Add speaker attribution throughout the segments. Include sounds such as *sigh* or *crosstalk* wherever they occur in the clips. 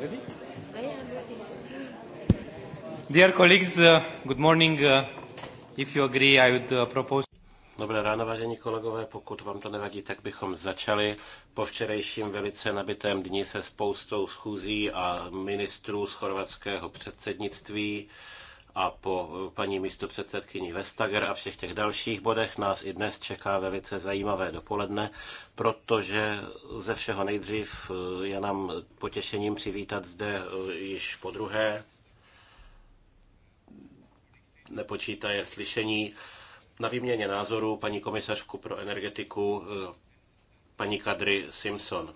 Speaker 1: Ready? I am ready.
Speaker 2: Dear colleagues, uh, good morning. Uh, if you agree, I would uh, propose...
Speaker 3: Dobré ráno, vážení kolegové, pokud vám to nevadí, tak bychom začali. Po včerejším velice nabitém dni se spoustou schůzí a ministrů z chorvatského předsednictví. Uh, a po paní místopředsedkyni Vestager a všech těch dalších bodech nás i dnes čeká velice zajímavé dopoledne, protože ze všeho nejdřív eh, je nám potěšením přivítat zde eh, již po druhé nepočítaje slyšení na výměně názorů paní komisařku pro energetiku eh, paní Kadry Simpson.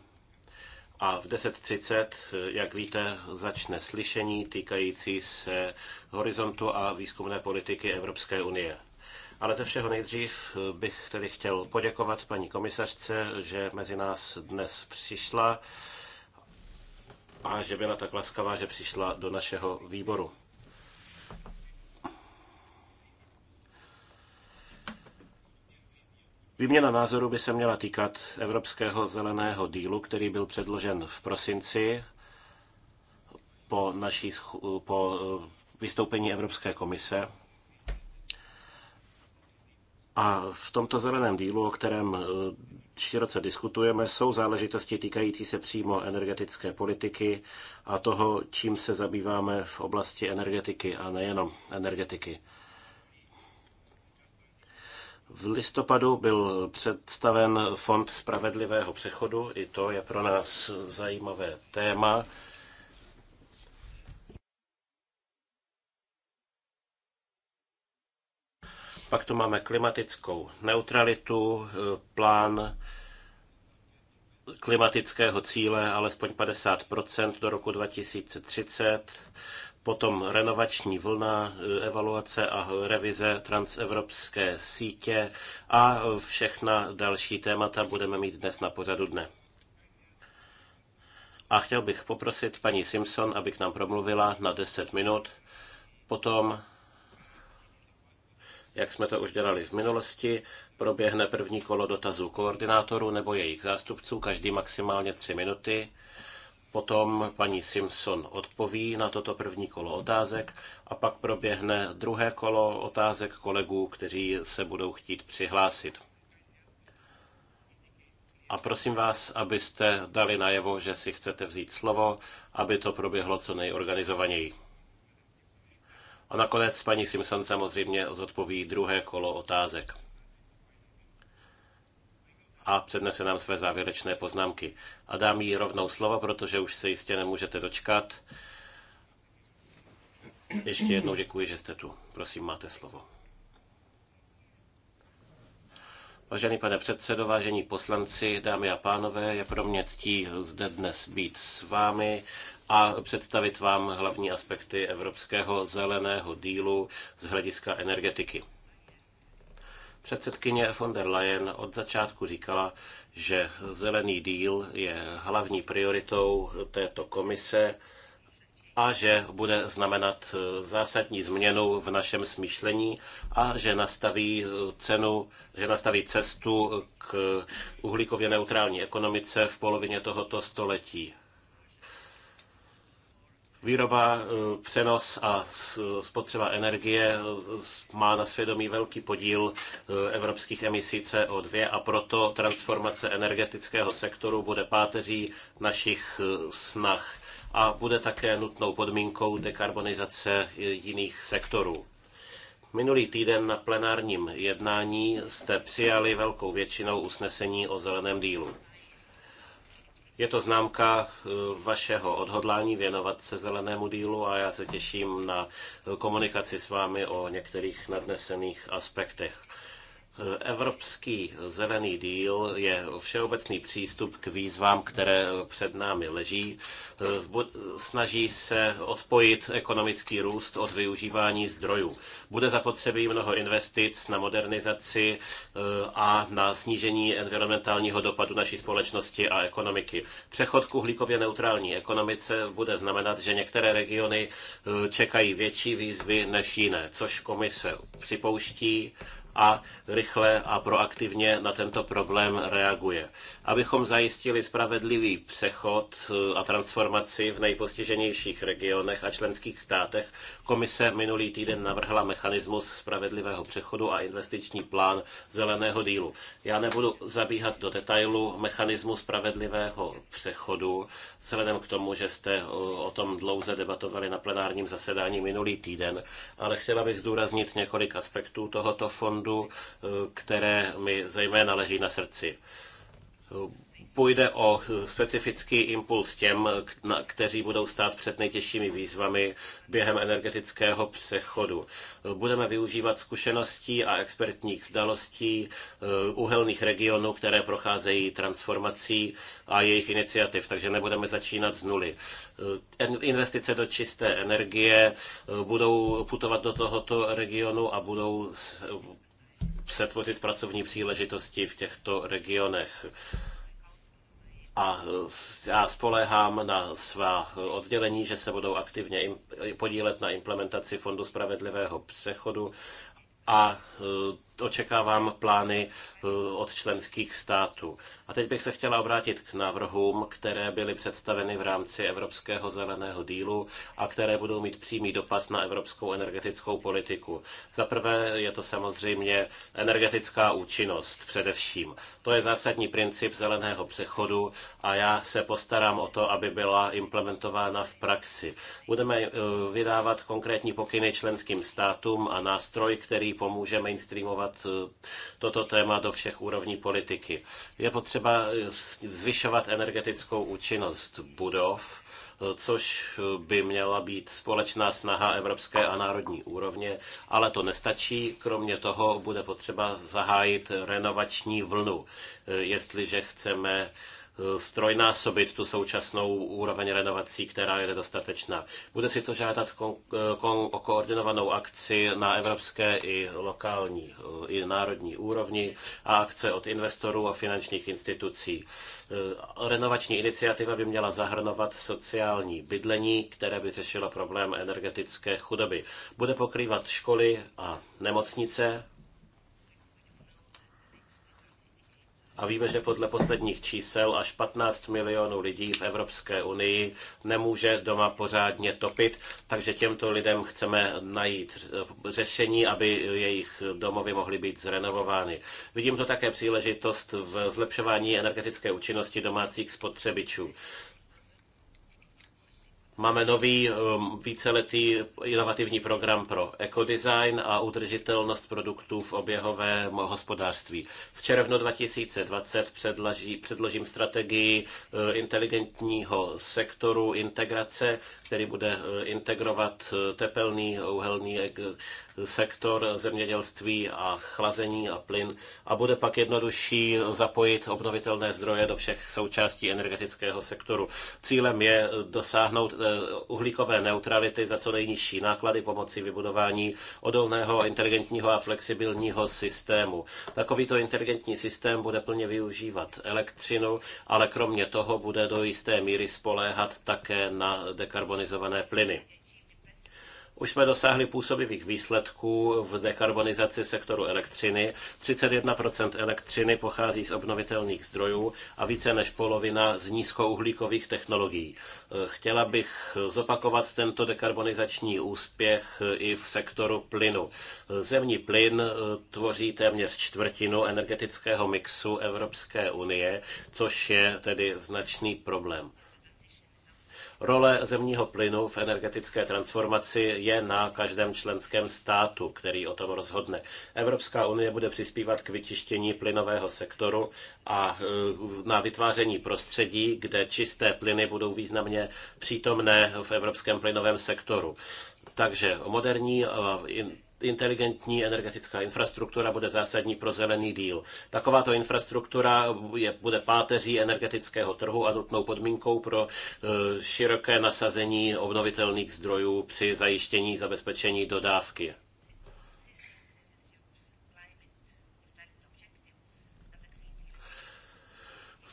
Speaker 3: A v 10.30, jak víte, začne slyšení týkající se horizontu a výzkumné politiky Evropské unie. Ale ze všeho nejdřív bych tedy chtěl poděkovat paní komisařce, že mezi nás dnes přišla a že byla tak laskavá, že přišla do našeho výboru. Výměna názoru by se měla týkat Evropského zeleného dílu, který byl předložen v prosinci po, naší, po eh, vystoupení Evropské komise. A v tomto zeleném dílu, o kterém eh, široce diskutujeme, jsou záležitosti týkající se přímo energetické politiky a toho, čím se zabýváme v oblasti energetiky a nejenom energetiky. V listopadu byl představen Fond spravedlivého přechodu, i to je pro nás zajímavé téma. Pak tu máme klimatickou neutralitu, plán klimatického cíle alespoň 50 do roku 2030, potom renovační vlna, e, evaluace a revize transevropské sítě a všechna další témata budeme mít dnes na pořadu dne. A chtěl bych poprosit paní Simpson, aby k nám promluvila na 10 minut. Potom, jak jsme to už dělali v minulosti, proběhne první kolo dotazů koordinátorů nebo jejich zástupců, každý maximálně 3 minuty. Potom paní Simpson odpoví na toto první kolo otázek a pak proběhne druhé kolo otázek kolegů, kteří se budou chtít přihlásit. A prosím vás, abyste dali najevo, že si chcete vzít slovo, aby to proběhlo co nejorganizovaněji. A nakonec paní Simpson samozřejmě zodpoví druhé kolo otázek a přednese nám své závěrečné poznámky. A dám jí rovnou slovo, protože už se jistě nemůžete dočkat. Ještě jednou děkuji, že jste tu. Prosím, máte slovo. Vážený pane předsedo, vážení poslanci, dámy a pánové, je pro mě ctí zde dnes být s vámi a představit vám hlavní aspekty Evropského zeleného dílu z hlediska energetiky. Předsedkyně von der Leyen od začátku říkala, že zelený díl je hlavní prioritou této komise a že bude znamenat zásadní změnu v našem smýšlení a že nastaví cenu, že nastaví cestu k uhlíkově neutrální ekonomice v polovině tohoto století. Výroba, e, přenos a spotřeba energie e, má na svědomí velký podíl e, evropských emisí CO2 a proto transformace energetického sektoru bude páteří našich snah a bude také nutnou podmínkou dekarbonizace jiných sektorů. Minulý týden na plenárním jednání jste přijali velkou většinou usnesení o zeleném dílu. Je to známka eh, vašeho odhodlání věnovat se zelenému dílu a já se těším na eh, komunikaci s vámi o některých nadnesených aspektech. Evropský zelený díl je všeobecný přístup k výzvám, které před námi leží. Snaží se odpojit ekonomický růst od využívání zdrojů. Bude zapotřebí mnoho investic na modernizaci e, a na snížení environmentálního dopadu naší společnosti a ekonomiky. Přechod k uhlíkově neutrální ekonomice bude znamenat, že některé regiony e, čekají větší výzvy než jiné, což komise připouští a rychle a proaktivně na tento problém reaguje. Abychom zajistili spravedlivý přechod eh, a transformaci v nejpostiženějších regionech a členských státech, komise minulý týden navrhla mechanismus spravedlivého přechodu a investiční plán zeleného dílu. Já nebudu zabíhat do detailu mechanismu spravedlivého přechodu, vzhledem k tomu, že jste eh, o tom dlouze debatovali na plenárním zasedání minulý týden, ale chtěla bych zdůraznit několik aspektů tohoto fondu bodů, eh, které mi zejména leží na srdci půjde o eh, specifický impuls těm, kteří budou stát před nejtěžšími výzvami během energetického přechodu. Budeme využívat zkušeností a expertních zdalostí eh, uhelných regionů, které procházejí transformací a jejich iniciativ, takže nebudeme začínat z nuly. Investice do čisté energie budou putovat do tohoto regionu a budou přetvořit pracovní příležitosti v těchto regionech a já spoléhám na svá oddělení, že se budou aktivně podílet na implementaci Fondu spravedlivého přechodu a e, očekávám plány eh, od členských států. A teď bych se chtěla obrátit k návrhům, které byly představeny v rámci Evropského zeleného dílu a které budou mít přímý dopad na evropskou energetickou politiku. Za prvé je to samozřejmě energetická účinnost především. To je zásadní princip zeleného přechodu a já se postarám o to, aby byla implementována v praxi. Budeme eh, vydávat konkrétní pokyny členským státům a nástroj, který pomůže mainstreamovat dostat eh, toto téma do všech úrovní politiky. Je potřeba eh, zvyšovat energetickou účinnost budov, eh, což by měla být společná snaha evropské a národní úrovně, ale to nestačí. Kromě toho bude potřeba zahájit renovační vlnu, jestliže chceme Eh, strojnásobit tu současnou úroveň renovací, která je nedostatečná. Bude si to žádat kon, eh, kon, o koordinovanou akci na evropské i lokální, eh, i národní úrovni a akce od investorů a finančních institucí. Renovační iniciativa by měla zahrnovat sociální bydlení, které by řešilo problém energetické chudoby. Bude pokrývat školy a nemocnice, A víme, že podle posledních čísel až 15 milionů lidí v Evropské unii nemůže doma pořádně topit, takže těmto lidem chceme najít řešení, aby jejich domovy mohly být zrenovovány. Vidím to také příležitost v zlepšování energetické účinnosti domácích spotřebičů. Máme nový um, víceletý inovativní program pro ekodesign a udržitelnost produktů v oběhovém hospodářství. V červnu 2020 předlaží, předložím strategii uh, inteligentního sektoru integrace, který bude uh, integrovat uh, tepelný, uhelný sektor zemědělství a chlazení a plyn a bude pak jednodušší zapojit obnovitelné zdroje do všech součástí energetického sektoru. Cílem je dosáhnout Eh, uhlíkové neutrality za co nejnižší náklady pomocí vybudování odolného, inteligentního a flexibilního systému. Takovýto inteligentní systém bude plně využívat elektřinu, ale kromě toho bude do jisté míry spoléhat také na dekarbonizované plyny. Už jsme dosáhli působivých výsledků v dekarbonizaci sektoru elektřiny. 31% elektřiny pochází z obnovitelných zdrojů a více než polovina z nízkouhlíkových technologií. Chtěla bych zopakovat tento dekarbonizační úspěch i v sektoru plynu. Zemní plyn tvoří téměř čtvrtinu energetického mixu Evropské unie, což je tedy značný problém. Role zemního plynu v energetické transformaci je na každém členském státu, který o tom rozhodne. Evropská unie bude přispívat k vyčištění plynového sektoru a e, na vytváření prostředí, kde čisté plyny budou významně přítomné v evropském plynovém sektoru. Takže moderní e, inteligentní energetická infrastruktura bude zásadní pro zelený díl. Takováto infrastruktura je, bude páteří energetického trhu a nutnou podmínkou pro e, široké nasazení obnovitelných zdrojů při zajištění zabezpečení dodávky.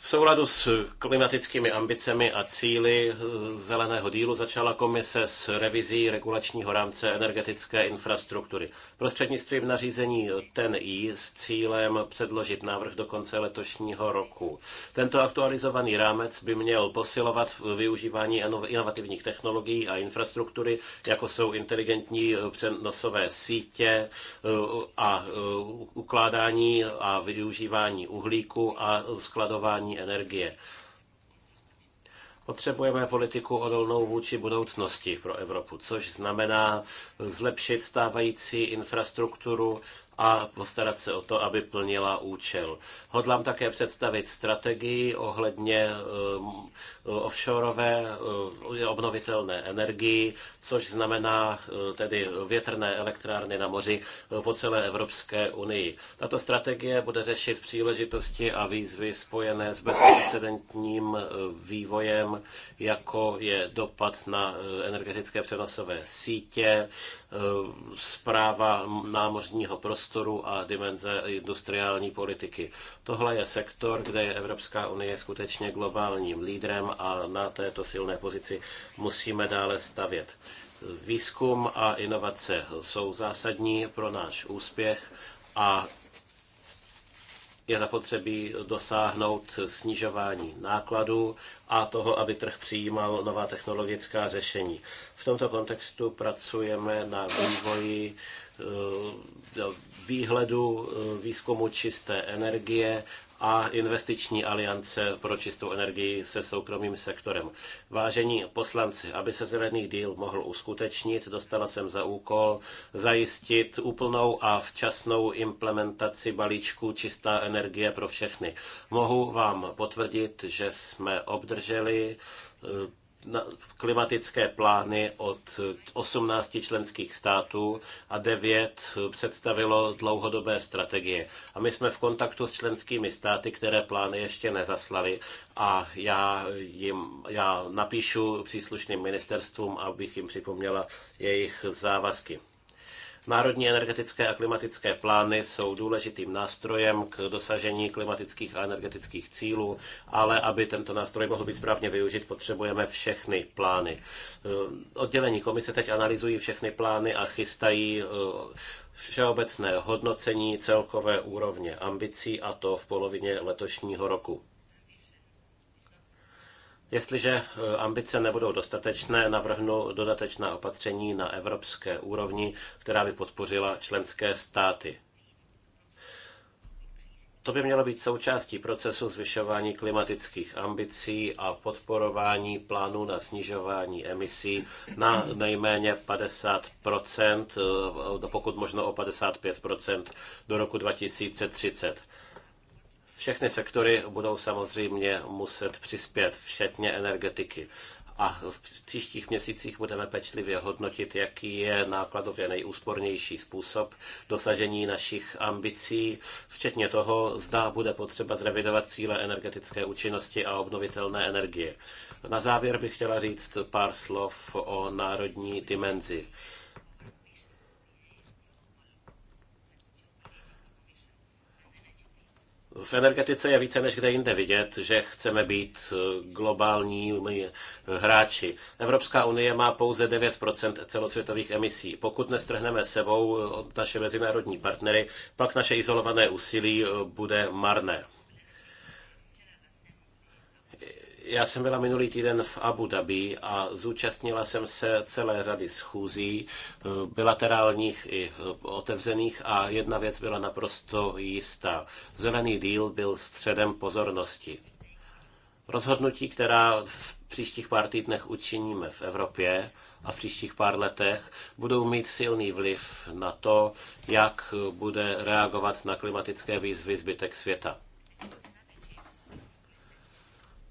Speaker 3: V souladu s klimatickými ambicemi a cíly eh, zeleného dílu začala komise s revizí regulačního rámce energetické infrastruktury. Prostřednictvím nařízení TEN-I s cílem předložit návrh do konce letošního roku. Tento aktualizovaný rámec by měl posilovat využívání inovativních technologií a infrastruktury, jako jsou inteligentní eh, přenosové sítě eh, a ukládání a využívání uhlíku a skladování energie. Potřebujeme politiku odolnou vůči budoucnosti pro Evropu, což znamená zlepšit stávající infrastrukturu, a postarat se o to, aby plnila účel. Hodlám také představit strategii ohledně um, offshoreové uh, obnovitelné energii, což znamená uh, tedy větrné elektrárny na moři uh, po celé Evropské unii. Tato strategie bude řešit příležitosti a výzvy spojené s bezprecedentním vývojem, jako je dopad na energetické přenosové sítě, zpráva eh, námořního prostoru a dimenze industriální politiky. Tohle je sektor, kde je Evropská unie skutečně globálním lídrem a na této silné pozici musíme dále stavět. Výzkum a inovace jsou zásadní pro náš úspěch a je zapotřebí dosáhnout snižování nákladů a toho, aby trh přijímal nová technologická řešení. V tomto kontextu pracujeme na vývoji eh, výhledu eh, výzkumu čisté energie a investiční aliance pro čistou energii se soukromým sektorem. Vážení poslanci, aby se zelený díl mohl uskutečnit, dostala jsem za úkol zajistit úplnou a včasnou implementaci balíčku čistá energie pro všechny. Mohu vám potvrdit, že jsme obdrželi eh, klimatické plány od 18 členských států a 9 představilo dlouhodobé strategie. A my jsme v kontaktu s členskými státy, které plány ještě nezaslali a já, jim, já napíšu příslušným ministerstvům, abych jim připomněla jejich závazky. Národní energetické a klimatické plány jsou důležitým nástrojem k dosažení klimatických a energetických cílů, ale aby tento nástroj mohl být správně využit, potřebujeme všechny plány. Eh, oddělení komise teď analyzují všechny plány a chystají eh, všeobecné hodnocení celkové úrovně ambicí a to v polovině letošního roku. Jestliže e, ambice nebudou dostatečné, navrhnu dodatečná opatření na evropské úrovni, která by podpořila členské státy. To by mělo být součástí procesu zvyšování klimatických ambicí a podporování plánu na snižování emisí na nejméně 50 e, no, pokud možno o 55 do roku 2030. Všechny sektory budou samozřejmě muset přispět, včetně energetiky a v příštích měsících budeme pečlivě hodnotit, jaký je nákladově nejúspornější způsob dosažení našich ambicí, včetně toho, zda bude potřeba zrevidovat cíle energetické účinnosti a obnovitelné energie. Na závěr bych chtěla říct pár slov o národní dimenzi. V energetice je více než kde jinde vidět, že chceme být eh, globální eh, hráči. Evropská unie má pouze 9% celosvětových emisí. Pokud nestrhneme sebou eh, naše mezinárodní partnery, pak naše izolované úsilí bude marné. Já jsem byla minulý týden v Abu Dhabi a zúčastnila jsem se celé řady schůzí, eh, bilaterálních i eh, otevřených a jedna věc byla naprosto jistá. Zelený díl byl středem pozornosti. Rozhodnutí, která v příštích pár týdnech učiníme v Evropě a v příštích pár letech, budou mít silný vliv na to, jak bude reagovat na klimatické výzvy zbytek světa.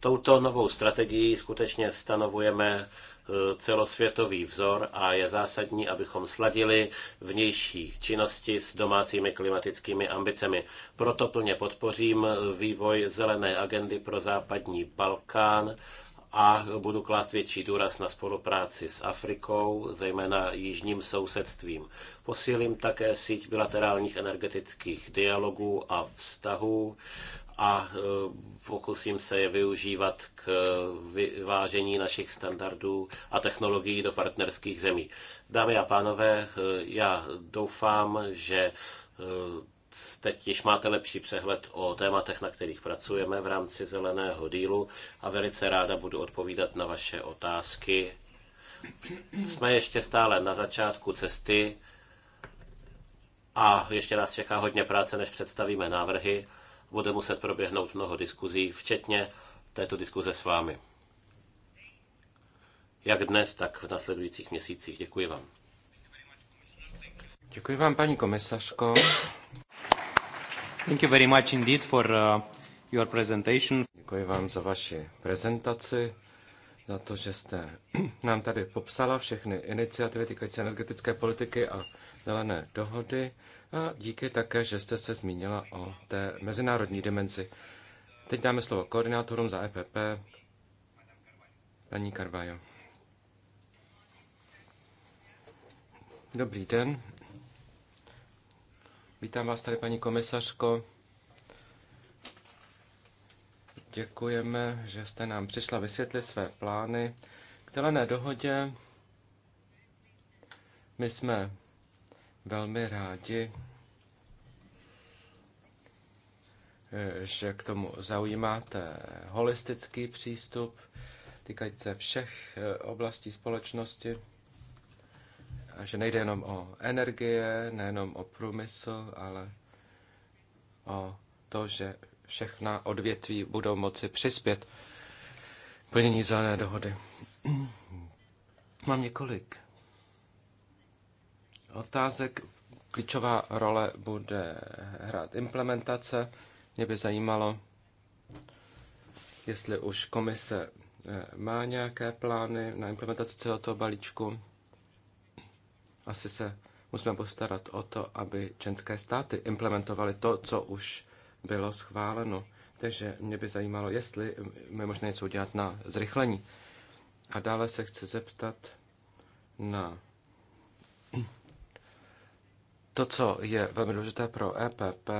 Speaker 3: Touto novou strategií skutečně stanovujeme eh, celosvětový vzor a je zásadní, abychom sladili vnější činnosti s domácími klimatickými ambicemi. Proto plně podpořím eh, vývoj zelené agendy pro západní Balkán a budu klást větší důraz na spolupráci s Afrikou, zejména jižním sousedstvím. Posílím také síť bilaterálních energetických dialogů a vztahů a e, pokusím se je využívat k vyvážení našich standardů a technologií do partnerských zemí. Dámy a pánové, e, já doufám, že e, teď již máte lepší přehled o tématech, na kterých pracujeme v rámci zeleného dílu a velice ráda budu odpovídat na vaše otázky. Jsme ještě stále na začátku cesty a ještě nás čeká hodně práce, než představíme návrhy bude muset proběhnout mnoho diskuzí, včetně této diskuze s vámi. Jak dnes, tak v nasledujících měsících. Děkuji vám.
Speaker 2: Děkuji vám, paní komisařko. Thank you very much indeed for uh, your presentation. Děkuji vám za vaši prezentaci,
Speaker 1: za to, že jste *clears throat* nám tady popsala všechny iniciativy týkající energetické politiky a zelené dohody. A díky také, že jste se zmínila o té mezinárodní dimenzi. Teď dáme slovo koordinátorům za EPP, paní Carvajo. Dobrý den. Vítám vás tady, paní komisařko. Děkujeme, že jste nám přišla vysvětlit své plány k dohodě. My jsme velmi rádi, eh, že k tomu zaujímáte holistický přístup týkající se všech eh, oblastí společnosti, a že nejde jenom o energie, nejenom o průmysl, ale o to, že všechna odvětví budou moci přispět k plnění zelené dohody. *clears throat* Mám několik otázek. Klíčová role bude hrát implementace. Mě by zajímalo, jestli už komise eh, má nějaké plány na implementaci celého toho balíčku. Asi se musíme postarat o to, aby členské státy implementovaly to, co už bylo schváleno. Takže mě by zajímalo, jestli je možné něco udělat na zrychlení. A dále se chci zeptat na to, co je velmi důležité pro EPP,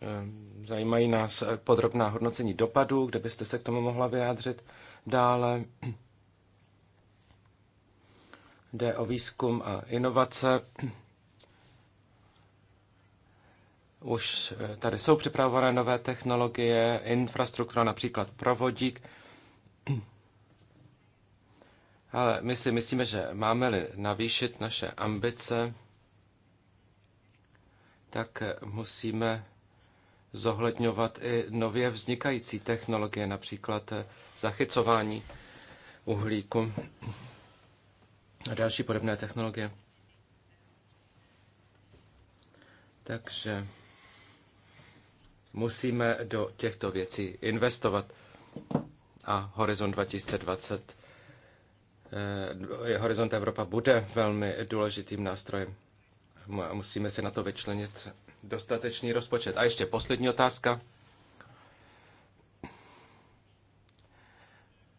Speaker 1: ehm, zajímají nás podrobná hodnocení dopadů, kde byste se k tomu mohla vyjádřit dále. Jde o výzkum a inovace. Už eh, tady jsou připravované nové technologie, infrastruktura, například provodík. Ale my si myslíme, že máme-li navýšit naše ambice, tak musíme zohledňovat i nově vznikající technologie, například zachycování uhlíku a další podobné technologie. Takže musíme do těchto věcí investovat. A Horizon 2020 Eh, Horizont Evropa bude velmi důležitým nástrojem. Musíme si na to vyčlenit dostatečný rozpočet. A ještě poslední otázka.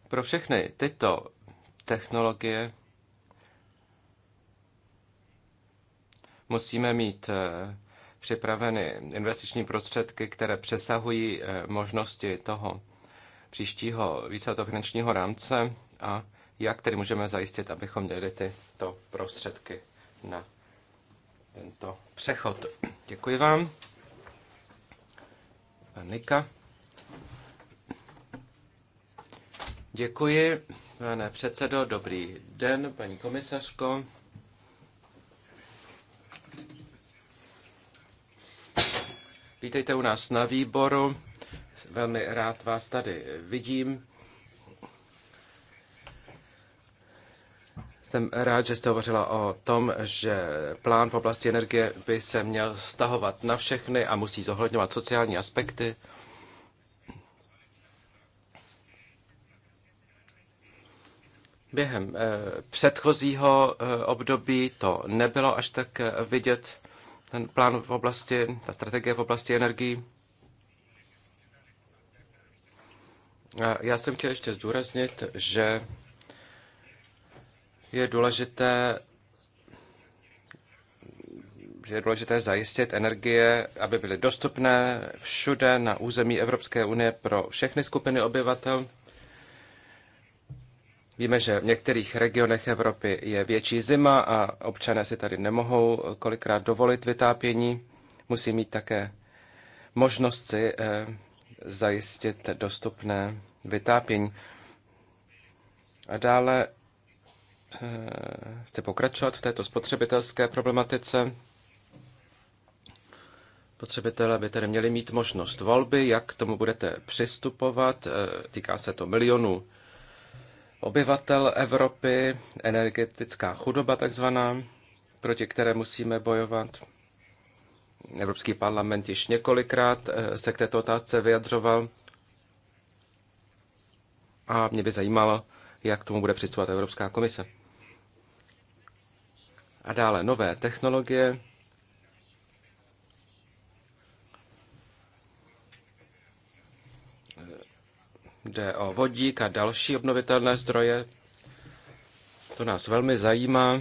Speaker 1: Pro všechny tyto technologie musíme mít eh, připraveny investiční prostředky, které přesahují eh, možnosti toho příštího víceletého finančního rámce a jak tedy můžeme zajistit, abychom měli tyto prostředky na tento přechod. Děkuji vám. Pan Nika. Děkuji, pane předsedo. Dobrý den, paní komisařko. Vítejte u nás na výboru. Velmi rád vás tady vidím. Jsem rád, že jste hovořila o tom, že plán v oblasti energie by se měl stahovat na všechny a musí zohledňovat sociální aspekty. Během eh, předchozího eh, období to nebylo až tak eh, vidět, ten plán v oblasti, ta strategie v oblasti energií. Já jsem chtěl ještě zdůraznit, že je důležité že je důležité zajistit energie, aby byly dostupné všude na území Evropské unie pro všechny skupiny obyvatel. Víme, že v některých regionech Evropy je větší zima a občané si tady nemohou kolikrát dovolit vytápění. Musí mít také možnost si eh, zajistit dostupné vytápění. A dále chci pokračovat v této spotřebitelské problematice. Potřebitelé by tedy měli mít možnost volby, jak k tomu budete přistupovat. Eh, týká se to milionů obyvatel Evropy, energetická chudoba takzvaná, proti které musíme bojovat. Evropský parlament již několikrát eh, se k této otázce vyjadřoval a mě by zajímalo, jak k tomu bude přistupovat Evropská komise. A dále nové technologie, jde o vodík a další obnovitelné zdroje. To nás velmi zajímá.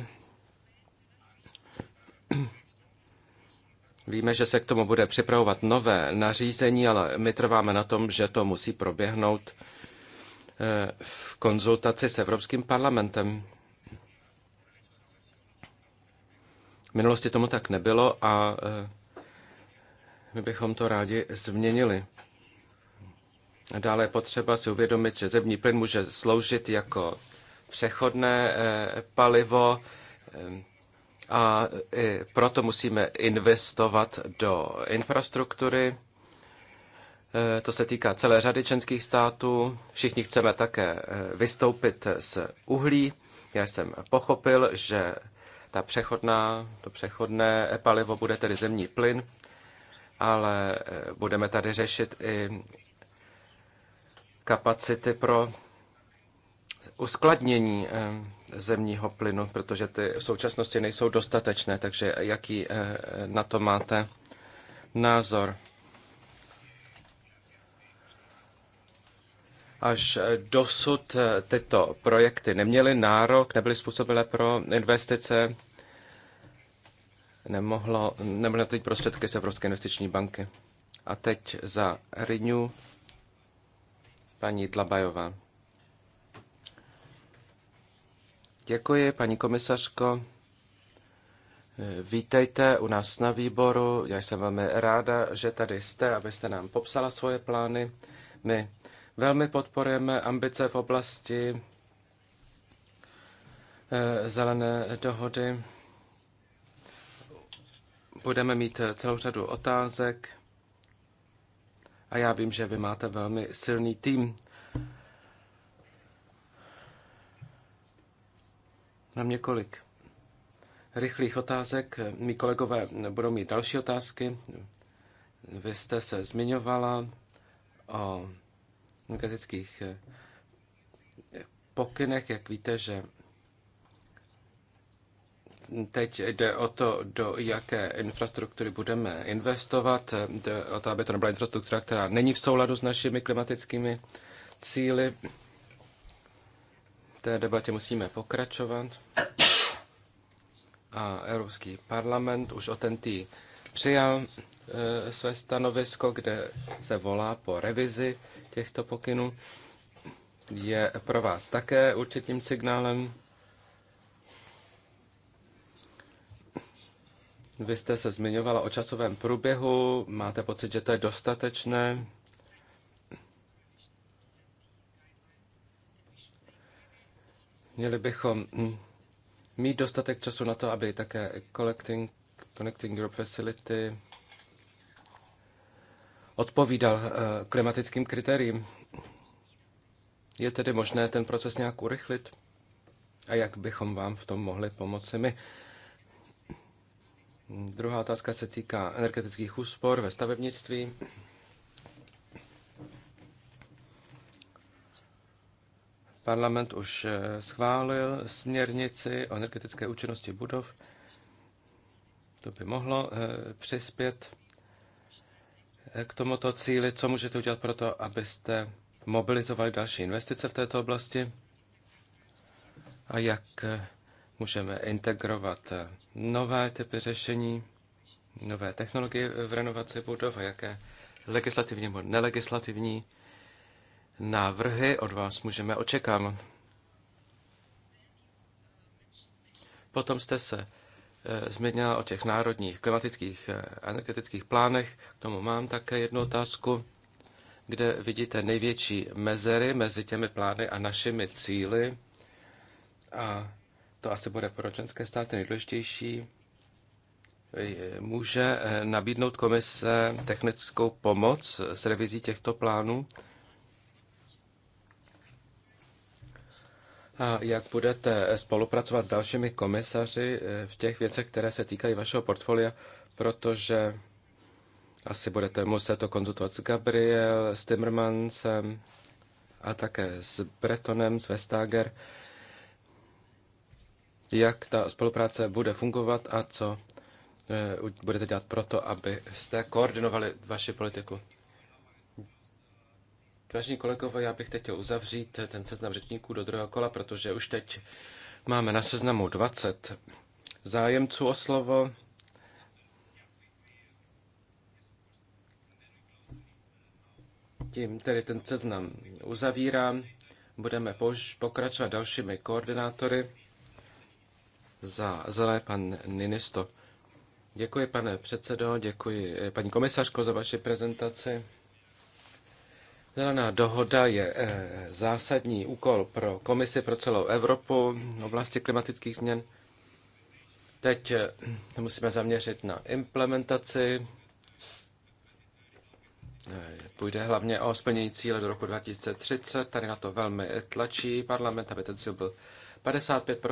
Speaker 1: Víme, že se k tomu bude připravovat nové nařízení, ale my trváme na tom, že to musí proběhnout eh, v konzultaci s Evropským parlamentem. minulosti tomu tak nebylo a e, my bychom to rádi změnili. Dále je potřeba si uvědomit, že zemní plyn může sloužit jako přechodné e, palivo e, a proto musíme investovat do infrastruktury. To se týká celé řady členských států. Všichni chceme také vystoupit z uhlí. Já jsem pochopil, že ta přechodná, to přechodné palivo bude tedy zemní plyn, ale eh, budeme tady řešit i kapacity pro uskladnění eh, zemního plynu, protože ty v současnosti nejsou dostatečné, takže jaký eh, na to máte názor? Až dosud tyto projekty neměly nárok, nebyly způsobilé pro investice, nemohlo, nemohlo teď prostředky z Evropské investiční banky. A teď za Rynu paní Dlabajová. Děkuji, paní komisařko. Vítejte u nás na výboru. Já jsem velmi ráda, že tady jste, abyste nám popsala svoje plány. My Velmi podporujeme ambice v oblasti eh, zelené dohody. Budeme mít eh, celou řadu otázek a já vím, že vy máte velmi silný tým. Mám několik rychlých otázek. Mí kolegové budou mít další otázky. Vy jste se zmiňovala o energetických eh, pokynech, jak víte, že teď jde o to, do jaké infrastruktury budeme investovat, jde o to, aby to nebyla infrastruktura, která není v souladu s našimi klimatickými cíly. V té debatě musíme pokračovat. A Evropský parlament už o ten tý přijal eh, své stanovisko, kde se volá po revizi těchto pokynů je pro vás také určitým signálem. Vy jste se zmiňovala o časovém průběhu, máte pocit, že to je dostatečné. Měli bychom hm, mít dostatek času na to, aby také Collecting, Connecting Europe Facility odpovídal eh, klimatickým kritériím. Je tedy možné ten proces nějak urychlit? A jak bychom vám v tom mohli pomoci my? Druhá otázka se týká energetických úspor ve stavebnictví. Parlament už eh, schválil směrnici o energetické účinnosti budov. To by mohlo eh, přispět k tomuto cíli. Co můžete udělat pro to, abyste mobilizovali další investice v této oblasti? A jak eh, můžeme integrovat eh, nové typy řešení, nové technologie eh, v renovaci budov a jaké legislativní nebo nelegislativní návrhy od vás můžeme očekávat. Potom jste se Eh, zmínila o těch národních klimatických eh, energetických plánech. K tomu mám také jednu otázku, kde vidíte největší mezery mezi těmi plány a našimi cíly. A to asi bude pro členské státy nejdůležitější. Eh, může nabídnout komise technickou pomoc s revizí těchto plánů? a jak budete spolupracovat s dalšími komisaři eh, v těch věcech, které se týkají vašeho portfolia, protože asi budete muset to konzultovat s Gabriel, s Timmermansem a také s Bretonem, s Vestager, jak ta spolupráce bude fungovat a co eh, budete dělat proto, abyste koordinovali vaši politiku. Vážení kolegové, já bych teď chtěl uzavřít ten seznam řečníků do druhého kola, protože už teď máme na seznamu 20 zájemců o slovo. Tím tedy ten seznam uzavírám. Budeme pokračovat dalšími koordinátory. Za zelé pan Ninisto. Děkuji, pane předsedo, děkuji eh, paní komisařko za vaši prezentaci. Zelená dohoda je eh, zásadní úkol pro komisi pro celou Evropu v oblasti klimatických změn. Teď eh, musíme zaměřit na implementaci. Eh, půjde hlavně o splnění cíle do roku 2030. Tady na to velmi tlačí parlament, aby ten cíl byl 55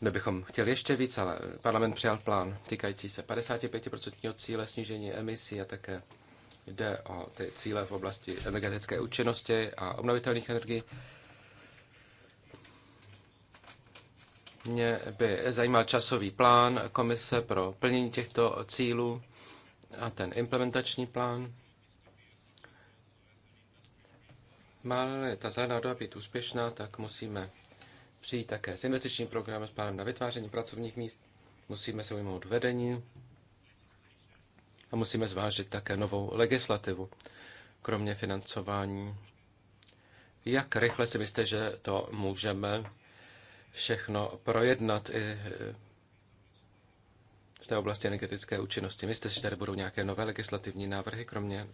Speaker 1: my bychom chtěli ještě víc, ale parlament přijal plán týkající se 55% cíle snížení emisí a také Jde o ty cíle v oblasti energetické účinnosti a obnovitelných energií. Mě by zajímal časový plán komise pro plnění těchto cílů a ten implementační plán. má ta zelená doba být úspěšná, tak musíme přijít také s investičním programem, s plánem na vytváření pracovních míst. Musíme se ujmout vedení a musíme zvážit také novou legislativu, kromě financování. Jak rychle si myslíte, že to můžeme všechno projednat i eh, v té oblasti energetické účinnosti? Myslíte, že tady budou nějaké nové legislativní návrhy, kromě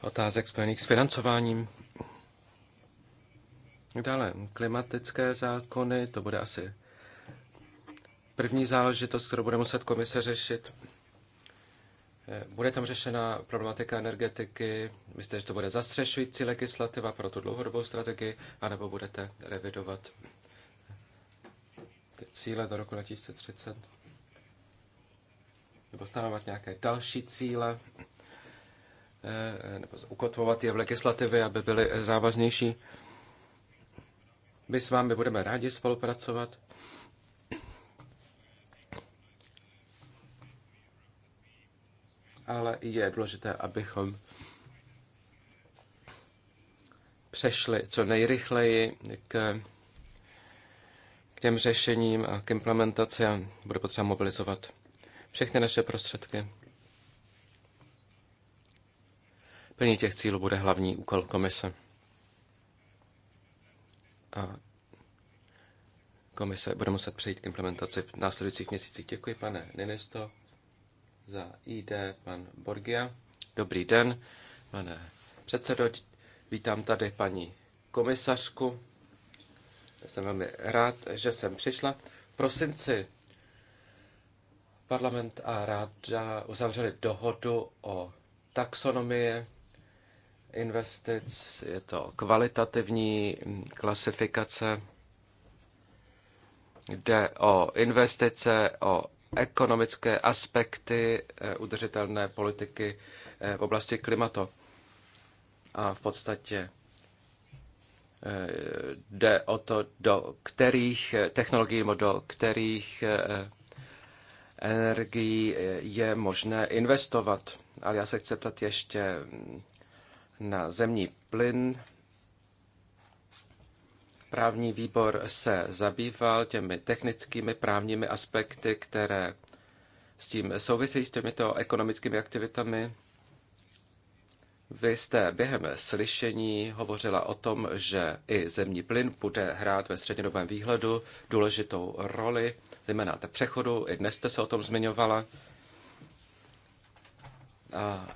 Speaker 1: otázek spojených s financováním? Dále, klimatické zákony, to bude asi první záležitost, kterou bude muset komise řešit. Eh, bude tam řešena problematika energetiky? Myslíte, že to bude zastřešující legislativa pro tu dlouhodobou strategii, anebo budete revidovat eh, ty cíle do roku 2030? Nebo stanovat nějaké další cíle? Eh, nebo ukotvovat je v legislativě, aby byly závaznější? My s vámi budeme rádi spolupracovat. ale je důležité, abychom přešli co nejrychleji k, k těm řešením a k implementaci a bude potřeba mobilizovat všechny naše prostředky. Plní těch cílů bude hlavní úkol komise. A komise bude muset přejít k implementaci v následujících měsících. Děkuji, pane Ninisto za ID pan Borgia. Dobrý den, pane předsedo. Vítám tady paní komisařku. Jsem velmi rád, že jsem přišla. V prosinci parlament a ráda uzavřeli dohodu o taxonomii investic. Je to kvalitativní klasifikace jde o investice, o ekonomické aspekty eh, udržitelné politiky eh, v oblasti klimatu. A v podstatě eh, jde o to, do kterých technologií nebo do kterých energií je možné investovat. Ale já se chci ptat ještě mm, na zemní plyn. Právní výbor se zabýval těmi technickými právními aspekty, které s tím souvisejí s těmito ekonomickými aktivitami. Vy jste během slyšení hovořila o tom, že i zemní plyn bude hrát ve střednědobém výhledu důležitou roli, zejména ta přechodu. I dnes jste se o tom zmiňovala. A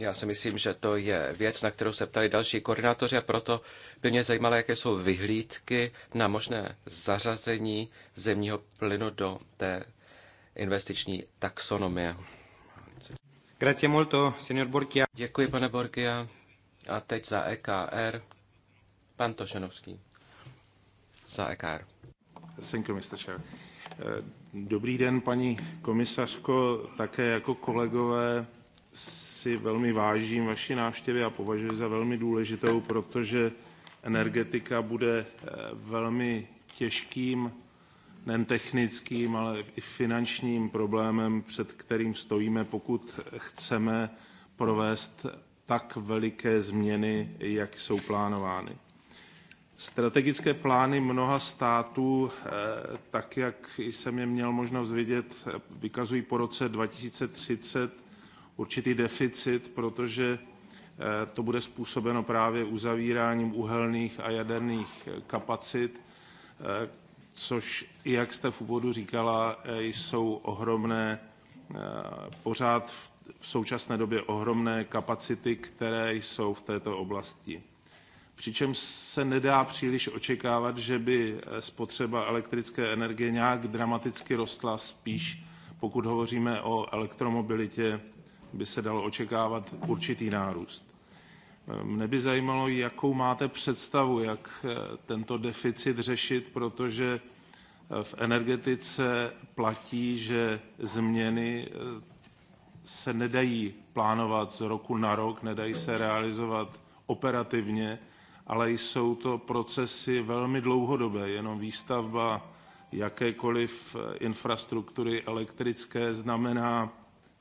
Speaker 1: já si myslím, že to je věc, na kterou se ptali další koordinátoři a proto by mě zajímalo, jaké jsou vyhlídky na možné zařazení zemního plynu do té investiční taxonomie. Grazie molto, signor Borgia. Děkuji, pane Borgia. A teď za EKR, pan Tošenovský.
Speaker 4: Za EKR. Thank you, Mr. Chair. Eh, dobrý den, paní komisařko, také jako kolegové si velmi vážím vaší návštěvy a považuji za velmi důležitou, protože energetika bude eh, velmi těžkým, nejen technickým, ale i finančním problémem, před kterým stojíme, pokud chceme provést tak veliké změny, jak jsou plánovány. Strategické plány mnoha států, eh, tak jak jsem je měl možnost vidět, vykazují po roce 2030 určitý deficit, protože eh, to bude způsobeno právě uzavíráním uhelných a jaderných eh, kapacit, eh, což, jak jste v úvodu říkala, jsou ohromné, pořád v současné době ohromné kapacity, které jsou v této oblasti. Přičem se nedá příliš očekávat, že by spotřeba elektrické energie nějak dramaticky rostla, spíš pokud hovoříme o elektromobilitě, by se dalo očekávat určitý nárůst. Mne by zajímalo, jakou máte představu, jak eh, tento deficit řešit, protože eh, v energetice platí, že změny eh, se nedají plánovat z roku na rok, nedají se realizovat operativně, ale jsou to procesy velmi dlouhodobé. Jenom výstavba jakékoliv infrastruktury elektrické znamená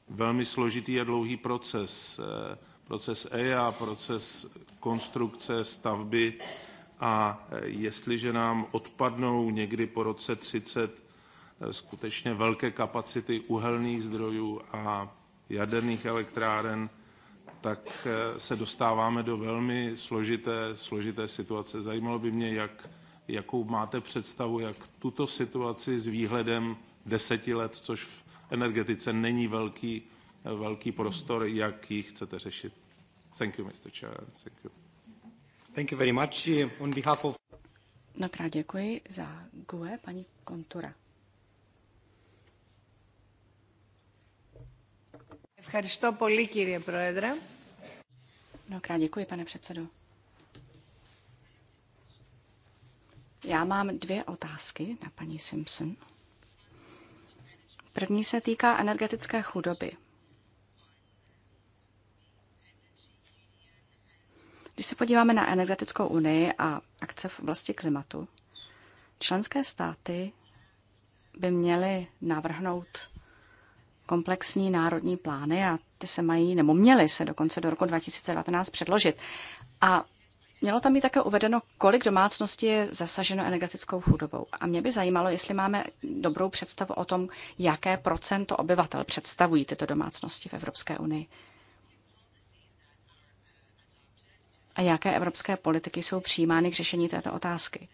Speaker 4: velmi složitý a dlouhý proces. Eh, proces EIA, proces konstrukce, stavby a eh, jestliže nám odpadnou někdy po roce 30 eh, skutečně velké kapacity uhelných zdrojů a jaderných elektráren, tak se dostáváme do velmi složité, složité situace. Zajímalo by mě, jak, jakou máte představu, jak tuto situaci s výhledem deseti let, což v energetice není velký, velký prostor, jak ji chcete řešit. Thank you, Mr. Chair. Thank you. Thank you very much. On behalf of...
Speaker 5: Mnohokrát děkuji za GUE, paní Kontura. Ευχαριστώ πολύ, κύριε Πρόεδρε. Mnohokrát děkuji, pane předsedo. Já mám dvě otázky na paní Simpson. První se týká energetické chudoby. Když se podíváme na energetickou unii a akce v oblasti klimatu, členské státy by měly navrhnout komplexní národní plány a ty se mají, nebo měly se dokonce do roku 2019 předložit. A Mělo tam být také uvedeno, kolik domácností je zasaženo energetickou chudobou. A mě by zajímalo, jestli máme dobrou představu o tom, jaké procento obyvatel představují tyto domácnosti v Evropské unii. A jaké evropské politiky jsou přijímány k řešení této otázky?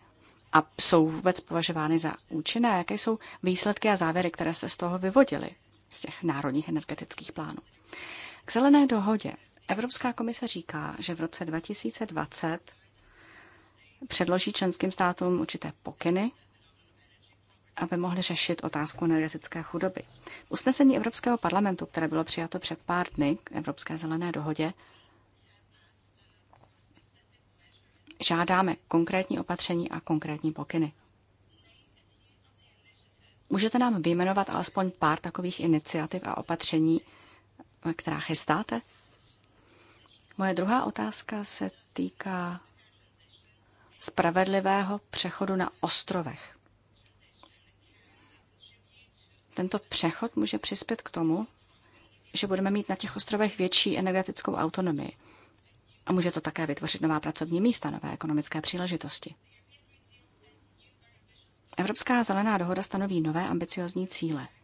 Speaker 5: A jsou vůbec považovány za účinné? Jaké jsou výsledky a závěry, které se z toho vyvodily, z těch národních energetických plánů? K zelené dohodě Evropská komise říká, že v roce 2020 předloží členským státům určité pokyny, aby mohli řešit otázku energetické chudoby. V usnesení Evropského parlamentu, které bylo přijato před pár dny k Evropské zelené dohodě, žádáme konkrétní opatření a konkrétní pokyny. Můžete nám vyjmenovat alespoň pár takových iniciativ a opatření, která chystáte? Moje druhá otázka se týká spravedlivého přechodu na ostrovech. Tento přechod může přispět k tomu, že budeme mít na těch ostrovech větší energetickou autonomii. A může to také vytvořit nová pracovní místa, nové ekonomické příležitosti. Evropská zelená dohoda stanoví nové ambiciozní cíle –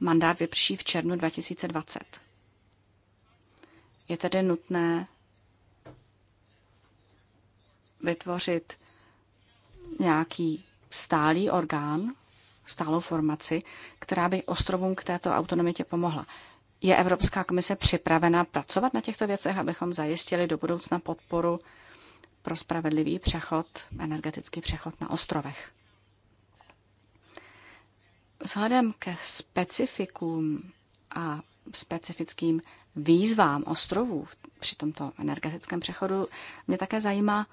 Speaker 5: Mandát vyprší v červnu 2020. Je tedy nutné vytvořit nějaký stálý orgán, stálou formaci, která by ostrovům k této autonomitě pomohla. Je Evropská komise připravena pracovat na těchto věcech, abychom zajistili do budoucna podporu pro spravedlivý přechod, energetický přechod na ostrovech? Vzhledem ke specifikům a specifickým výzvám ostrovů při tomto energetickém přechodu mě také zajímá,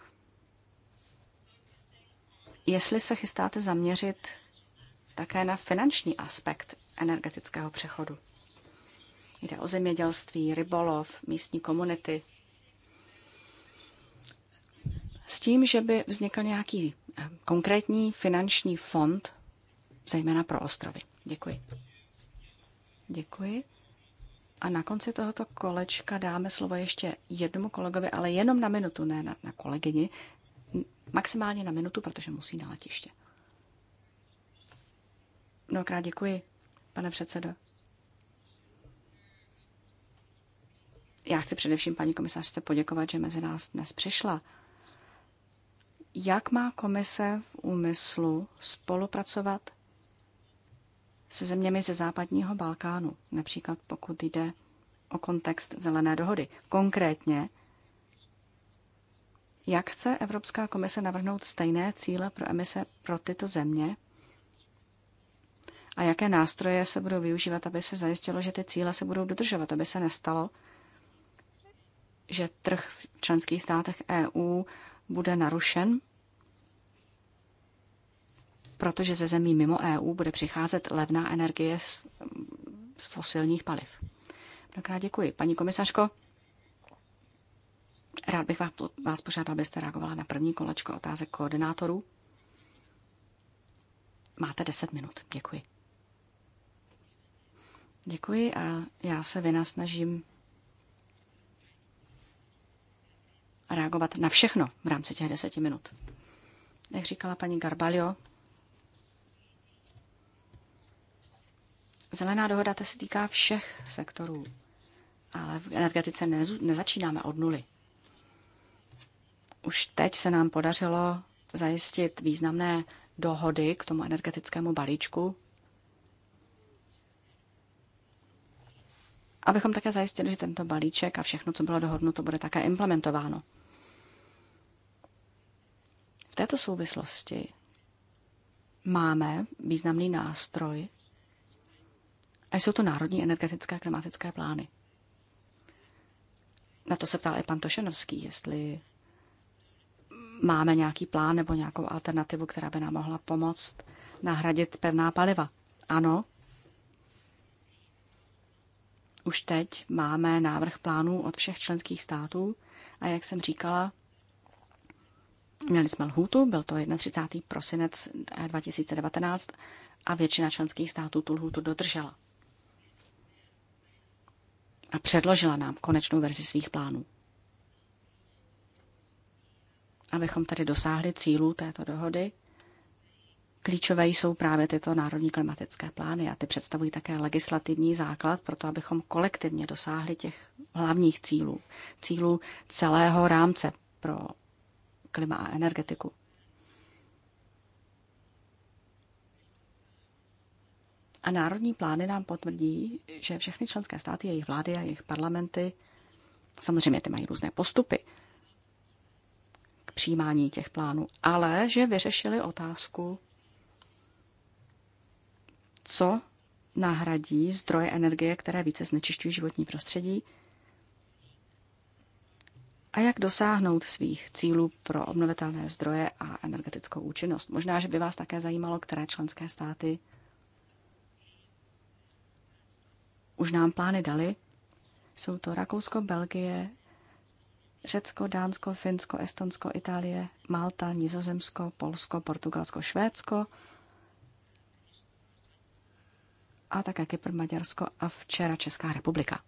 Speaker 5: jestli se chystáte zaměřit také na finanční aspekt energetického přechodu. Jde o zemědělství, rybolov, místní komunity. S tím, že by vznikl nějaký eh, konkrétní finanční fond zejména pro ostrovy. Děkuji. Děkuji. A na konci tohoto kolečka dáme slovo ještě jednomu kolegovi, ale jenom na minutu, ne na, na kolegyni. Maximálně na minutu, protože musí na letiště. Mnohokrát děkuji, pane předsedo. Já chci především paní komisářce poděkovat, že mezi nás dnes přišla. Jak má komise v úmyslu spolupracovat se zeměmi ze západního Balkánu, například pokud jde o kontext zelené dohody. Konkrétně, jak chce Evropská komise navrhnout stejné cíle pro emise pro tyto země a jaké nástroje se budou využívat, aby se zajistilo, že ty cíle se budou dodržovat, aby se nestalo, že trh v členských státech EU bude narušen protože ze zemí mimo EU bude přicházet levná energie z, z fosilních paliv. Mnohokrát děkuji. Paní komisařko, rád bych vás, vás požádal, abyste reagovala na první kolečko otázek koordinátorů. Máte 10 minut. Děkuji. Děkuji a já se vynasnažím reagovat na všechno v rámci těch deseti minut. Jak říkala paní Garbalio, Zelená dohoda ta se týká všech sektorů, ale v energetice nezačínáme od nuly. Už teď se nám podařilo zajistit významné dohody k tomu energetickému balíčku, abychom také zajistili, že tento balíček a všechno, co bylo dohodnuto, bude také implementováno. V této souvislosti máme významný nástroj a jsou to národní energetické a klimatické plány. Na to se ptal i pan Tošenovský, jestli máme nějaký plán nebo nějakou alternativu, která by nám mohla pomoct nahradit pevná paliva. Ano, už teď máme návrh plánů od všech členských států a jak jsem říkala, měli jsme lhůtu, byl to 31. prosinec 2019 eh, a většina členských států tu lhůtu dodržela a předložila nám konečnou verzi svých plánů. Abychom tady dosáhli cílů této dohody, klíčové jsou právě tyto národní klimatické plány a ty představují také legislativní základ pro to, abychom kolektivně dosáhli těch hlavních cílů, cílů celého rámce pro klima a energetiku. A národní plány nám potvrdí, že všechny členské státy, jejich vlády a jejich parlamenty, samozřejmě ty mají různé postupy k přijímání těch plánů, ale že vyřešili otázku, co nahradí zdroje energie, které více znečišťují životní prostředí, a jak dosáhnout svých cílů pro obnovitelné zdroje a energetickou účinnost? Možná, že by vás také zajímalo, které členské státy už nám plány dali. Jsou to Rakousko, Belgie, Řecko, Dánsko, Finsko, Estonsko, Itálie, Malta, Nizozemsko, Polsko, Portugalsko, Švédsko a také Kypr, Maďarsko a včera Česká republika.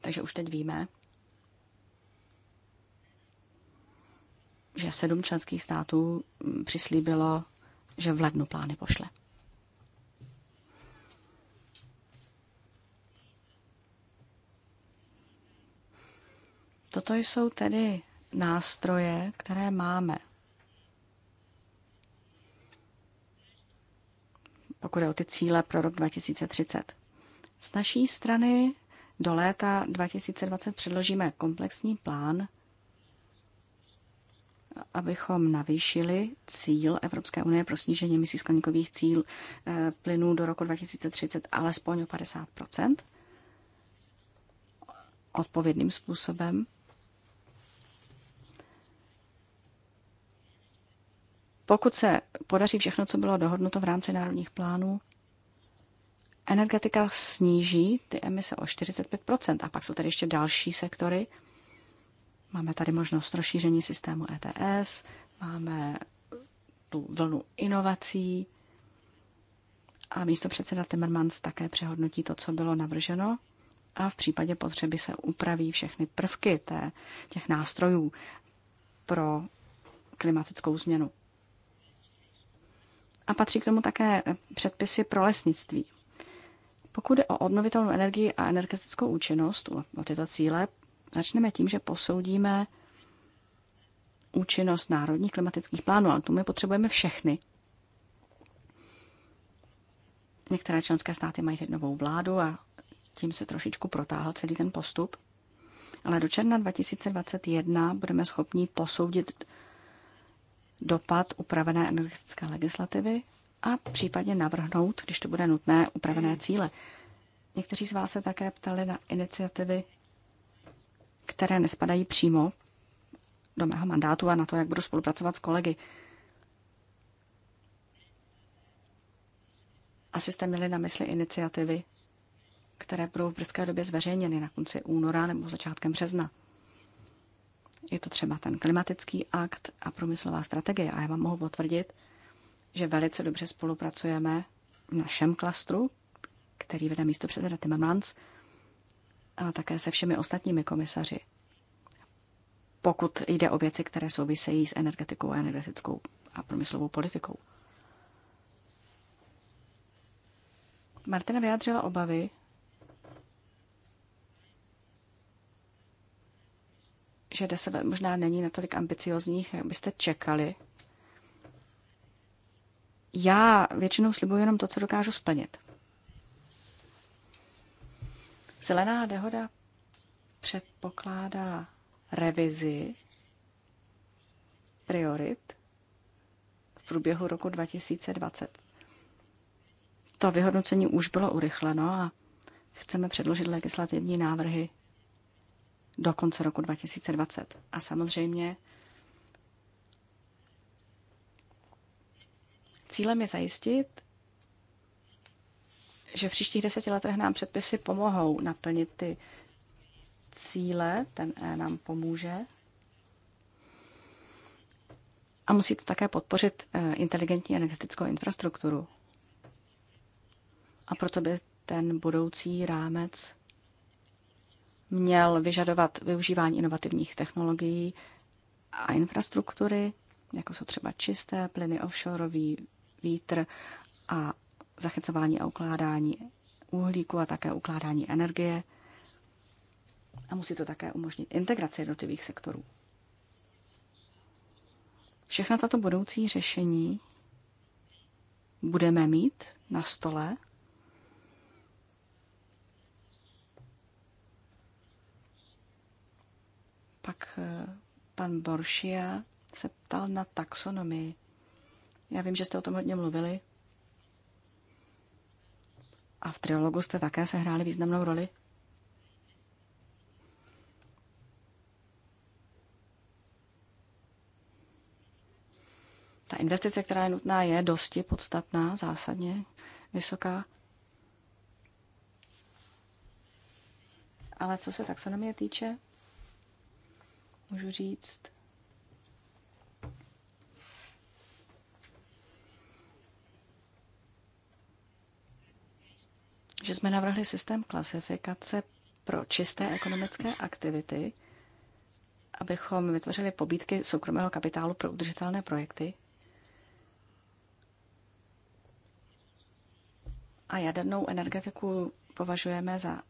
Speaker 5: Takže už teď víme, že sedm členských států přislíbilo, že v lednu plány pošle. Toto jsou tedy nástroje, které máme. Pokud je o ty cíle pro rok 2030. Z naší strany do léta 2020 předložíme komplexní plán, abychom navýšili cíl Evropské unie pro snížení emisí skleníkových cíl eh, plynů do roku 2030 alespoň o 50 odpovědným způsobem Pokud se podaří všechno, co bylo dohodnuto v rámci národních plánů, energetika sníží ty emise o 45 a pak jsou tady ještě další sektory. Máme tady možnost rozšíření systému ETS, máme tu vlnu inovací a místo předseda Timmermans také přehodnotí to, co bylo navrženo a v případě potřeby se upraví všechny prvky té, těch nástrojů pro klimatickou změnu. A patří k tomu také eh, předpisy pro lesnictví. Pokud je o obnovitelnou energii a energetickou účinnost, o tyto cíle, začneme tím, že posoudíme účinnost národních klimatických plánů, ale tu my potřebujeme všechny. Některé členské státy mají teď novou vládu a tím se trošičku protáhl celý ten postup. Ale do června 2021 budeme schopni posoudit dopad upravené energetické legislativy a případně navrhnout, když to bude nutné, upravené cíle. Někteří z vás se také ptali na iniciativy, které nespadají přímo do mého mandátu a na to, jak budu spolupracovat s kolegy. Asi jste měli na mysli iniciativy, které budou v brzké době zveřejněny na konci února nebo začátkem března. Je to třeba ten klimatický akt a průmyslová strategie. A já vám mohu potvrdit, že velice dobře spolupracujeme v našem klastru, který vede místo předseda Timmermans, a také se všemi ostatními komisaři. Pokud jde o věci, které souvisejí s energetikou a energetickou a průmyslovou politikou. Martina vyjádřila obavy, že deset let možná není natolik ambiciozních, jak byste čekali. Já většinou slibuji jenom to, co dokážu splnit. Zelená dehoda předpokládá revizi priorit v průběhu roku 2020. To vyhodnocení už bylo urychleno a chceme předložit legislativní návrhy do konce roku 2020. A samozřejmě cílem je zajistit, že v příštích deseti letech nám předpisy pomohou naplnit ty cíle, ten E nám pomůže. A musí to také podpořit e, inteligentní energetickou infrastrukturu. A proto by ten budoucí rámec měl vyžadovat využívání inovativních technologií a infrastruktury, jako jsou třeba čisté plyny, offshoreový vítr a zachycování a ukládání uhlíku a také ukládání energie. A musí to také umožnit integraci jednotlivých sektorů. Všechna tato budoucí řešení budeme mít na stole Pak eh, pan Boršia se ptal na taxonomii. Já vím, že jste o tom hodně mluvili. A v triologu jste také sehráli významnou roli. Ta investice, která je nutná, je dosti podstatná, zásadně vysoká. Ale co se taxonomie týče, můžu říct, že jsme navrhli systém klasifikace pro čisté ekonomické aktivity, abychom vytvořili pobídky soukromého kapitálu pro udržitelné projekty a jadernou energetiku považujeme za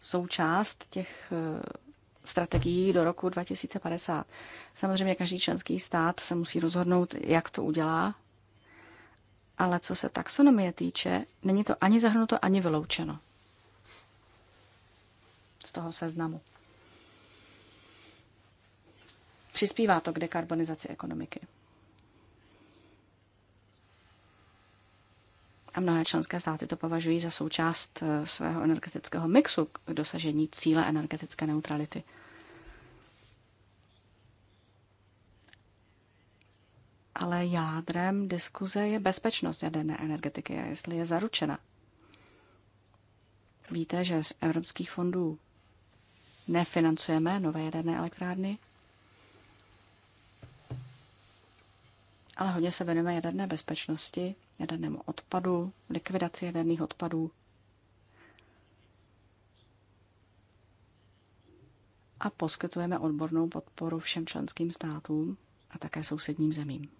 Speaker 5: součást těch eh, strategií do roku 2050. Samozřejmě každý členský stát se musí rozhodnout, jak to udělá, ale co se taxonomie týče, není to ani zahrnuto, ani vyloučeno z toho seznamu. Přispívá to k dekarbonizaci ekonomiky. A mnohé členské státy to považují za součást eh, svého energetického mixu k dosažení cíle energetické neutrality. Ale jádrem diskuze je bezpečnost jaderné energetiky a jestli je zaručena. Víte, že z evropských fondů nefinancujeme nové jaderné elektrárny, ale hodně se věnujeme jaderné bezpečnosti jadernému odpadu, likvidaci jaderných odpadů a poskytujeme odbornou podporu všem členským státům a také sousedním zemím.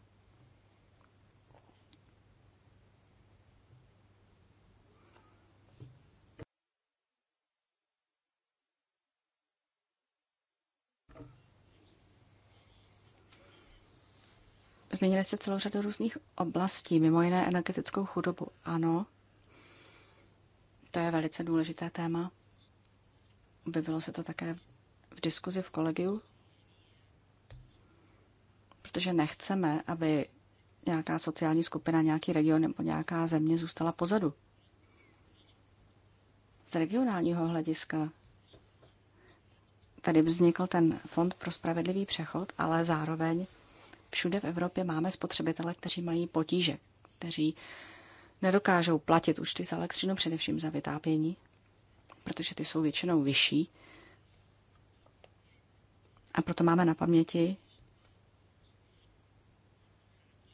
Speaker 5: Změnili jste celou řadu různých oblastí, mimo jiné energetickou chudobu. Ano, to je velice důležité téma. Objevilo se to také v diskuzi v kolegiu, protože nechceme, aby nějaká sociální skupina, nějaký region nebo nějaká země zůstala pozadu. Z regionálního hlediska tady vznikl ten fond pro spravedlivý přechod, ale zároveň Všude v Evropě máme spotřebitele, kteří mají potíže, kteří nedokážou platit účty za elektřinu, především za vytápění, protože ty jsou většinou vyšší. A proto máme na paměti,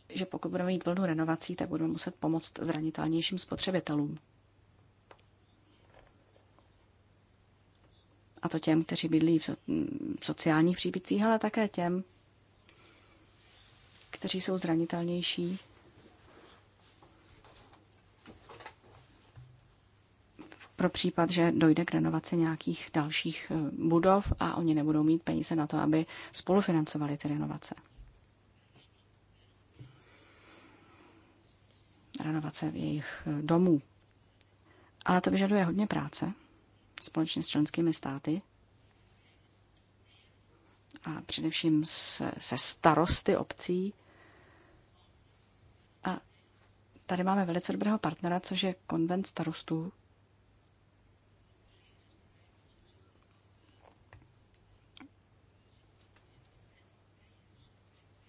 Speaker 5: že pokud budeme mít vlnu renovací, tak budeme muset pomoct zranitelnějším spotřebitelům. A to těm, kteří bydlí v sociálních příbytcích, ale také těm, kteří jsou zranitelnější pro případ, že dojde k renovaci nějakých dalších eh, budov a oni nebudou mít peníze na to, aby spolufinancovali ty renovace. Renovace jejich eh, domů. Ale to vyžaduje hodně práce společně s členskými státy a především se starosty obcí, Tady máme velice dobrého partnera, což je konvent starostů.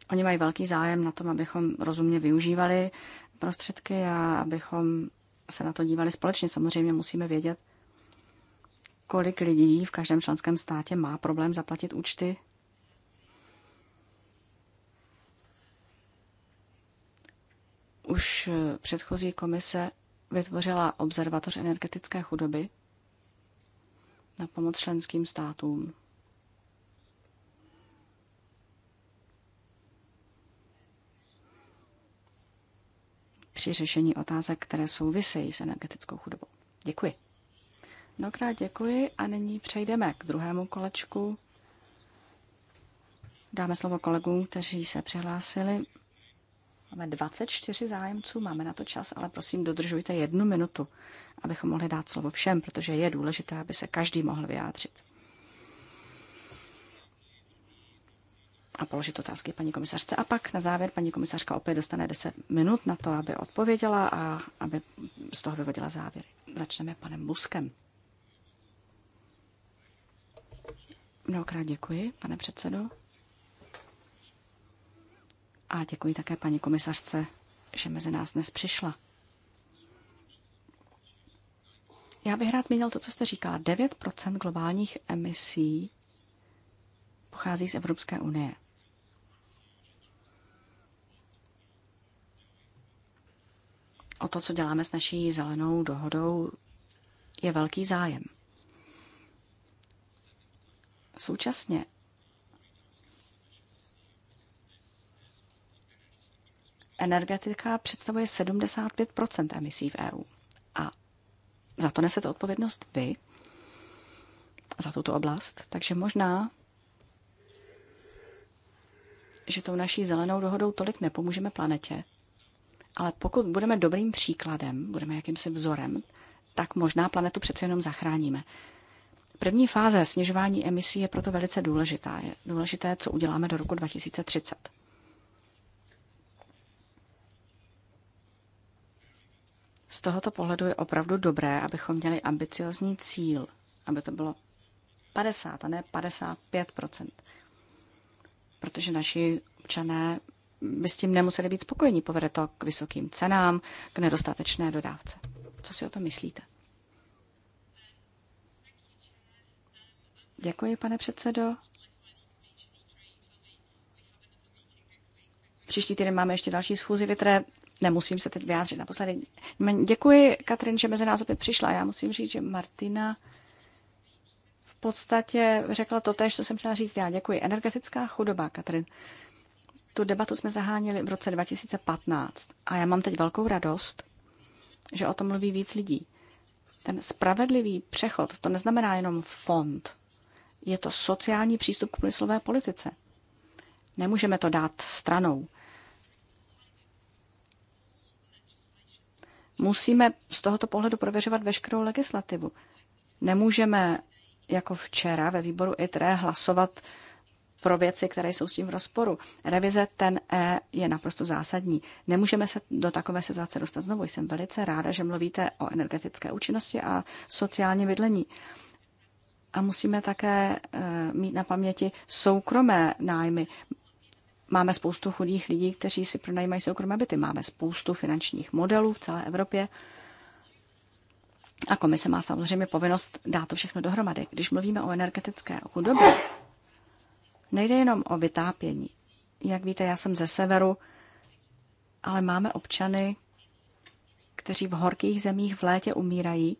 Speaker 5: Oni mají velký zájem na tom, abychom rozumně využívali prostředky a abychom se na to dívali společně. Samozřejmě musíme vědět, kolik lidí v každém členském státě má problém zaplatit účty Už eh, předchozí komise vytvořila observatoř energetické chudoby na pomoc členským státům. při řešení otázek, které souvisejí s energetickou chudobou. Děkuji. Mnohokrát děkuji a nyní přejdeme k druhému kolečku. Dáme slovo kolegům, kteří se přihlásili. Máme 24 zájemců, máme na to čas, ale prosím dodržujte jednu minutu, abychom mohli dát slovo všem, protože je důležité, aby se každý mohl vyjádřit. A položit otázky paní komisařce. A pak na závěr paní komisařka opět dostane 10 minut na to, aby odpověděla a aby z toho vyvodila závěry. Začneme panem Muskem. Mnohokrát děkuji, pane předsedo. A děkuji také paní komisařce, že mezi nás dnes přišla. Já bych rád zmínil to, co jste říkala. 9% globálních emisí pochází z Evropské unie. O to, co děláme s naší zelenou dohodou, je velký zájem. Současně energetika představuje 75 emisí v EU. A za to nesete odpovědnost vy, za tuto oblast. Takže možná, že tou naší zelenou dohodou tolik nepomůžeme planetě, ale pokud budeme dobrým příkladem, budeme jakýmsi vzorem, tak možná planetu přece jenom zachráníme. První fáze snižování emisí je proto velice důležitá. Je důležité, co uděláme do roku 2030. Z tohoto pohledu je opravdu dobré, abychom měli ambiciozní cíl, aby to bylo 50 a ne 55 Protože naši občané by s tím nemuseli být spokojení. Povede to k vysokým cenám, k nedostatečné dodávce. Co si o to myslíte? Děkuji, pane předsedo. Příští týden máme ještě další schůzi, Vitre nemusím se teď vyjádřit naposledy. Děkuji, Katrin, že mezi nás opět přišla. Já musím říct, že Martina v podstatě řekla to tež, co jsem chtěla říct já. Děkuji. Energetická chudoba, Katrin. Tu debatu jsme zahánili v roce 2015 a já mám teď velkou radost, že o tom mluví víc lidí. Ten spravedlivý přechod, to neznamená jenom fond. Je to sociální přístup k průmyslové politice. Nemůžeme to dát stranou Musíme z tohoto pohledu prověřovat veškerou legislativu. Nemůžeme jako včera ve výboru ITRE hlasovat pro věci, které jsou s tím v rozporu. Revize ten E je naprosto zásadní. Nemůžeme se do takové situace dostat znovu. Jsem velice ráda, že mluvíte o energetické účinnosti a sociálně bydlení. A musíme také eh, mít na paměti soukromé nájmy. Máme spoustu chudých lidí, kteří si pronajímají soukromé byty. Máme spoustu finančních modelů v celé Evropě. A komise má samozřejmě povinnost dát to všechno dohromady. Když mluvíme o energetické chudobě, nejde jenom o vytápění. Jak víte, já jsem ze severu, ale máme občany, kteří v horkých zemích v létě umírají,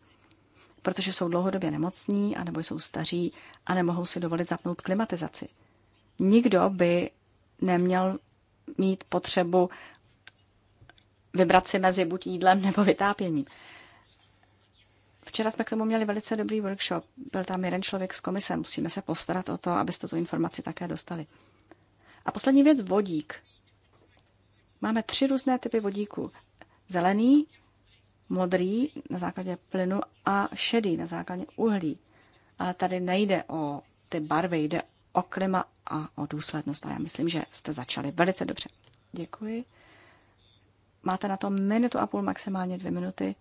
Speaker 5: protože jsou dlouhodobě nemocní, anebo jsou staří a nemohou si dovolit zapnout klimatizaci. Nikdo by neměl mít potřebu vybrat si mezi buď jídlem nebo vytápěním. Včera jsme k tomu měli velice dobrý workshop. Byl tam jeden člověk z komise. Musíme se postarat o to, abyste tu informaci také dostali. A poslední věc, vodík. Máme tři různé typy vodíku. Zelený, modrý na základě plynu a šedý na základě uhlí. Ale tady nejde o ty barvy, jde o klima a o důslednost. A já myslím, že jste začali velice dobře. Děkuji. Máte na to minutu a půl, maximálně dvě minuty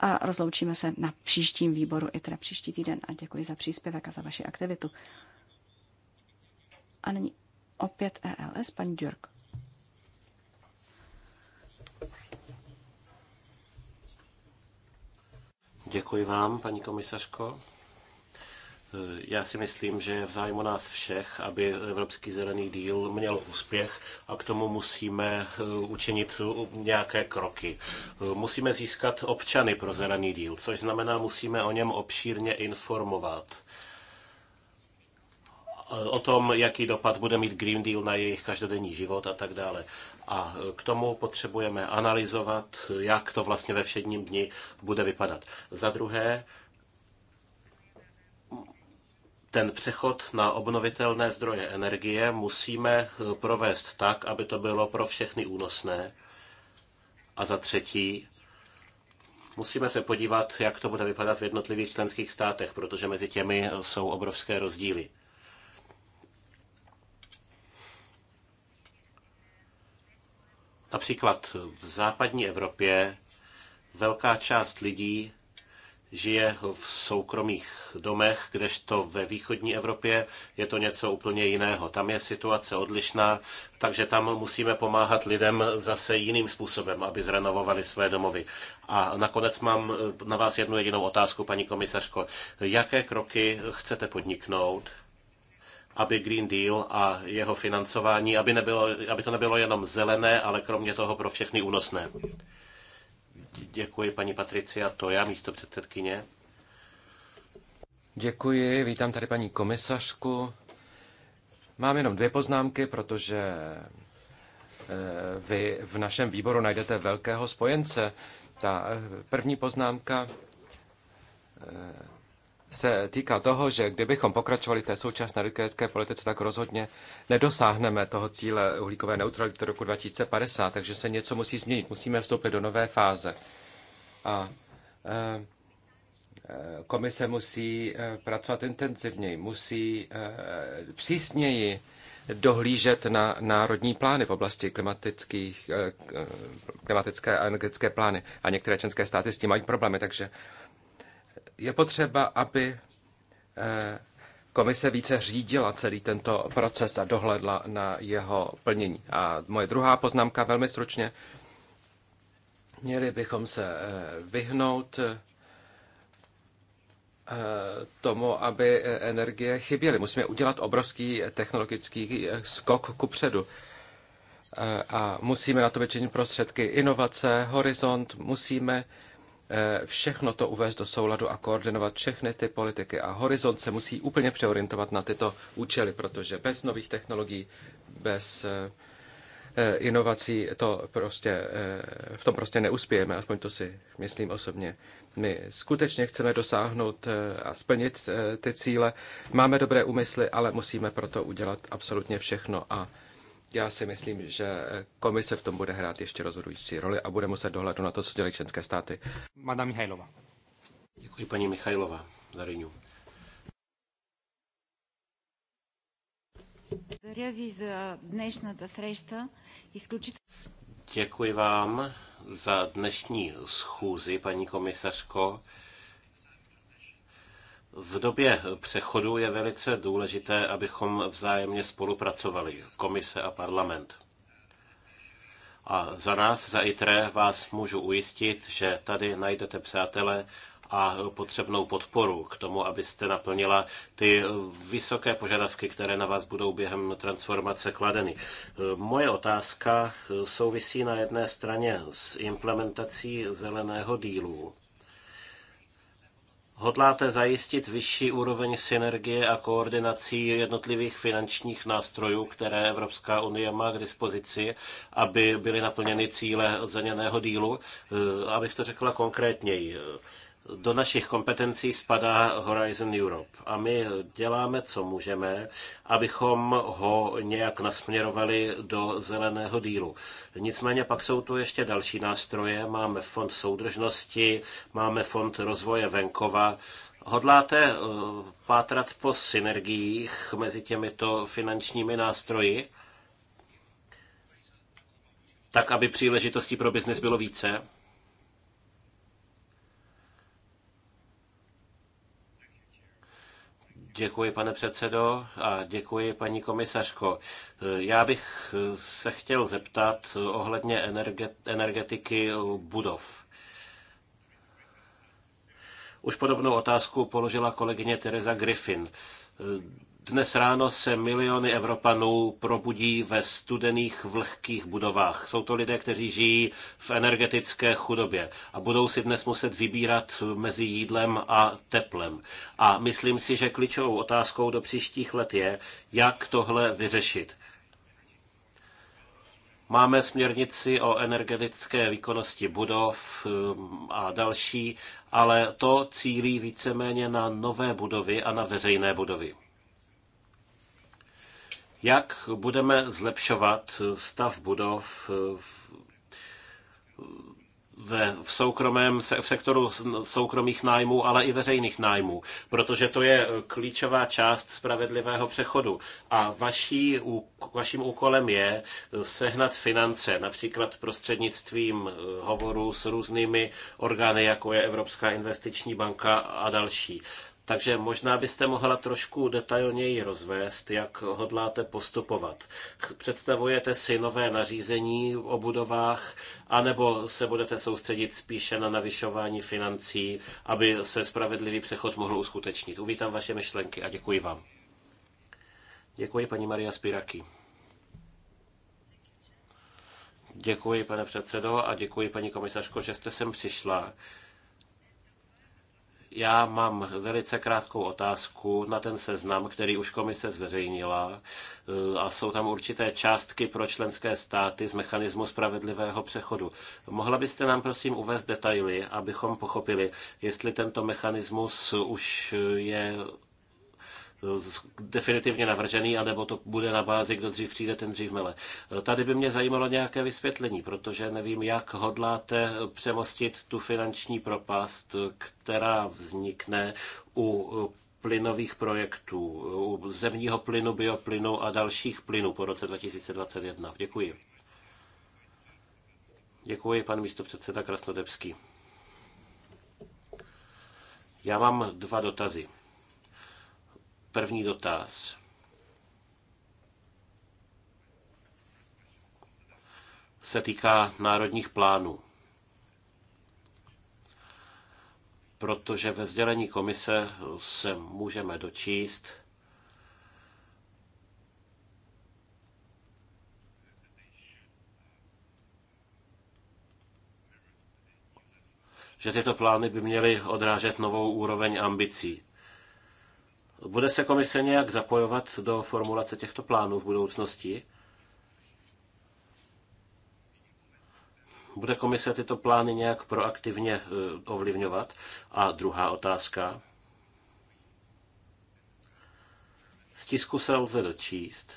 Speaker 5: a rozloučíme se na příštím výboru i teda příští týden a děkuji za příspěvek a za vaši aktivitu. A nyní opět ELS, paní Djurk.
Speaker 3: Děkuji vám, paní komisařko. Eh, já si myslím, že je v zájmu nás všech, aby Evropský zelený díl měl úspěch a k tomu musíme eh, učinit eh, nějaké kroky. Musíme získat občany pro zelený díl, což znamená, musíme o něm obšírně informovat o tom, jaký dopad bude mít Green Deal na jejich každodenní život a tak dále. A k tomu potřebujeme analyzovat, jak to vlastně ve všedním dni bude vypadat. Za druhé, ten přechod na obnovitelné zdroje energie musíme eh, provést tak, aby to bylo pro všechny únosné. A za třetí, musíme se podívat, jak to bude vypadat v jednotlivých členských státech, protože mezi těmi eh, jsou obrovské rozdíly. Například v západní Evropě velká část lidí žije v soukromých domech, kdežto ve východní Evropě je to něco úplně jiného. Tam je situace odlišná, takže tam musíme pomáhat lidem zase jiným způsobem, aby zrenovovali své domovy. A nakonec mám na vás jednu jedinou otázku, paní komisařko. Jaké kroky chcete podniknout? aby Green Deal a jeho financování, aby, nebylo, aby to nebylo jenom zelené, ale kromě toho pro všechny únosné. Děkuji paní Patricia Toja, místo předsedkyně.
Speaker 1: Děkuji, vítám tady paní komisařku. Mám jenom dvě poznámky, protože eh, vy v našem výboru najdete velkého spojence. Ta eh, první poznámka eh, se týká toho, že kdybychom pokračovali v té současné energetické politice, tak rozhodně nedosáhneme toho cíle uhlíkové neutrality roku 2050, takže se něco musí změnit, musíme vstoupit do nové fáze. A eh, eh, komise musí eh, pracovat intenzivněji, musí přísněji dohlížet na národní plány v oblasti klimatických, klimatické a energetické plány. A některé členské státy s tím mají problémy, takže je potřeba, aby eh, komise více řídila celý tento proces a dohledla na jeho plnění. A moje druhá poznámka, velmi stručně, měli bychom se eh, vyhnout eh, tomu, aby energie chyběly. Musíme udělat obrovský technologický skok ku předu. A musíme na to vyčinit prostředky inovace, horizont, musíme Eh, všechno to uvést do souladu a koordinovat všechny ty politiky. A Horizont se musí úplně přeorientovat na tyto účely, protože bez nových technologií, bez eh, inovací to prostě, eh, v tom prostě neuspějeme, aspoň to si myslím osobně. My skutečně chceme dosáhnout a splnit ty cíle, máme dobré úmysly, ale musíme proto udělat absolutně všechno a já si myslím, že komise v tom bude hrát ještě rozhodující roli a bude muset dohledu na to, co dělají členské státy. Madame Michajlova. Děkuji
Speaker 3: paní Michajlova za Rinu. Děkuji vám za dnešní schůzi, paní komisařko. V době přechodu je velice důležité, abychom vzájemně spolupracovali, komise a parlament. A za nás, za ITRE, vás můžu ujistit, že tady najdete přátele a potřebnou podporu k tomu, abyste naplnila ty vysoké požadavky, které na vás budou během transformace kladeny. Moje otázka souvisí na jedné straně s implementací zeleného dílu hodláte zajistit vyšší úroveň synergie a koordinací jednotlivých finančních nástrojů, které Evropská unie má k dispozici, aby byly naplněny cíle zdaněného dílu? Eh, abych to řekla konkrétněji do našich kompetencí spadá Horizon Europe a my děláme, co můžeme, abychom ho nějak nasměrovali do zeleného dílu. Nicméně pak jsou tu ještě další nástroje. Máme fond soudržnosti, máme fond rozvoje venkova, Hodláte eh, pátrat po synergiích mezi těmito finančními nástroji, tak aby příležitostí pro biznis bylo více? Děkuji, pane předsedo, a děkuji, paní komisařko. Já bych se chtěl zeptat ohledně energetiky budov. Už podobnou otázku položila kolegyně Teresa Griffin. Dnes ráno se miliony Evropanů probudí ve studených vlhkých budovách. Jsou to lidé, kteří žijí v energetické chudobě a budou si dnes muset vybírat mezi jídlem a teplem. A myslím si, že klíčovou otázkou do příštích let je, jak tohle vyřešit. Máme směrnici o energetické výkonnosti budov um, a další, ale to cílí víceméně na nové budovy a na veřejné budovy jak budeme zlepšovat stav budov v, v soukromém v sektoru soukromých nájmů, ale i veřejných nájmů, protože to je klíčová část spravedlivého přechodu. A vaší, vaším úkolem je sehnat finance, například prostřednictvím eh, hovorů s různými orgány, jako je Evropská investiční banka a další. Takže možná byste mohla trošku detailněji rozvést, jak hodláte postupovat. Představujete si nové nařízení o budovách, anebo se budete soustředit spíše na navyšování financí, aby se spravedlivý přechod mohl uskutečnit. Uvítám vaše myšlenky a děkuji vám. Děkuji paní Maria Spiraky. Děkuji, pane předsedo, a děkuji, paní komisařko, že jste sem přišla. Já mám velice krátkou otázku na ten seznam, který už komise zveřejnila eh, a jsou tam určité částky pro členské státy z mechanismu spravedlivého přechodu. Mohla byste nám prosím uvést detaily, abychom pochopili, jestli tento mechanismus už eh, je definitivně navržený, anebo to bude na bázi, kdo dřív přijde, ten dřív mele. E, tady by mě zajímalo nějaké vysvětlení, protože nevím, jak hodláte přemostit tu finanční propast, která vznikne u e, plynových projektů, u zemního plynu, bioplynu a dalších plynů po roce 2021. Děkuji. Děkuji, pan předseda Krasnodebský. Já mám dva dotazy. První dotaz. se týká národních plánů. Protože ve sdělení komise se můžeme dočíst, že tyto plány by měly odrážet novou úroveň ambicí. Bude se komise nějak zapojovat do formulace těchto plánů v budoucnosti? Bude komise tyto plány nějak proaktivně eh, ovlivňovat? A druhá otázka. Z tisku se lze dočíst,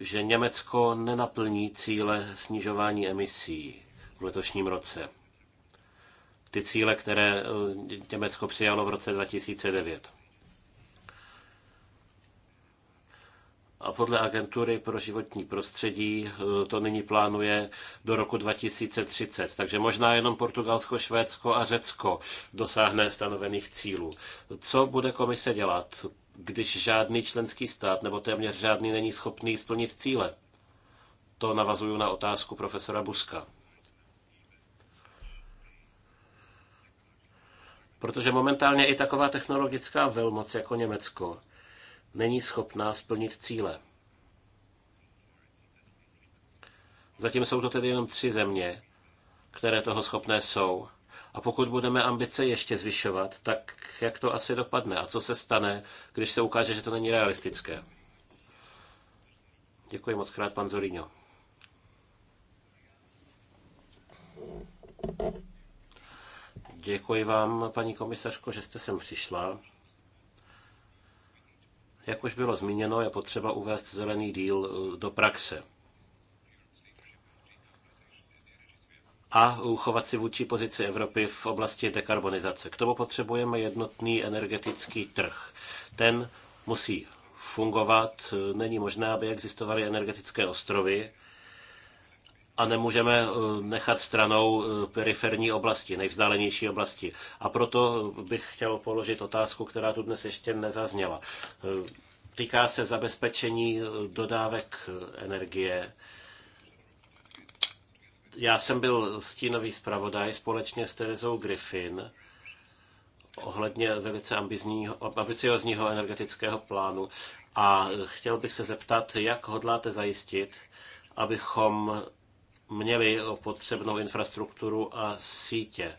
Speaker 3: že Německo nenaplní cíle snižování emisí v letošním roce ty cíle, které eh, Německo přijalo v roce 2009. a podle agentury pro životní prostředí eh, to nyní plánuje do roku 2030. Takže možná jenom Portugalsko, Švédsko a Řecko dosáhne stanovených cílů. Co bude komise dělat, když žádný členský stát nebo téměř žádný není schopný splnit cíle? To navazuju na otázku profesora Buska. Protože momentálně i taková technologická velmoc jako Německo není schopná splnit cíle. Zatím jsou to tedy jenom tři země, které toho schopné jsou. A pokud budeme ambice ještě zvyšovat, tak jak to asi dopadne? A co se stane, když se ukáže, že to není realistické? Děkuji moc krát, pan Zorino. Děkuji vám, paní komisařko, že jste sem přišla. Jak už bylo zmíněno, je potřeba uvést zelený díl eh, do praxe. a uchovat si vůči pozici Evropy v oblasti dekarbonizace. K tomu potřebujeme jednotný energetický trh. Ten musí fungovat, není možné, aby existovaly energetické ostrovy a nemůžeme eh, nechat stranou eh, periferní oblasti, nejvzdálenější oblasti. A proto bych chtěl položit otázku, která tu dnes ještě nezazněla. Eh, týká se zabezpečení dodávek energie. Já jsem byl stínový zpravodaj společně s Terezou Griffin ohledně velice ambiciozního energetického plánu a chtěl bych se zeptat, jak hodláte zajistit, abychom měli potřebnou infrastrukturu a sítě.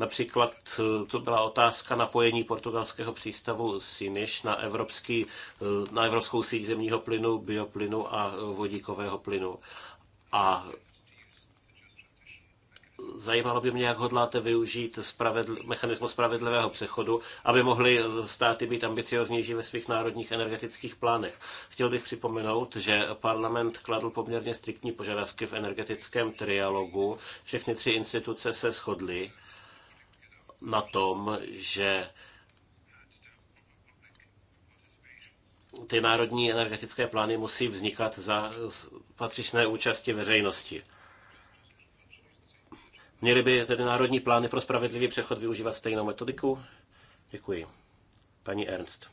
Speaker 3: Například eh, to byla otázka napojení portugalského přístavu Siniš na, evropský, eh, na evropskou síť zemního plynu, bioplynu a eh, vodíkového plynu. A zajímalo by mě, jak hodláte využít spravedl- mechanismus spravedlivého přechodu, aby mohly státy být ambicioznější ve svých národních energetických plánech. Chtěl bych připomenout, že parlament kladl poměrně striktní požadavky v energetickém trialogu. Všechny tři instituce se shodly na tom, že ty národní energetické plány musí vznikat za patřičné účasti veřejnosti. Měly by tedy národní plány pro spravedlivý přechod využívat stejnou metodiku? Děkuji. Paní Ernst.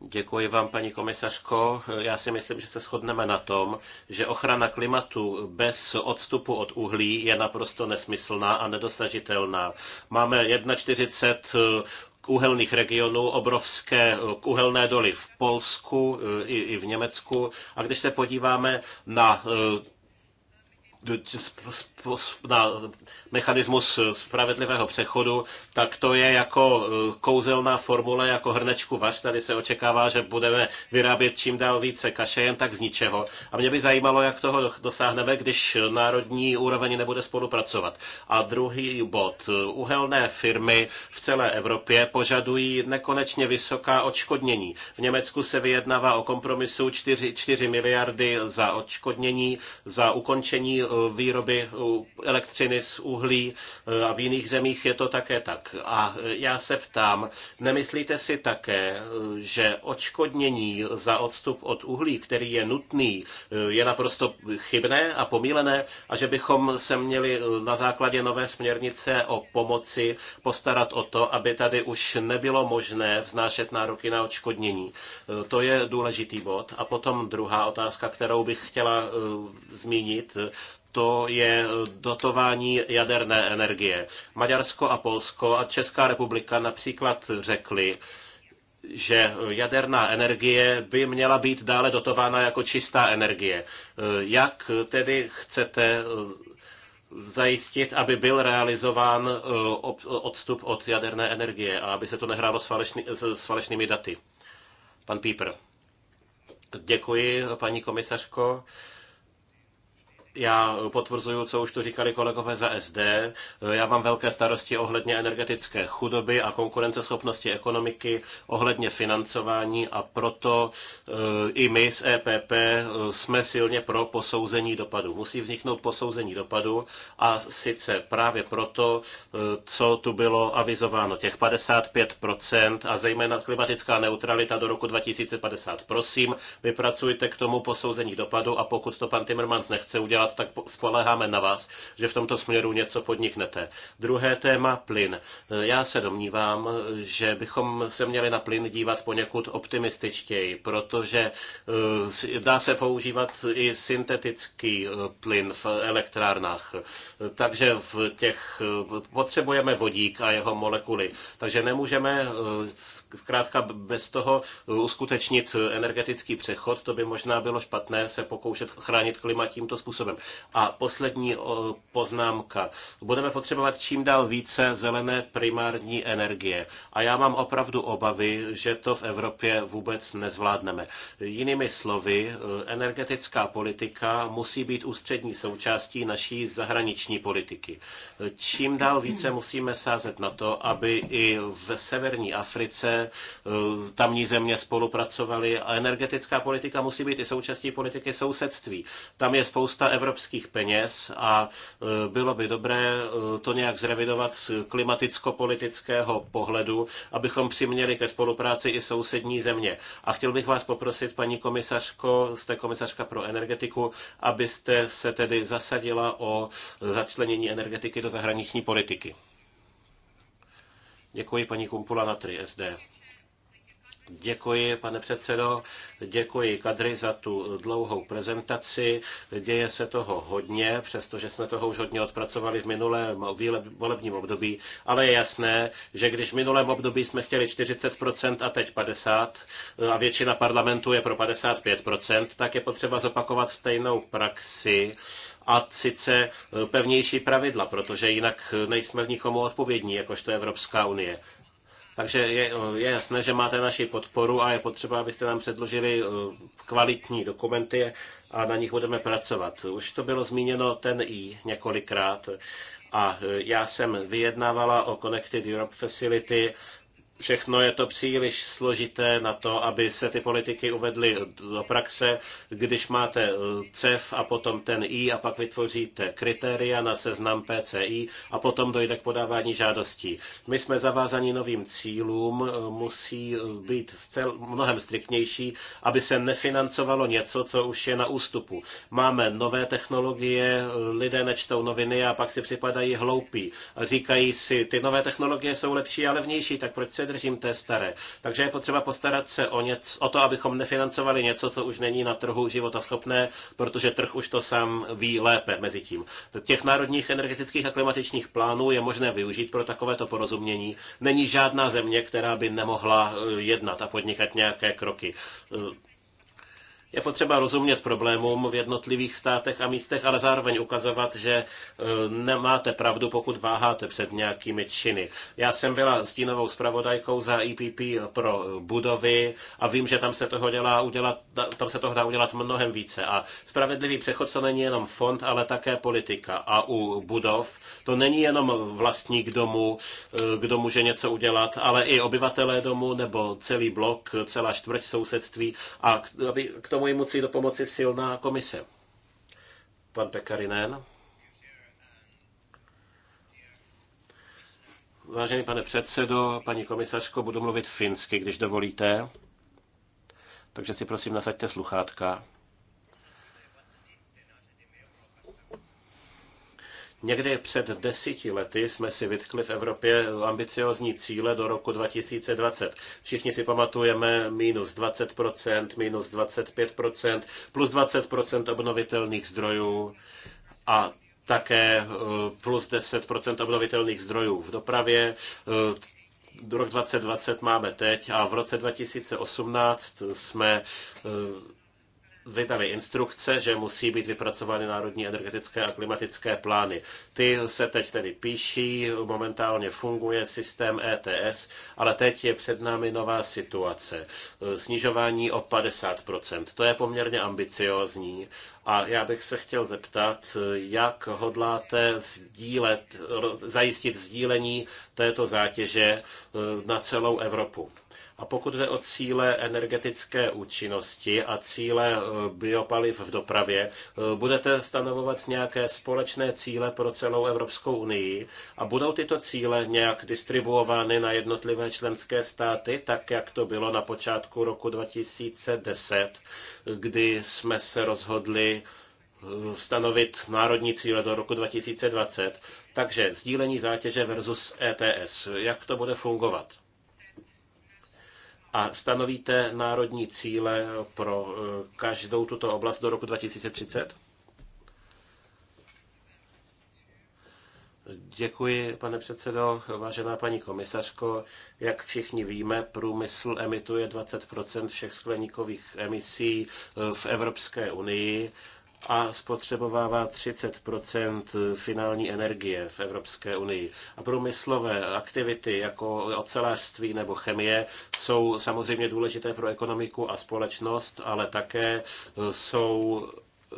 Speaker 3: Děkuji vám, paní komisařko. Já si myslím, že se shodneme na tom, že ochrana klimatu bez odstupu od uhlí je naprosto nesmyslná a nedosažitelná. Máme 41 eh, uhelných regionů, obrovské eh, uhelné doly v Polsku eh, i, v Německu. A když se podíváme na do, na mechanismus spravedlivého přechodu, tak to je jako eh, kouzelná formule, jako hrnečku vaš. Tady se očekává, že budeme vyrábět čím dál více kaše, jen tak z ničeho. A mě by zajímalo, jak toho dosáhneme, když národní úroveň nebude spolupracovat. A druhý bod. Uhelné firmy v celé Evropě požadují nekonečně vysoká odškodnění. V Německu se vyjednává o kompromisu 4, 4 miliardy za odškodnění, za ukončení eh, výroby elektřiny z uhlí eh, a v jiných zemích je to také tak. A eh, já se ptám, nemyslíte si také, eh, že odškodnění za odstup od uhlí, který je nutný, je naprosto chybné a pomílené a že bychom se měli na základě nové směrnice o pomoci postarat o to, aby tady už nebylo možné vznášet nároky na odškodnění. To je důležitý bod. A potom druhá otázka, kterou bych chtěla zmínit, to je eh, dotování jaderné energie. Maďarsko a Polsko a Česká republika například řekli, že jaderná energie by měla být dále dotována jako čistá energie. Eh, jak tedy chcete eh, zajistit, aby byl realizován odstup od jaderné energie a aby se to nehrálo s, falešný, s falešnými daty? Pan Píper. Děkuji, paní komisařko. Já potvrzuju, co už tu říkali kolegové za SD. Já mám velké starosti ohledně energetické chudoby a konkurenceschopnosti ekonomiky, ohledně financování a proto eh, i my z EPP eh, jsme silně pro posouzení dopadu. Musí vzniknout posouzení dopadu a sice právě proto, eh, co tu bylo avizováno, těch 55% a zejména klimatická neutralita do roku 2050. Prosím, vypracujte k tomu posouzení dopadu a pokud to pan Timmermans nechce udělat, dělat, tak spoleháme na vás, že v tomto směru něco podniknete. Druhé téma plyn. Já se domnívám, že bychom se měli na plyn dívat poněkud optimističtěji, protože eh, dá se používat i syntetický eh, plyn v elektrárnách. Takže v těch eh, potřebujeme vodík a jeho molekuly. Takže nemůžeme zkrátka bez toho uskutečnit energetický přechod. To by možná bylo špatné se pokoušet chránit klima tímto způsobem. A poslední poznámka. Budeme potřebovat čím dál více zelené primární energie. A já mám opravdu obavy, že to v Evropě vůbec nezvládneme. Jinými slovy, e, energetická politika musí být ústřední součástí naší zahraniční politiky. Čím dál více musíme sázet na to, aby i v severní Africe e, tamní země spolupracovaly a energetická politika musí být i součástí politiky sousedství. Tam je spousta evropských evropských peněz a e, bylo by dobré e, to nějak zrevidovat z klimaticko-politického pohledu, abychom přiměli ke spolupráci i sousední země. A chtěl bych vás poprosit, paní komisařko, jste komisařka pro energetiku, abyste se tedy zasadila o začlenění energetiky do zahraniční politiky. Děkuji paní Kumpula na 3 SD. Děkuji, pane předsedo. Děkuji Kadry za tu dlouhou prezentaci. Děje se toho hodně, přestože jsme toho už hodně odpracovali v minulém volebním období, ale je jasné, že když v minulém období jsme chtěli 40% a teď 50% a většina parlamentu je pro 55%, tak je potřeba zopakovat stejnou praxi a sice pevnější pravidla, protože jinak nejsme v nikomu odpovědní, jakožto Evropská unie. Takže je, je jasné, že máte naši podporu a je potřeba, abyste nám předložili eh, kvalitní dokumenty a na nich budeme pracovat. Už to bylo zmíněno ten I několikrát a eh, já jsem vyjednávala o Connected Europe Facility všechno je to příliš složité na to, aby se ty politiky uvedly do praxe. Když máte eh, CEF a potom ten I a pak vytvoříte kritéria na seznam PCI a potom dojde k podávání žádostí. My jsme zavázaní novým cílům, eh, musí eh, být zcel, mnohem striktnější, aby se nefinancovalo něco, co už je na ústupu. Máme nové technologie, lidé nečtou noviny a pak si připadají hloupí. Říkají si, ty nové technologie jsou lepší a levnější, tak proč se nedržím té staré. Takže je potřeba postarat se o, něco, o to, abychom nefinancovali něco, co už není na trhu životaschopné, protože trh už to sám ví lépe mezi tím. Těch národních energetických a klimatičních plánů je možné využít pro takovéto porozumění. Není žádná země, která by nemohla eh, jednat a podnikat nějaké kroky. Eh, je potřeba rozumět problémům v jednotlivých státech a místech, ale zároveň ukazovat, že e, nemáte pravdu, pokud váháte před nějakými činy. Já jsem byla stínovou zpravodajkou za EPP pro budovy a vím, že tam se toho, dělá udělat, tam se toho dá udělat mnohem více. A spravedlivý přechod to není jenom fond, ale také politika. A u budov to není jenom vlastník domu, e, kdo může něco udělat, ale i obyvatelé domu nebo celý blok, celá čtvrť sousedství. A aby k tomu tomu jim musí dopomoci silná komise. Pan Pekarinen. Vážený pane předsedo, paní komisařko, budu mluvit finsky, když dovolíte. Takže si prosím nasaďte sluchátka. Někdy před deseti lety jsme si vytkli v Evropě ambiciozní cíle do roku 2020. Všichni si pamatujeme minus 20%, minus 25%, plus 20% obnovitelných zdrojů a také eh, plus 10% obnovitelných zdrojů v dopravě, eh, rok 2020 máme teď a v roce 2018 jsme eh, vydali instrukce, že musí být vypracovány národní energetické a klimatické plány. Ty se teď tedy píší, momentálně funguje systém ETS, ale teď je před námi nová situace. Snižování o 50%. To je poměrně ambiciozní a já bych se chtěl zeptat, jak hodláte sdílet, zajistit sdílení této zátěže na celou Evropu. A pokud jde o cíle energetické účinnosti a cíle eh, biopaliv v dopravě, eh, budete stanovovat nějaké společné cíle pro celou Evropskou unii a budou tyto cíle nějak distribuovány na jednotlivé členské státy, tak jak to bylo na počátku roku 2010, kdy jsme se rozhodli eh, stanovit národní cíle do roku 2020. Takže sdílení zátěže versus ETS. Jak to bude fungovat? a stanovíte národní cíle pro eh, každou tuto oblast do roku 2030? Děkuji, pane předsedo. Vážená paní komisařko, jak všichni víme, průmysl emituje 20 všech skleníkových emisí eh, v Evropské unii a spotřebovává 30 finální energie v Evropské unii. A průmyslové aktivity jako ocelářství nebo chemie jsou samozřejmě důležité pro ekonomiku a společnost, ale také jsou eh,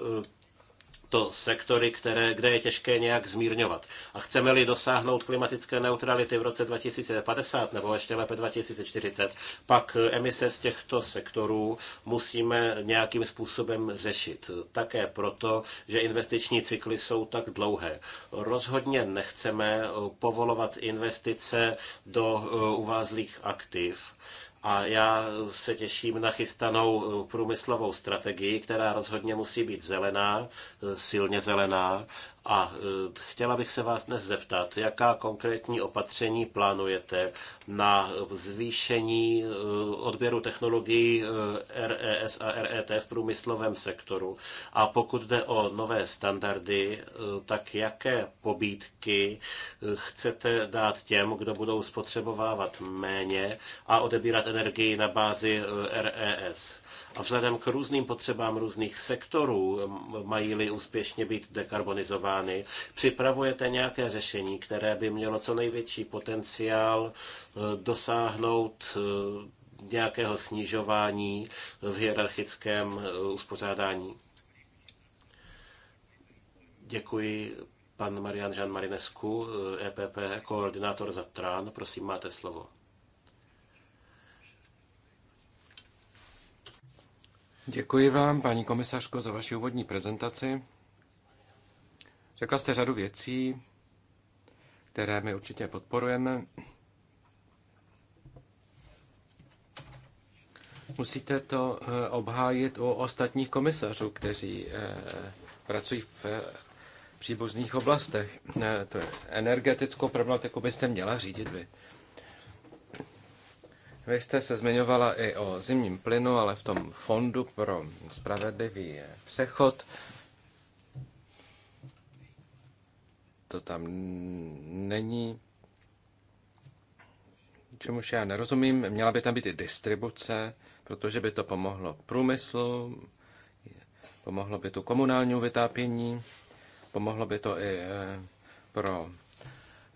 Speaker 3: to sektory, které, kde je těžké nějak zmírňovat. A chceme-li dosáhnout klimatické neutrality v roce 2050 nebo ještě lépe 2040, pak emise z těchto sektorů musíme nějakým způsobem řešit. Také proto, že investiční cykly jsou tak dlouhé. Rozhodně nechceme povolovat investice do uh, uvázlých aktiv a já se těším na chystanou eh, průmyslovou strategii, která rozhodně musí být zelená, eh, silně zelená, a e, chtěla bych se vás dnes zeptat, jaká konkrétní opatření plánujete na zvýšení e, odběru technologií e, RES a RET v průmyslovém sektoru. A pokud jde o nové standardy, tak jaké pobídky chcete dát těm, kdo budou spotřebovávat méně a odebírat energii na bázi RES? A vzhledem k různým potřebám různých sektorů, mají-li úspěšně být dekarbonizovány, připravujete nějaké řešení, které by mělo co největší potenciál e, dosáhnout e, nějakého snižování v hierarchickém e, uspořádání? Děkuji pan Marian Jean Marinescu, EPP, koordinátor za TRAN. Prosím, máte slovo.
Speaker 1: Děkuji vám, paní komisařko, za vaši úvodní prezentaci. Řekla jste řadu věcí, které my určitě podporujeme. Musíte to eh, obhájit u ostatních komisařů, kteří eh, pracují v eh, příbuzných oblastech. To je energetickou problematiku byste měla řídit vy. Vy jste se zmiňovala i o zimním plynu, ale v tom fondu pro spravedlivý přechod to tam není. Čemuž já nerozumím, měla by tam být i distribuce, protože by to pomohlo průmyslu, pomohlo by to komunálnímu vytápění, pomohlo by to i eh, pro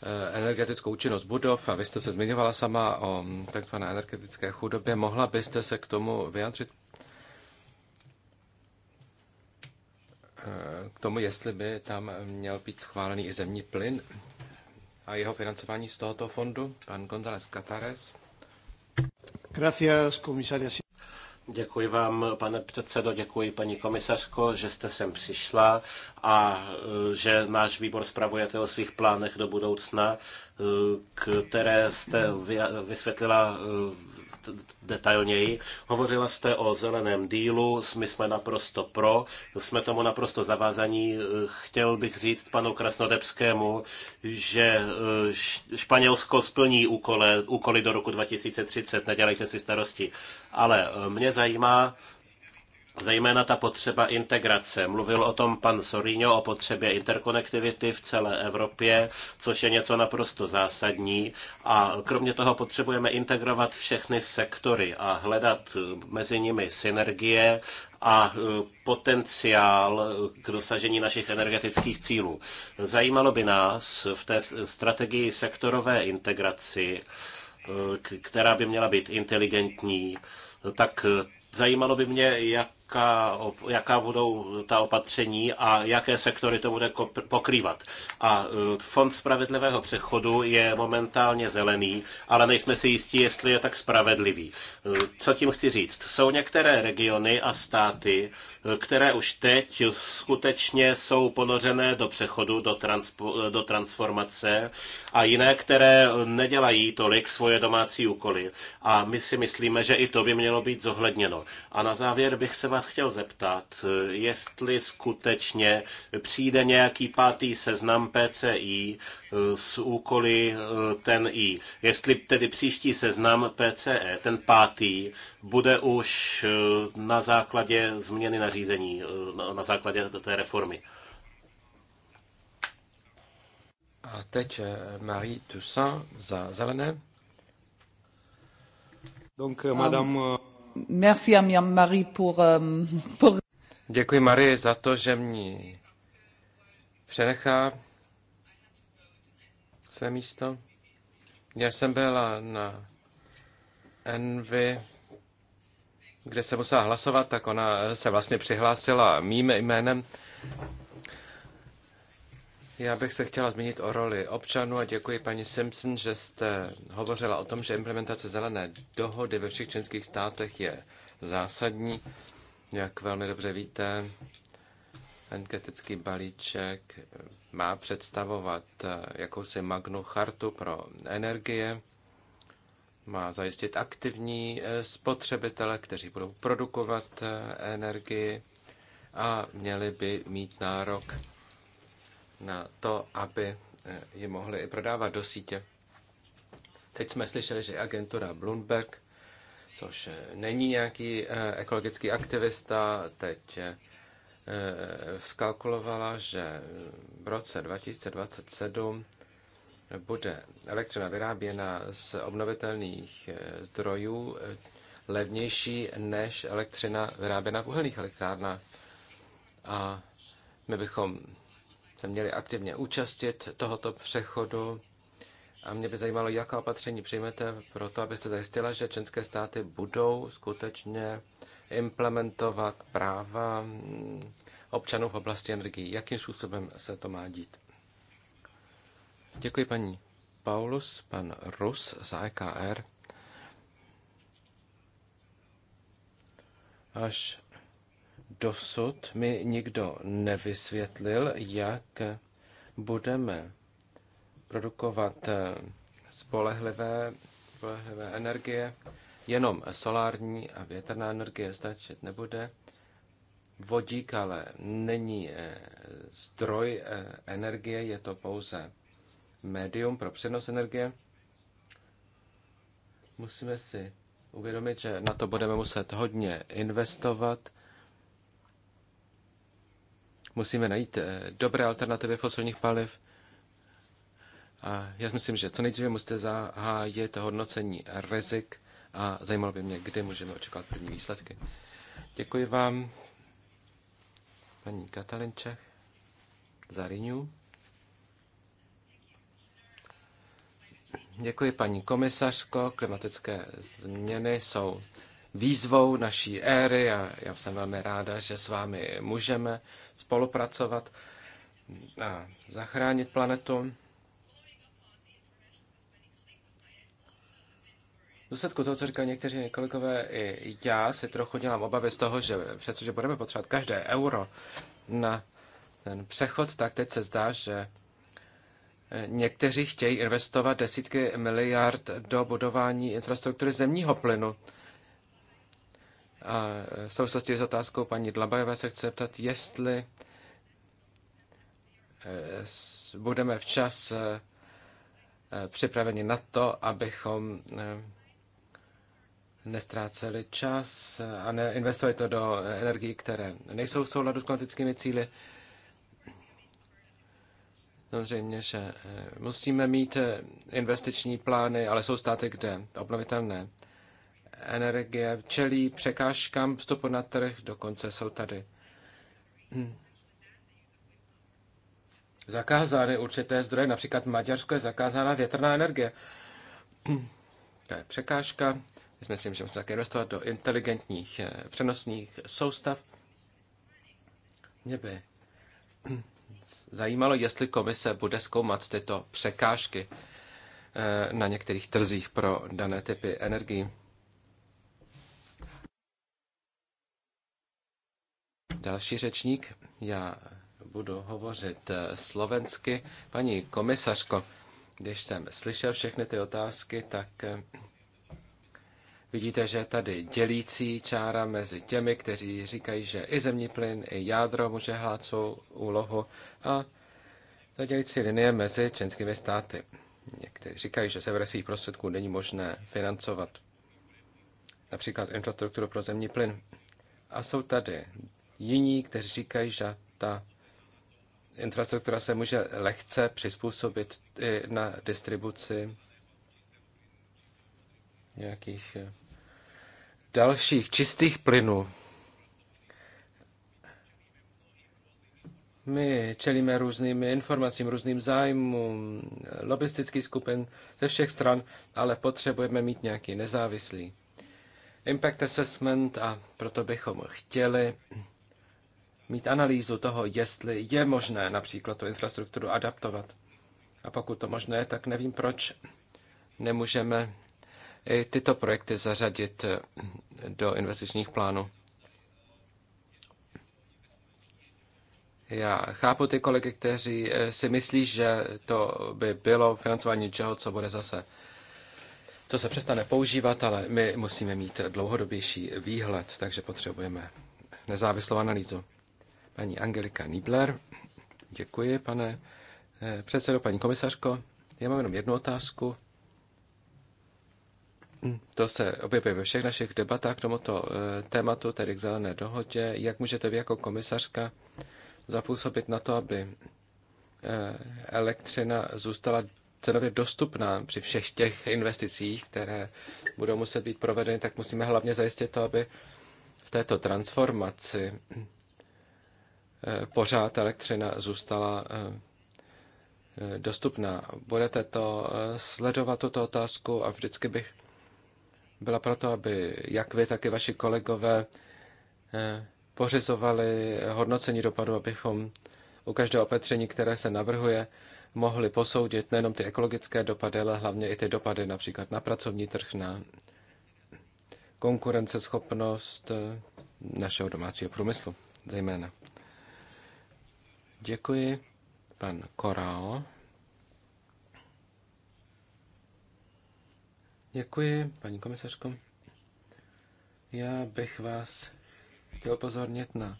Speaker 1: Eh, energetickou účinnost budov, a vy jste se zmiňovala sama o mm, takzvané energetické chudobě, mohla byste se k tomu vyjádřit? Eh, k tomu, jestli by tam měl být schválený i zemní plyn a jeho financování z tohoto fondu, pan González Catares.
Speaker 6: Gracias, komisaria.
Speaker 1: Děkuji vám,
Speaker 3: pane předsedo, děkuji paní komisařko, že jste sem přišla a e, že náš výbor zpravuje o svých plánech do budoucna, e, které jste vysvětlila e, detailněji. Hovořila jste o zeleném dílu, my jsme naprosto pro, jsme tomu naprosto zavázaní. Chtěl bych říct panu Krasnodebskému, že eh, Španělsko splní úkole, úkoly do roku 2030, nedělejte si starosti. Ale eh, mě zajímá, zejména ta potřeba integrace. Mluvil o tom pan Sorino, o potřebě interkonektivity v celé Evropě, což je něco naprosto zásadní. A kromě toho potřebujeme integrovat všechny sektory a hledat eh, mezi nimi synergie a eh, potenciál eh, k dosažení našich energetických cílů. Zajímalo by nás v té strategii sektorové integraci, která by měla být inteligentní, tak zajímalo by mě, jak jaká, jaká budou ta opatření a jaké sektory to bude pokrývat. A e, Fond spravedlivého přechodu je momentálně zelený, ale nejsme si jistí, jestli je tak spravedlivý. E, co tím chci říct? Jsou některé regiony a státy, e, které už teď skutečně jsou ponořené do přechodu, do, transpo, do transformace a jiné, které nedělají tolik svoje domácí úkoly. A my si myslíme, že i to by mělo být zohledněno. A na závěr bych se vás vás chtěl zeptat, jestli skutečně přijde nějaký pátý seznam PCI eh, s úkoly eh, ten I. Jestli tedy příští seznam PCE, ten pátý, bude už eh, na základě změny nařízení, na základě té reformy.
Speaker 1: A teď Marie Toussaint za zelené. Donc, euh, madame... Euh,
Speaker 7: Merci à Marie pour, euh, pour...
Speaker 1: Děkuji Marie za to, že mě přenechá své místo. Já jsem byla na Envy, kde se musela hlasovat, tak ona se vlastně přihlásila mým jménem. Já bych se chtěla zmínit o roli občanů a děkuji paní Simpson, že jste hovořila o tom, že implementace zelené dohody ve všech členských státech je zásadní. Jak velmi dobře víte, energetický balíček má představovat jakousi magnu chartu pro energie, má zajistit aktivní spotřebitele, kteří budou produkovat energii a měli by mít nárok na to, aby eh, ji mohli i prodávat do sítě. Teď jsme slyšeli, že agentura Bloomberg, což eh, není nějaký eh, ekologický aktivista, teď skalkulovala, že v roce 2027 bude elektřina vyráběna z obnovitelných zdrojů levnější než elektřina vyráběna v uhelných elektrárnách. A my bychom se měli aktivně účastnit tohoto přechodu. A mě by zajímalo, jaká opatření přijmete pro to, abyste zajistila, že členské státy budou skutečně implementovat práva mm, občanů v oblasti energii. Jakým způsobem se to má dít? Děkuji paní Paulus, pan Rus z AKR? E Až dosud mi nikdo nevysvětlil, jak budeme produkovat eh, spolehlivé, spolehlivé energie. Jenom solární a větrná energie stačit nebude. Vodík ale není eh, zdroj eh, energie, je to pouze médium pro přenos energie. Musíme si uvědomit, že na to budeme muset hodně investovat Musíme najít eh, dobré alternativy fosilních paliv. A já myslím, že co nejdříve musíte zahájit hodnocení rizik a zajímalo by mě, kdy můžeme očekávat první výsledky. Děkuji vám, paní Katalinčech, za Renew. Děkuji, paní komisařko. Klimatické změny jsou výzvou naší éry a já jsem velmi ráda, že s vámi můžeme spolupracovat a zachránit planetu. důsledku toho, co říkali někteří kolegové, i já si trochu dělám obavy z toho, že přestože budeme potřebovat každé euro na ten přechod, tak teď se zdá, že někteří chtějí investovat desítky miliard do budování infrastruktury zemního plynu. A v souvislosti s otázkou paní Dlabajové se chci zeptat, jestli eh, budeme včas eh, připraveni na to, abychom eh, nestráceli čas a neinvestovali to do energií, které nejsou v souladu s klimatickými cíly. Samozřejmě, že musíme mít investiční plány, ale jsou státy, kde obnovitelné energie čelí překážkám vstupu na trh, dokonce jsou tady hm. zakázány určité zdroje, například v Maďarsku je zakázána větrná energie. Hm. To je překážka. Myslím, že musíme také investovat do inteligentních eh, přenosních soustav. Mě by hm, zajímalo, jestli komise bude zkoumat tyto překážky eh, na některých trzích pro dané typy energií. Další řečník, já budu hovořit eh, slovensky. Paní komisařko, když jsem slyšel všechny ty otázky, tak eh, vidíte, že tady dělící čára mezi těmi, kteří říkají, že i zemní plyn, i jádro může hrát svou úlohu a ta dělící linie mezi členskými státy. Někteří říkají, že z evropských prostředků není možné financovat například infrastrukturu pro zemní plyn. A jsou tady jiní, kteří říkají, že ta infrastruktura se může lehce přizpůsobit i na distribuci nějakých eh, dalších čistých plynů. My čelíme různým informacím, různým zájmům, lobistický skupin ze všech stran, ale potřebujeme mít nějaký nezávislý impact assessment a proto bychom chtěli mít analýzu toho, jestli je možné například tu infrastrukturu adaptovat. A pokud to možné, tak nevím, proč nemůžeme i tyto projekty zařadit eh, do investičních plánů. Já chápu ty kolegy, kteří eh, si myslí, že to by bylo financování něčeho, co bude zase, co se přestane používat, ale my musíme mít dlouhodobější výhled, takže potřebujeme nezávislou analýzu paní Angelika Niebler. Děkuji, pane eh, předsedo, paní komisařko. Já mám jenom jednu otázku. Hm, to se objevuje ve všech našich debatách k tomuto eh, tématu, tedy k zelené dohodě. Jak můžete vy jako komisařka zapůsobit na to, aby eh, elektřina zůstala cenově dostupná při všech těch investicích, které budou muset být provedeny, tak musíme hlavně zajistit to, aby v této transformaci Eh, pořád elektřina zůstala eh, eh, dostupná. Budete to sledovat, tuto otázku a vždycky bych byla proto, aby jak vy, tak i vaši kolegové pořizovali hodnocení dopadu, abychom u každého opatření, které se navrhuje, mohli posoudit nejenom ty ekologické dopady, ale hlavně i ty dopady například na pracovní trh, na konkurenceschopnost našeho domácího průmyslu zejména. Děkuji. Pan Korao. Děkuji, paní komisařko. Já bych vás chtěl pozornit na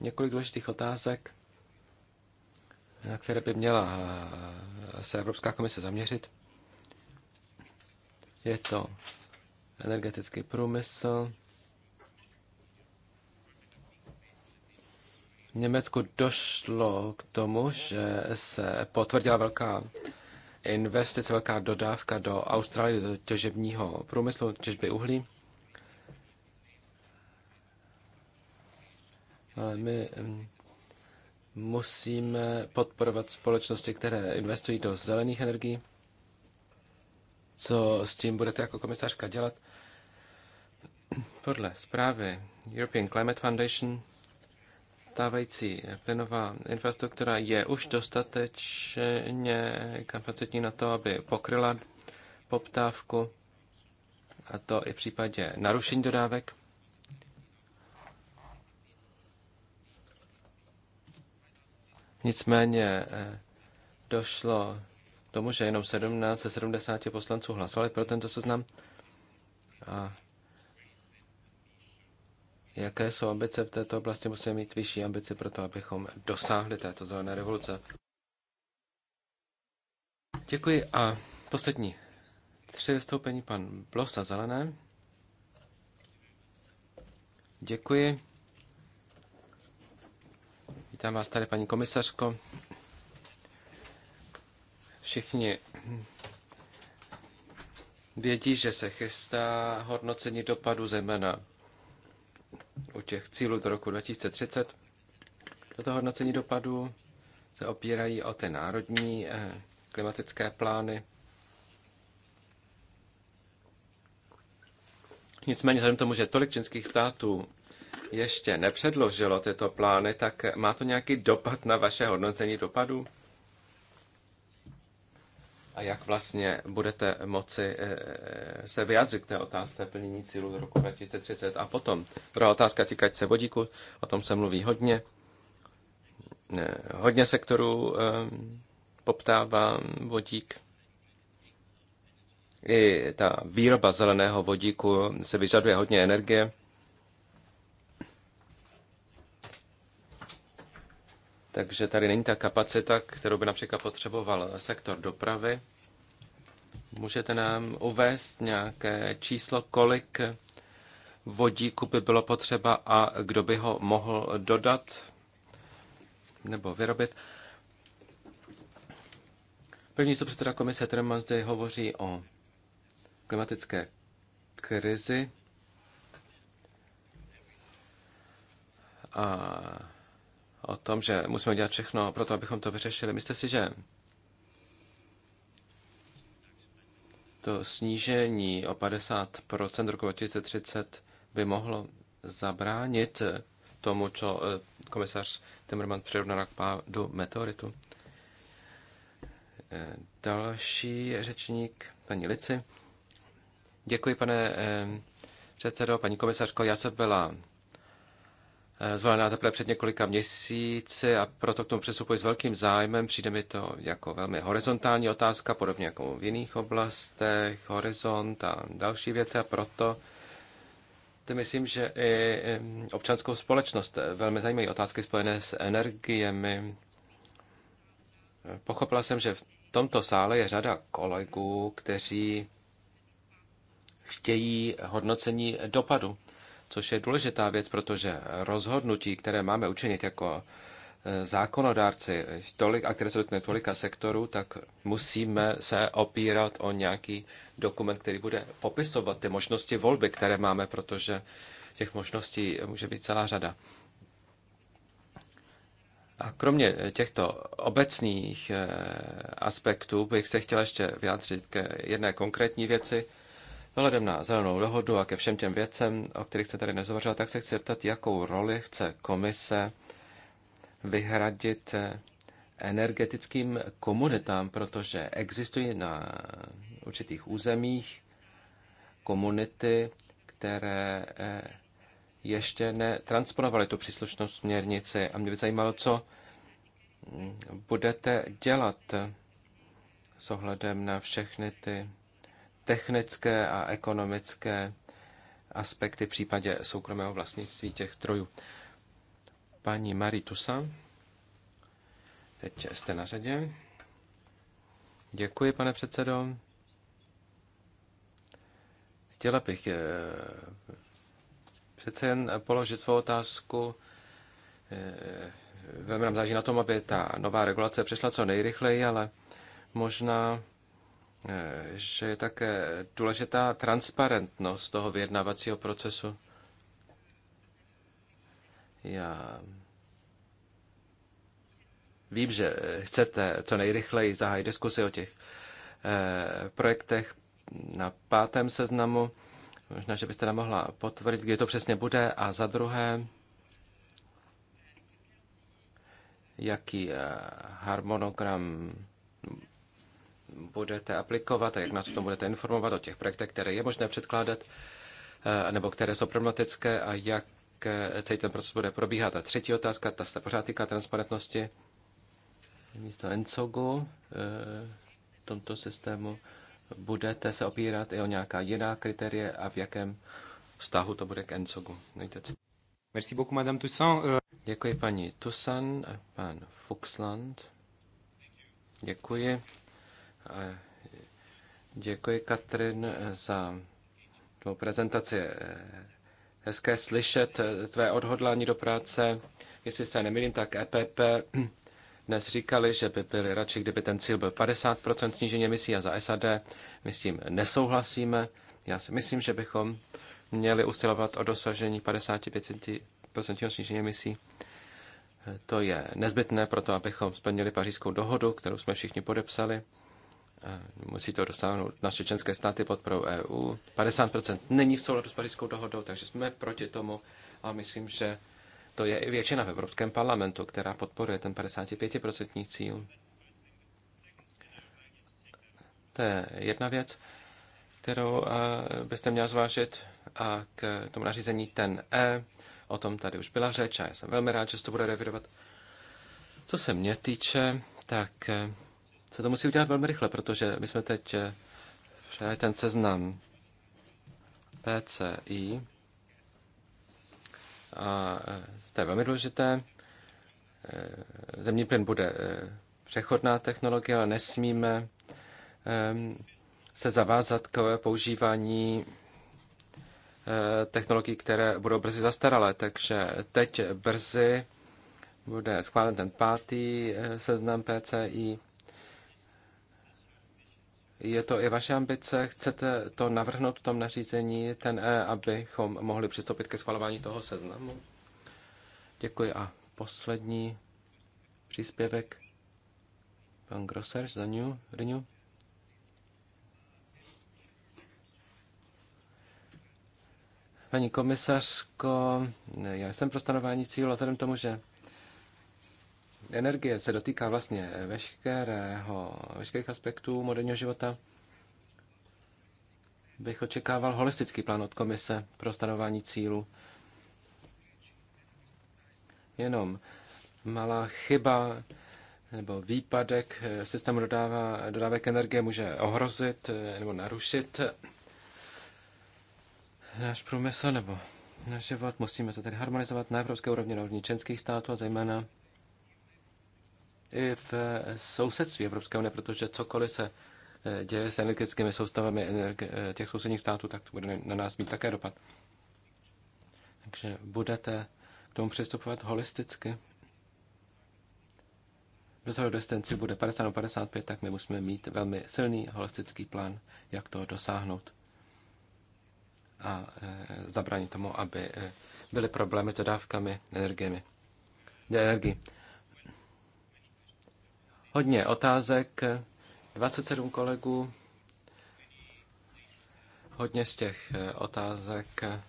Speaker 1: několik důležitých otázek, na které by měla eh, se Evropská komise zaměřit. Je to energetický průmysl, v Německu došlo k tomu, že se potvrdila velká investice, velká dodávka do Austrálie, do těžebního průmyslu, těžby uhlí. Ale my mm, musíme podporovat společnosti, které investují do zelených energií. Co s tím budete jako komisařka dělat? *clears throat* Podle zprávy European Climate Foundation stávající plynová infrastruktura je už dostatečně kapacitní na to, aby pokryla poptávku, a to i v případě narušení dodávek. Nicméně eh, došlo tomu, že jenom 17 ze 70 poslanců hlasovali pro tento seznam a Jaké jsou ambice v této oblasti? Musíme mít vyšší ambice pro to, abychom dosáhli této zelené revoluce. Děkuji a poslední tři vystoupení pan Blosa Zelené. Děkuji. Vítám vás tady, paní komisařko. Všichni vědí, že se chystá hodnocení dopadu zejména u těch cílů do roku 2030. Toto hodnocení dopadu se opírají o ty národní eh, klimatické plány. Nicméně, vzhledem tomu, že tolik čínských států ještě nepředložilo tyto plány, tak má to nějaký dopad na vaše hodnocení dopadu? a jak vlastně budete moci eh, eh, se vyjádřit k té otázce plnění cílu roku 2030. A potom druhá otázka týká se vodíku, o tom se mluví hodně. Eh, hodně sektorů poptává vodík. I ta výroba zeleného vodíku se vyžaduje hodně energie. Takže tady není ta kapacita, kterou by například potřeboval sektor dopravy. Můžete nám uvést nějaké číslo, kolik vodíku by bylo potřeba a kdo by ho mohl dodat nebo vyrobit? První předseda komise Tremonty hovoří o klimatické krizi a o tom, že musíme dělat všechno pro to, abychom to vyřešili. Myslíte si, že to snížení o 50% roku 2030 by mohlo zabránit tomu, co eh, komisař Timmermans přirovnal k pádu meteoritu. Eh, další řečník, paní Lici. Děkuji, pane eh, předsedo, paní komisařko. Já jsem byla Eh, zvolená teprve před několika měsíci a proto k tomu přesupuji s velkým zájmem. Přijde mi to jako velmi horizontální otázka, podobně jako v jiných oblastech, horizont a další věci a proto myslím, že i občanskou společnost eh, velmi zajímají otázky spojené s energiemi. Eh, pochopila jsem, že v tomto sále je řada kolegů, kteří chtějí hodnocení dopadu což je důležitá věc, protože rozhodnutí, které máme učinit jako e, zákonodárci tolik, a které se dotkne tolika sektorů, tak musíme se opírat o nějaký dokument, který bude popisovat ty možnosti volby, které máme, protože těch možností může být celá řada. A kromě těchto obecných e, aspektů bych se chtěl ještě vyjádřit ke jedné konkrétní věci. Vzhledem na zelenou dohodu a ke všem těm věcem, o kterých se tady nezovařila, tak se chci zeptat, jakou roli chce komise vyhradit energetickým komunitám, protože existují na určitých územích komunity, které eh, ještě netransponovaly tu příslušnou směrnici. A mě by zajímalo, co hm, budete dělat s ohledem na všechny ty technické a ekonomické aspekty v případě soukromého vlastnictví těch trojů. Paní Marie teď jste na řadě. Děkuji, pane předsedo. Chtěla bych eh, přece jen položit svou otázku. Eh, velmi nám záleží na tom, aby ta nová regulace přišla co nejrychleji, ale možná že je také důležitá transparentnost toho vyjednávacího procesu. Já vím, že chcete co nejrychleji zahájit diskusy o těch eh, projektech na pátém seznamu. Možná, že byste nám mohla potvrdit, kde to přesně bude. A za druhé, jaký eh, harmonogram budete aplikovat a jak nás o tom budete informovat, o těch projektech, které je možné předkládat eh, nebo které jsou problematické a jak eh, celý ten proces bude probíhat. A třetí otázka, ta se pořád týká transparentnosti místo Encogu eh, v tomto systému. Budete se opírat i o nějaká jiná kritérie a v jakém vztahu to bude k Encogu. Merci beaucoup, Madame Toussaint. Euh, Děkuji paní Toussaint, pan Fuxland. Děkuji. Děkuji, Katrin, za tvou prezentaci. Hezké slyšet tvé odhodlání do práce. Jestli se nemýlím, tak EPP dnes říkali, že by byli radši, kdyby ten cíl byl 50% snížení emisí a za SAD. My s tím nesouhlasíme. Já si myslím, že bychom měli usilovat o dosažení 55% snížení emisí. To je nezbytné pro to, abychom splnili pařížskou dohodu, kterou jsme všichni podepsali. Eh, musí to dosáhnout naše členské státy podporou EU. 50% není v souladu s pařížskou dohodou, takže jsme proti tomu a myslím, že to je i většina v Evropském parlamentu, která podporuje ten 55% cíl. To je jedna věc, kterou eh, byste měl zvážit a k tomu nařízení ten E. O tom tady už byla řeč a já jsem velmi rád, že se to bude revidovat. Co se mě týče, tak eh, se to musí udělat velmi rychle, protože my jsme teď eh, přijali ten seznam PCI a eh, to je velmi důležité. Eh, zemní plyn bude přechodná technologie, ale nesmíme ehm, se zavázat k používání technologií, které budou brzy zastaralé. Takže teď brzy bude schválen ten pátý seznam PCI je to i vaše ambice? Chcete to navrhnout v tom nařízení, ten E, abychom mohli přistoupit ke schvalování toho seznamu? Děkuji. A poslední příspěvek. Pan Grosser za New, Renew. Paní komisařko, já jsem pro stanování cílu, a tomu, že energie se dotýká vlastně veškerého, veškerých aspektů moderního života, bych očekával holistický plán od komise pro stanování cílu. Jenom malá chyba nebo výpadek systému dodává, dodávek energie může ohrozit nebo narušit náš průmysl nebo náš život. Musíme to tedy harmonizovat na evropské úrovni, na úrovni členských států a zejména i v sousedství Evropské unie, protože cokoliv se eh, děje s energetickými soustavami eh, těch sousedních států, tak to bude na nás mít také dopad. Takže budete k tomu přistupovat holisticky. Dosahu distanci bude 50 na 55, tak my musíme mít velmi silný holistický plán, jak to dosáhnout a eh, zabránit tomu, aby byly problémy s dodávkami energiemi. energie hodně otázek, 27 kolegů, hodně z těch eh, otázek eh,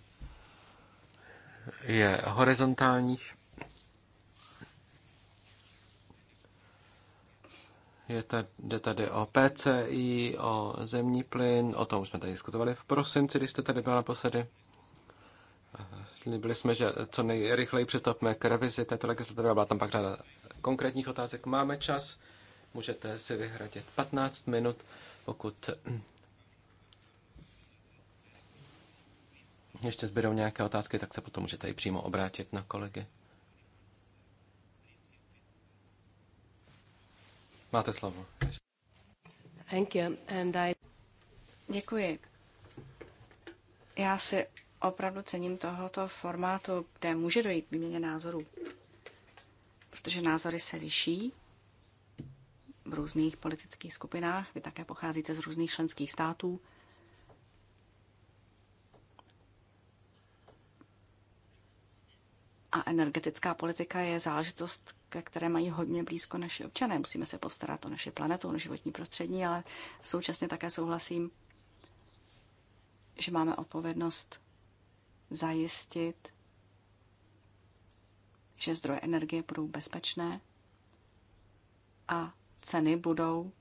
Speaker 1: je horizontálních. Je tady, jde tady o PCI, o zemní plyn, o tom jsme tady diskutovali v prosinci, když jste tady byla naposledy. Slíbili jsme, že co nejrychleji přistoupíme k revizi této legislativy byla tam pak řada konkrétních otázek. Máme čas. Můžete si vyhradit 15 minut, pokud ještě zbydou nějaké otázky, tak se potom můžete i přímo obrátit na kolegy. Máte slovo.
Speaker 5: Thank you. And I... Děkuji. Já si opravdu cením tohoto formátu, kde může dojít výměně názorů, protože názory se liší v různých politických skupinách. Vy také pocházíte z různých členských států. A energetická politika je záležitost, ke které mají hodně blízko naši občané. Musíme se postarat o naši planetu, o životní prostředí, ale současně také souhlasím, že máme odpovědnost zajistit, že zdroje energie budou bezpečné a ceny budou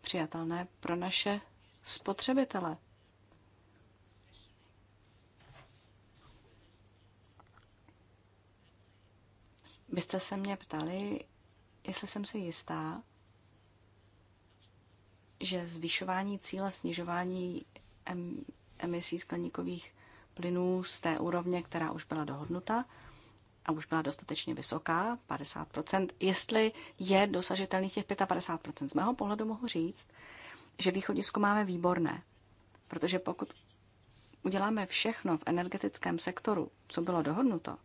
Speaker 5: přijatelné pro naše spotřebitele. Byste se mě ptali, jestli jsem si jistá, že zvyšování cíle snižování emisí skleníkových plynů z té úrovně, která už byla dohodnuta, a už byla dostatečně vysoká, 50%, jestli je dosažitelných těch 55%. Z mého pohledu mohu říct, že východisko máme výborné, protože pokud uděláme všechno v energetickém sektoru, co bylo dohodnuto,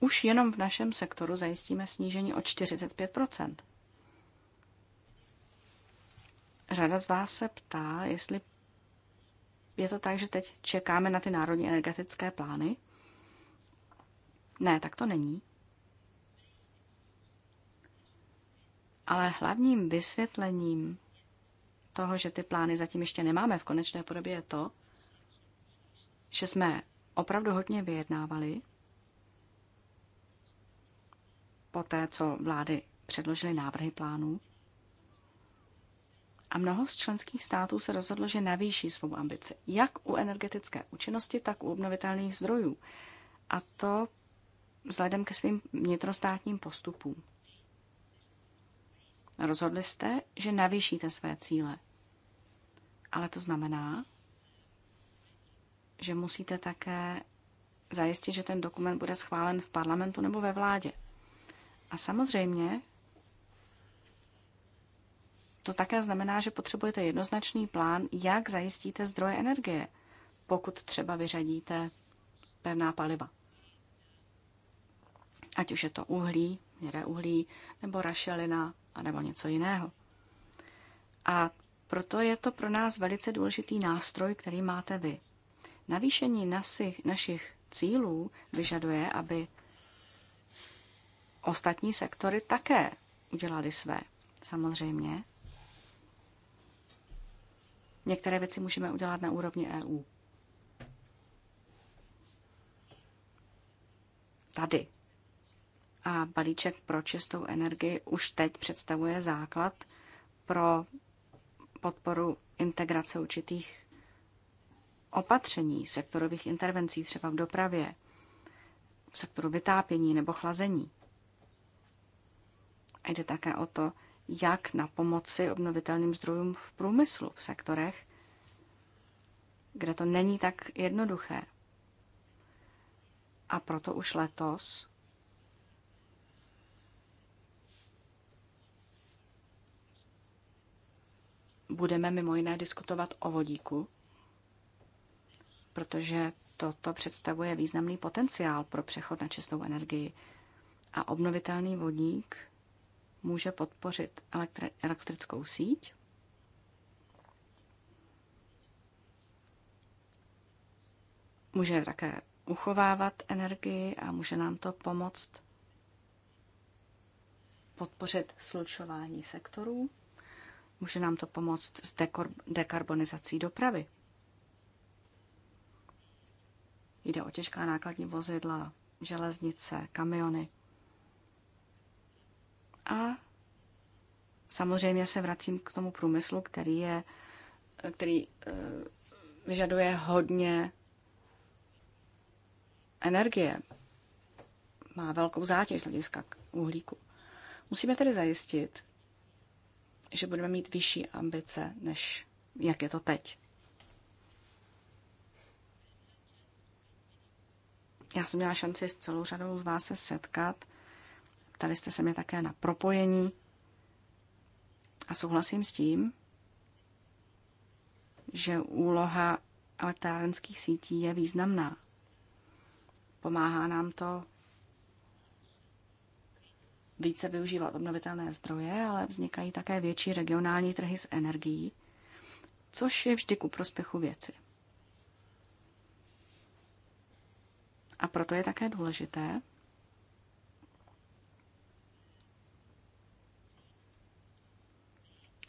Speaker 5: už jenom v našem sektoru zajistíme snížení o 45 Řada z vás se ptá, jestli je to tak, že teď čekáme na ty národní energetické plány? Ne, tak to není. Ale hlavním vysvětlením toho, že ty plány zatím ještě nemáme v konečné podobě, je to, že jsme opravdu hodně vyjednávali po té, co vlády předložily návrhy plánů a mnoho z členských států se rozhodlo, že navýší svou ambici, jak u energetické účinnosti, tak u obnovitelných zdrojů. A to vzhledem ke svým vnitrostátním postupům. Rozhodli jste, že navýšíte své cíle. Ale to znamená, že musíte také zajistit, že ten dokument bude schválen v parlamentu nebo ve vládě. A samozřejmě to také znamená, že potřebujete jednoznačný plán, jak zajistíte zdroje energie, pokud třeba vyřadíte pevná paliva. Ať už je to uhlí, měré uhlí, nebo rašelina, nebo něco jiného. A proto je to pro nás velice důležitý nástroj, který máte vy. Navýšení nasich, našich cílů vyžaduje, aby ostatní sektory také udělali své. Samozřejmě, Některé věci můžeme udělat na úrovni EU. Tady. A balíček pro čistou energii už teď představuje základ pro podporu integrace určitých opatření, sektorových intervencí třeba v dopravě, v sektoru vytápění nebo chlazení. A jde také o to, jak na pomoci obnovitelným zdrojům v průmyslu, v sektorech, kde to není tak jednoduché. A proto už letos budeme mimo jiné diskutovat o vodíku, protože toto představuje významný potenciál pro přechod na čistou energii. A obnovitelný vodík může podpořit elektri- elektrickou síť. Může také uchovávat energii a může nám to pomoct podpořit slučování sektorů. Může nám to pomoct s dekarbonizací dopravy. Jde o těžká nákladní vozidla, železnice, kamiony. A samozřejmě se vracím k tomu průmyslu, který je, který eh, vyžaduje hodně energie. Má velkou zátěž z hlediska uhlíku. Musíme tedy zajistit, že budeme mít vyšší ambice, než jak je to teď. Já jsem měla šanci s celou řadou z vás se setkat Ptali jste se mě také na propojení a souhlasím s tím, že úloha elektrárenských sítí je významná. Pomáhá nám to více využívat obnovitelné zdroje, ale vznikají také větší regionální trhy s energií, což je vždy ku prospěchu věci. A proto je také důležité,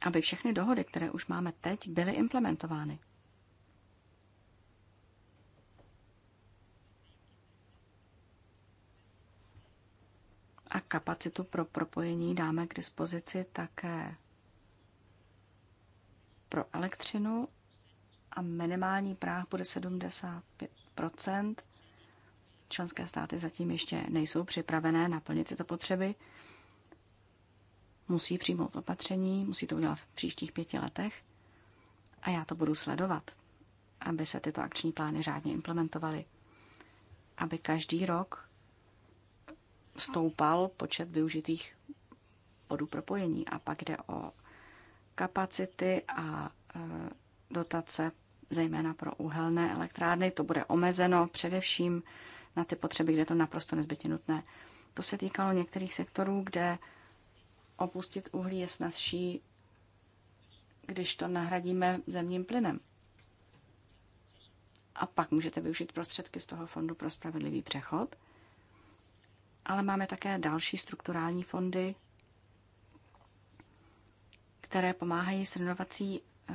Speaker 5: aby všechny dohody, které už máme teď, byly implementovány. A kapacitu pro propojení dáme k dispozici také pro elektřinu a minimální práh bude 75 Členské státy zatím ještě nejsou připravené naplnit tyto potřeby musí přijmout opatření, musí to udělat v příštích pěti letech a já to budu sledovat, aby se tyto akční plány řádně implementovaly, aby každý rok stoupal počet využitých bodů propojení a pak jde o kapacity a e, dotace zejména pro uhelné elektrárny. To bude omezeno především na ty potřeby, kde je to naprosto nezbytně nutné. To se týkalo některých sektorů, kde opustit uhlí je snazší, když to nahradíme zemním plynem. A pak můžete využít prostředky z toho fondu pro spravedlivý přechod. Ale máme také další strukturální fondy, které pomáhají s renovací eh,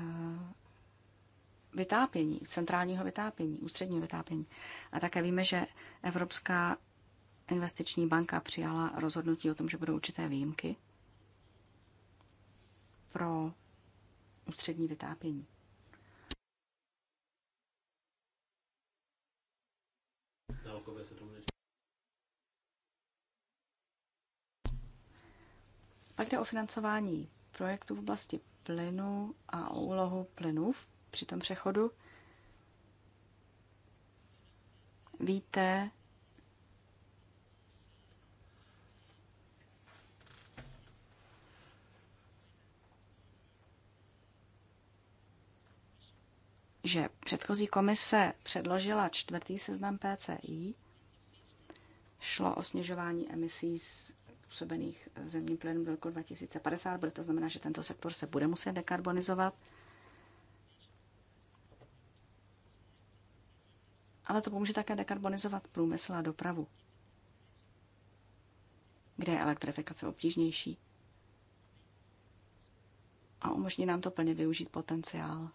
Speaker 5: vytápění, centrálního vytápění, ústředního vytápění. A také víme, že Evropská investiční banka přijala rozhodnutí o tom, že budou určité výjimky pro ústřední vytápění. Pak jde o financování projektů v oblasti plynu a o úlohu plynů při tom přechodu. Víte, že předchozí komise předložila čtvrtý seznam PCI. Šlo o snižování emisí z působených zemním plynem do roku 2050. Bude to znamená, že tento sektor se bude muset dekarbonizovat. Ale to pomůže také dekarbonizovat průmysl a dopravu, kde je elektrifikace obtížnější. A umožní nám to plně využít potenciál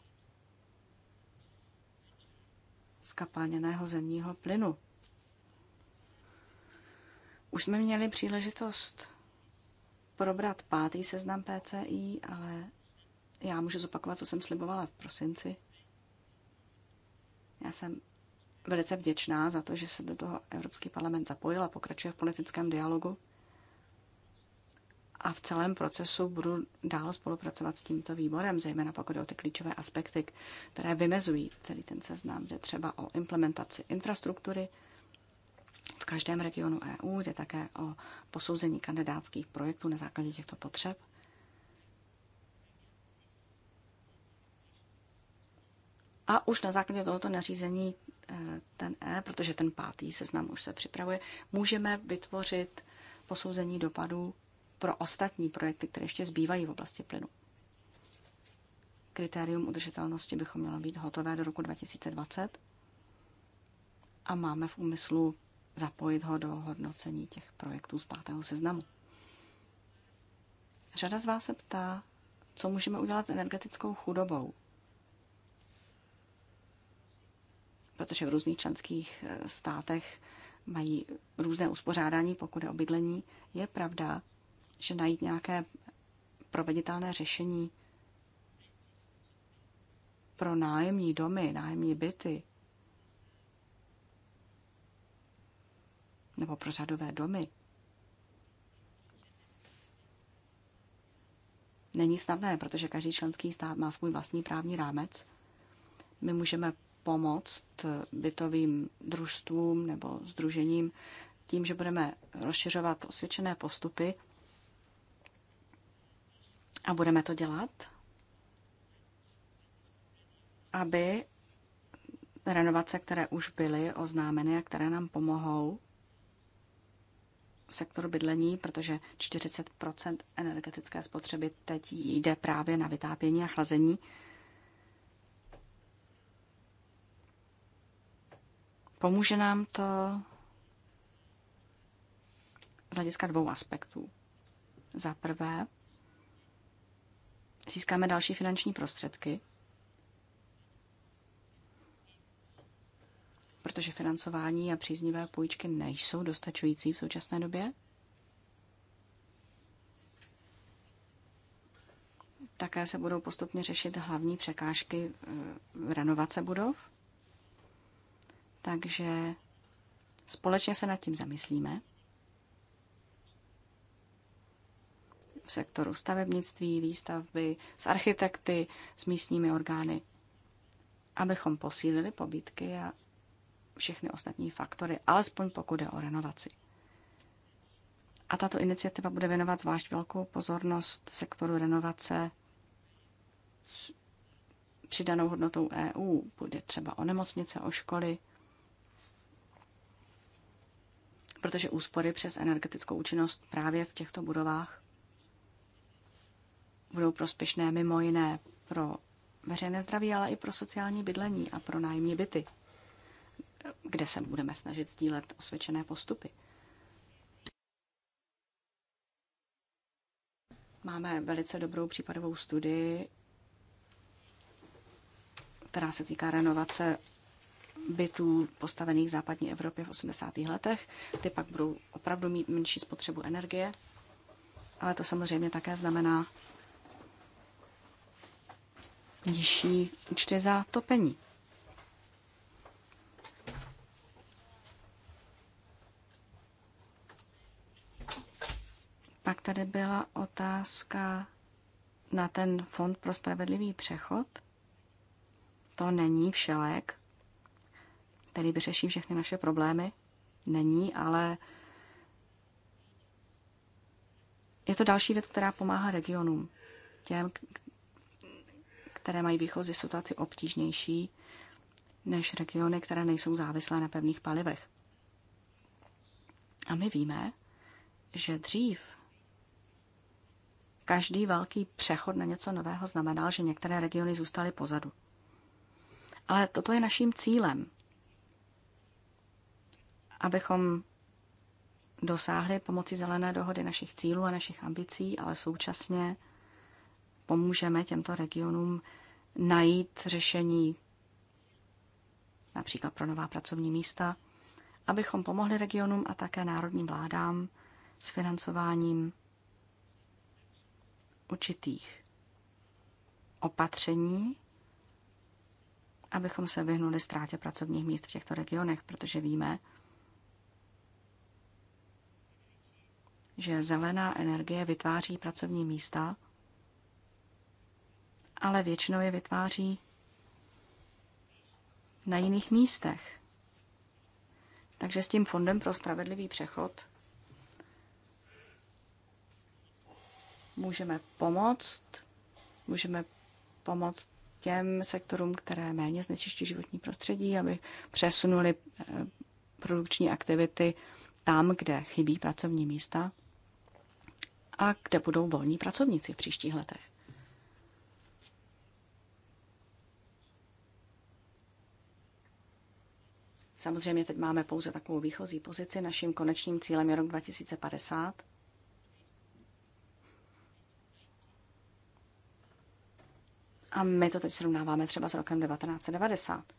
Speaker 5: skapalněného zemního plynu. Už jsme měli příležitost probrat pátý seznam PCI, ale já můžu zopakovat, co jsem slibovala v prosinci. Já jsem velice vděčná za to, že se do toho Evropský parlament zapojil a pokračuje v politickém dialogu a v celém procesu budu dál spolupracovat s tímto výborem, zejména pokud o ty klíčové aspekty, které vymezují celý ten seznam. Jde třeba o implementaci infrastruktury v každém regionu EU, jde také o posouzení kandidátských projektů na základě těchto potřeb. A už na základě tohoto nařízení eh, ten E, protože ten pátý seznam už se připravuje, můžeme vytvořit posouzení dopadů pro ostatní projekty, které ještě zbývají v oblasti plynu. Kritérium udržitelnosti bychom mělo být hotové do roku 2020 a máme v úmyslu zapojit ho do hodnocení těch projektů z pátého seznamu. Řada z vás se ptá, co můžeme udělat s energetickou chudobou. Protože v různých členských eh, státech mají různé uspořádání, pokud je o bydlení. Je pravda, že najít nějaké proveditelné řešení pro nájemní domy, nájemní byty nebo pro řadové domy není snadné, protože každý členský stát má svůj vlastní právní rámec. My můžeme pomoct bytovým družstvům nebo združením tím, že budeme rozšiřovat osvědčené postupy a budeme to dělat, aby renovace, které už byly oznámeny a které nám pomohou sektoru bydlení, protože 40 energetické spotřeby teď jde právě na vytápění a chlazení. Pomůže nám to z hlediska dvou aspektů. Za prvé, získáme další finanční prostředky, protože financování a příznivé půjčky nejsou dostačující v současné době. Také se budou postupně řešit hlavní překážky v eh, renovace budov. Takže společně se nad tím zamyslíme. v sektoru stavebnictví, výstavby, s architekty, s místními orgány, abychom posílili pobídky a všechny ostatní faktory, alespoň pokud jde o renovaci. A tato iniciativa bude věnovat zvlášť velkou pozornost sektoru renovace s přidanou hodnotou EU. Bude třeba o nemocnice, o školy, protože úspory přes energetickou účinnost právě v těchto budovách budou prospěšné mimo jiné pro veřejné zdraví, ale i pro sociální bydlení a pro nájemní byty, kde se budeme snažit sdílet osvědčené postupy. Máme velice dobrou případovou studii, která se týká renovace bytů postavených v západní Evropě v 80. letech. Ty pak budou opravdu mít menší spotřebu energie, ale to samozřejmě také znamená, nižší účty za topení. Pak tady byla otázka na ten fond pro spravedlivý přechod. To není všelek, který vyřeší všechny naše problémy. Není, ale je to další věc, která pomáhá regionům, těm, které mají výchozí situaci obtížnější než regiony, které nejsou závislé na pevných palivech. A my víme, že dřív každý velký přechod na něco nového znamenal, že některé regiony zůstaly pozadu. Ale toto je naším cílem, abychom dosáhli pomocí zelené dohody našich cílů a našich ambicí, ale současně pomůžeme těmto regionům najít řešení například pro nová pracovní místa, abychom pomohli regionům a také národním vládám s financováním určitých opatření, abychom se vyhnuli ztrátě pracovních míst v těchto regionech, protože víme, že zelená energie vytváří pracovní místa ale většinou je vytváří na jiných místech. Takže s tím Fondem pro spravedlivý přechod můžeme pomoct, můžeme pomoct těm sektorům, které méně znečišťují životní prostředí, aby přesunuli eh, produkční aktivity tam, kde chybí pracovní místa a kde budou volní pracovníci v příštích letech. Samozřejmě teď máme pouze takovou výchozí pozici. Naším konečným cílem je rok 2050. A my to teď srovnáváme třeba s rokem 1990.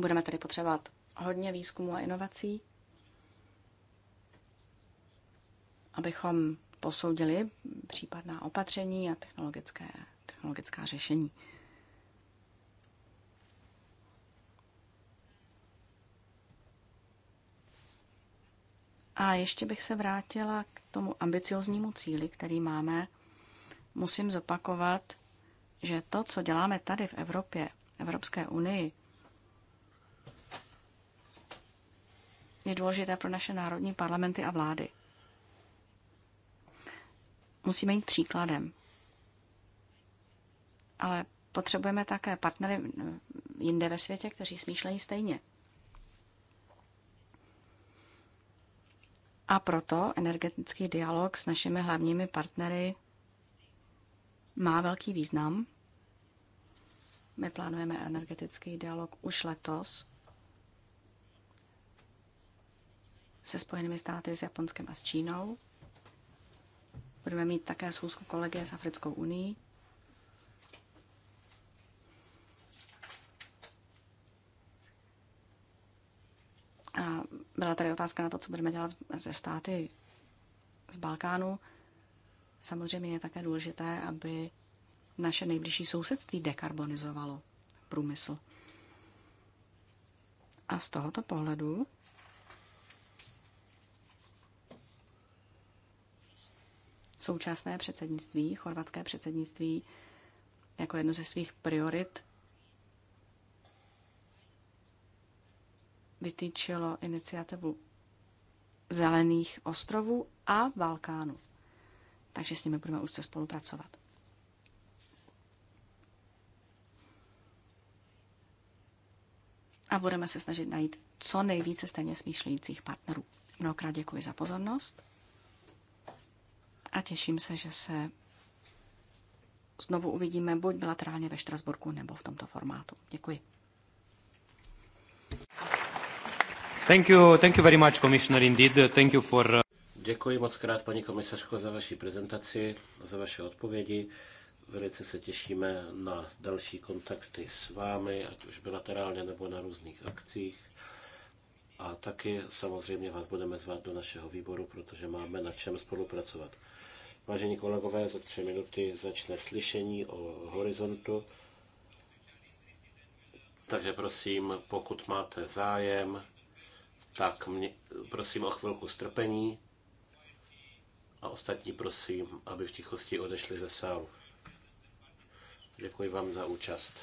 Speaker 5: Budeme tedy potřebovat hodně výzkumu a inovací, abychom posoudili případná opatření a technologické, technologická řešení. A ještě bych se vrátila k tomu ambicioznímu cíli, který máme. Musím zopakovat, že to, co děláme tady v Evropě, Evropské unii, je důležité pro naše národní parlamenty a vlády. Musíme jít příkladem. Ale potřebujeme také partnery jinde ve světě, kteří smýšlejí stejně. A proto energetický dialog s našimi hlavními partnery má velký význam. My plánujeme energetický dialog už letos se Spojenými státy, s Japonskem a s Čínou. Budeme mít také schůzku kolegy s Africkou unii A byla tady otázka na to, co budeme dělat ze státy z Balkánu. Samozřejmě je také důležité, aby naše nejbližší sousedství dekarbonizovalo průmysl. A z tohoto pohledu současné předsednictví, chorvatské předsednictví, jako jedno ze svých priorit vytýčilo iniciativu Zelených ostrovů a Balkánu. Takže s nimi budeme úzce spolupracovat. A budeme se snažit najít co nejvíce stejně smýšlejících partnerů. Mnohokrát děkuji za pozornost a těším se, že se znovu uvidíme buď bilaterálně ve Štrasburku nebo v tomto formátu. Děkuji.
Speaker 2: Uh,
Speaker 3: Děkuji moc krát, paní komisařko, za vaši prezentaci, za vaše odpovědi. Velice se těšíme na další kontakty s vámi, ať už bilaterálně nebo na různých akcích. A taky samozřejmě vás budeme zvát do našeho výboru, protože máme na čem spolupracovat. Vážení kolegové, za tři minuty začne slyšení o horizontu. Takže prosím, pokud máte zájem, tak mě, prosím o chvilku strpení a ostatní prosím, aby v tichosti odešli ze sálu. Děkuji vám za účast.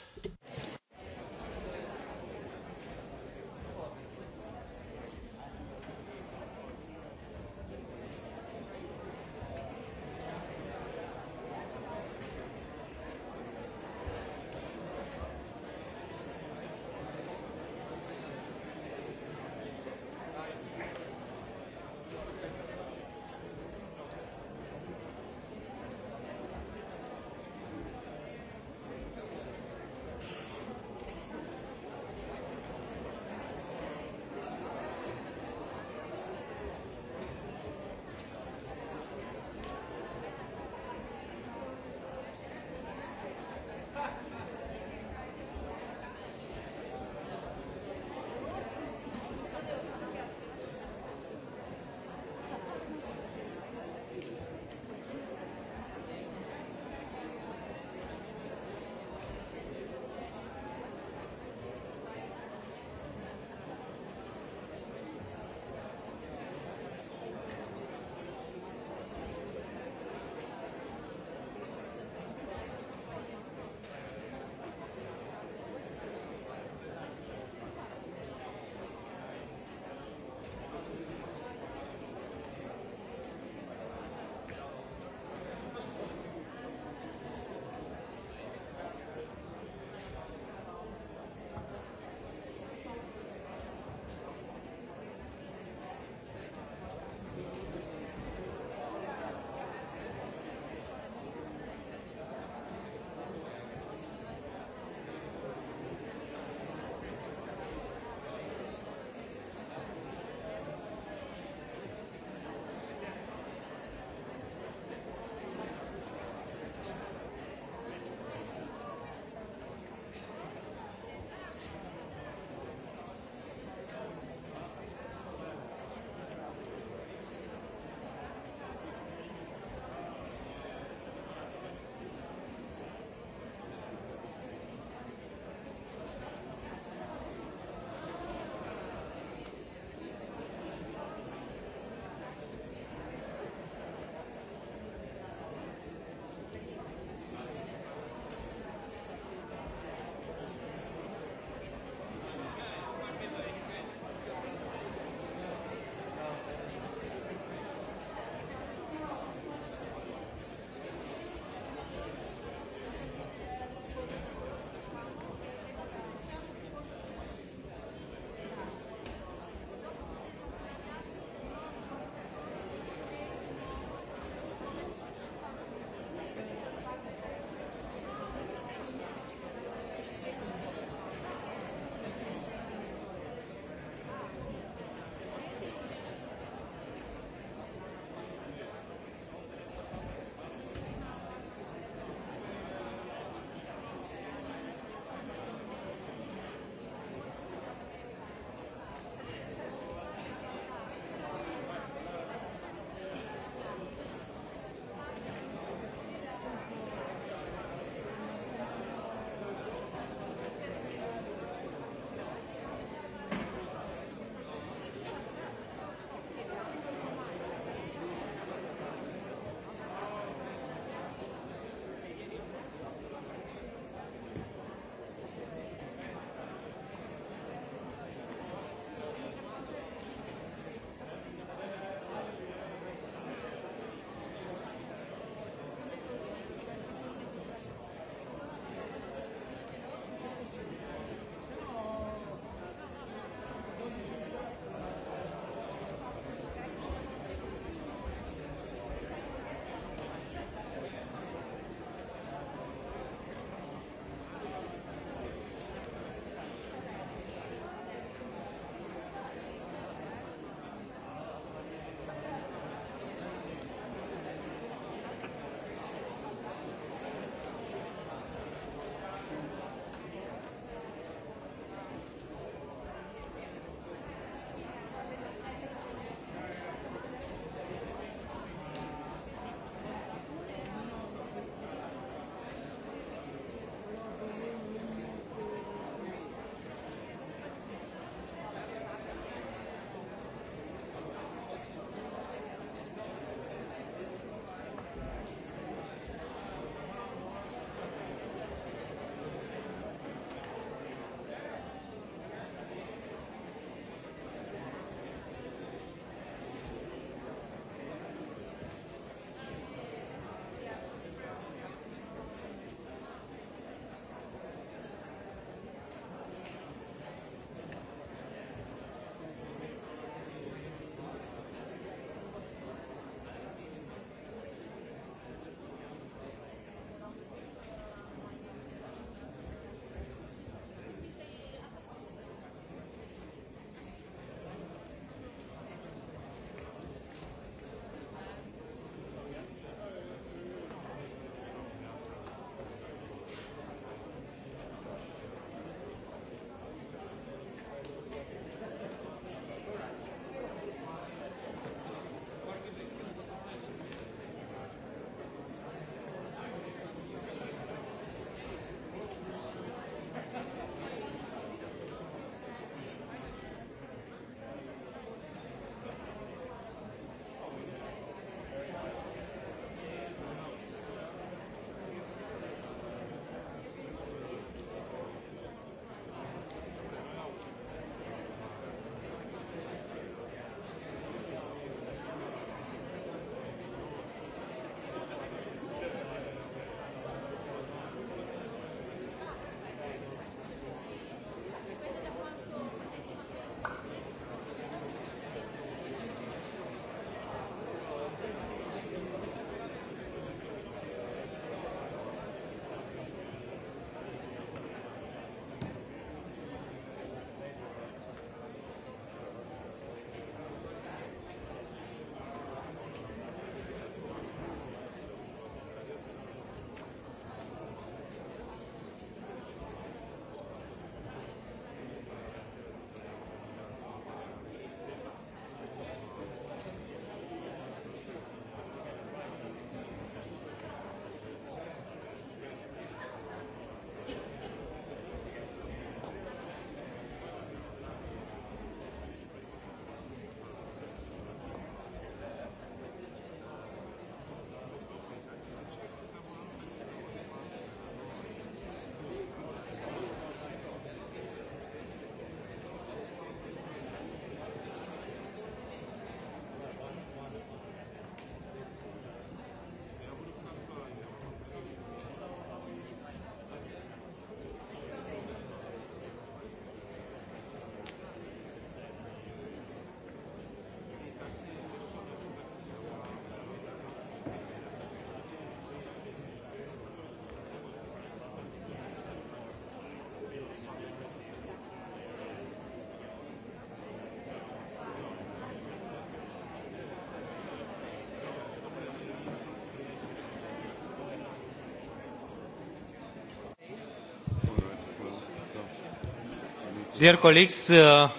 Speaker 2: Dear colleagues, uh,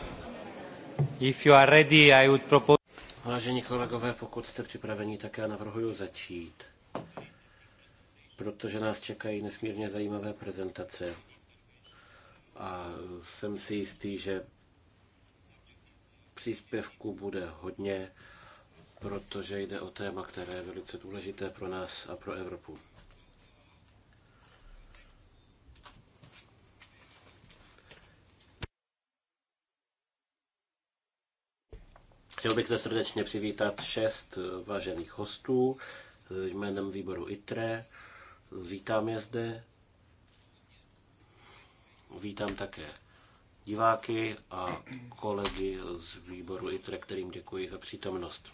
Speaker 2: if you are ready, I would propose...
Speaker 3: Vážení kolegové, pokud jste připraveni, tak já navrhuji začít, protože nás čekají nesmírně zajímavé prezentace. A jsem si jistý, že příspěvku bude hodně, protože jde o téma, které je velice důležité pro nás a pro Evropu. chce srdečně přivítat šest eh, vážených hostů eh, jménem výboru ITRE. Vítám je zde. Vítám také diváky a kolegy z výboru ITRE, kterým děkuji za přítomnost.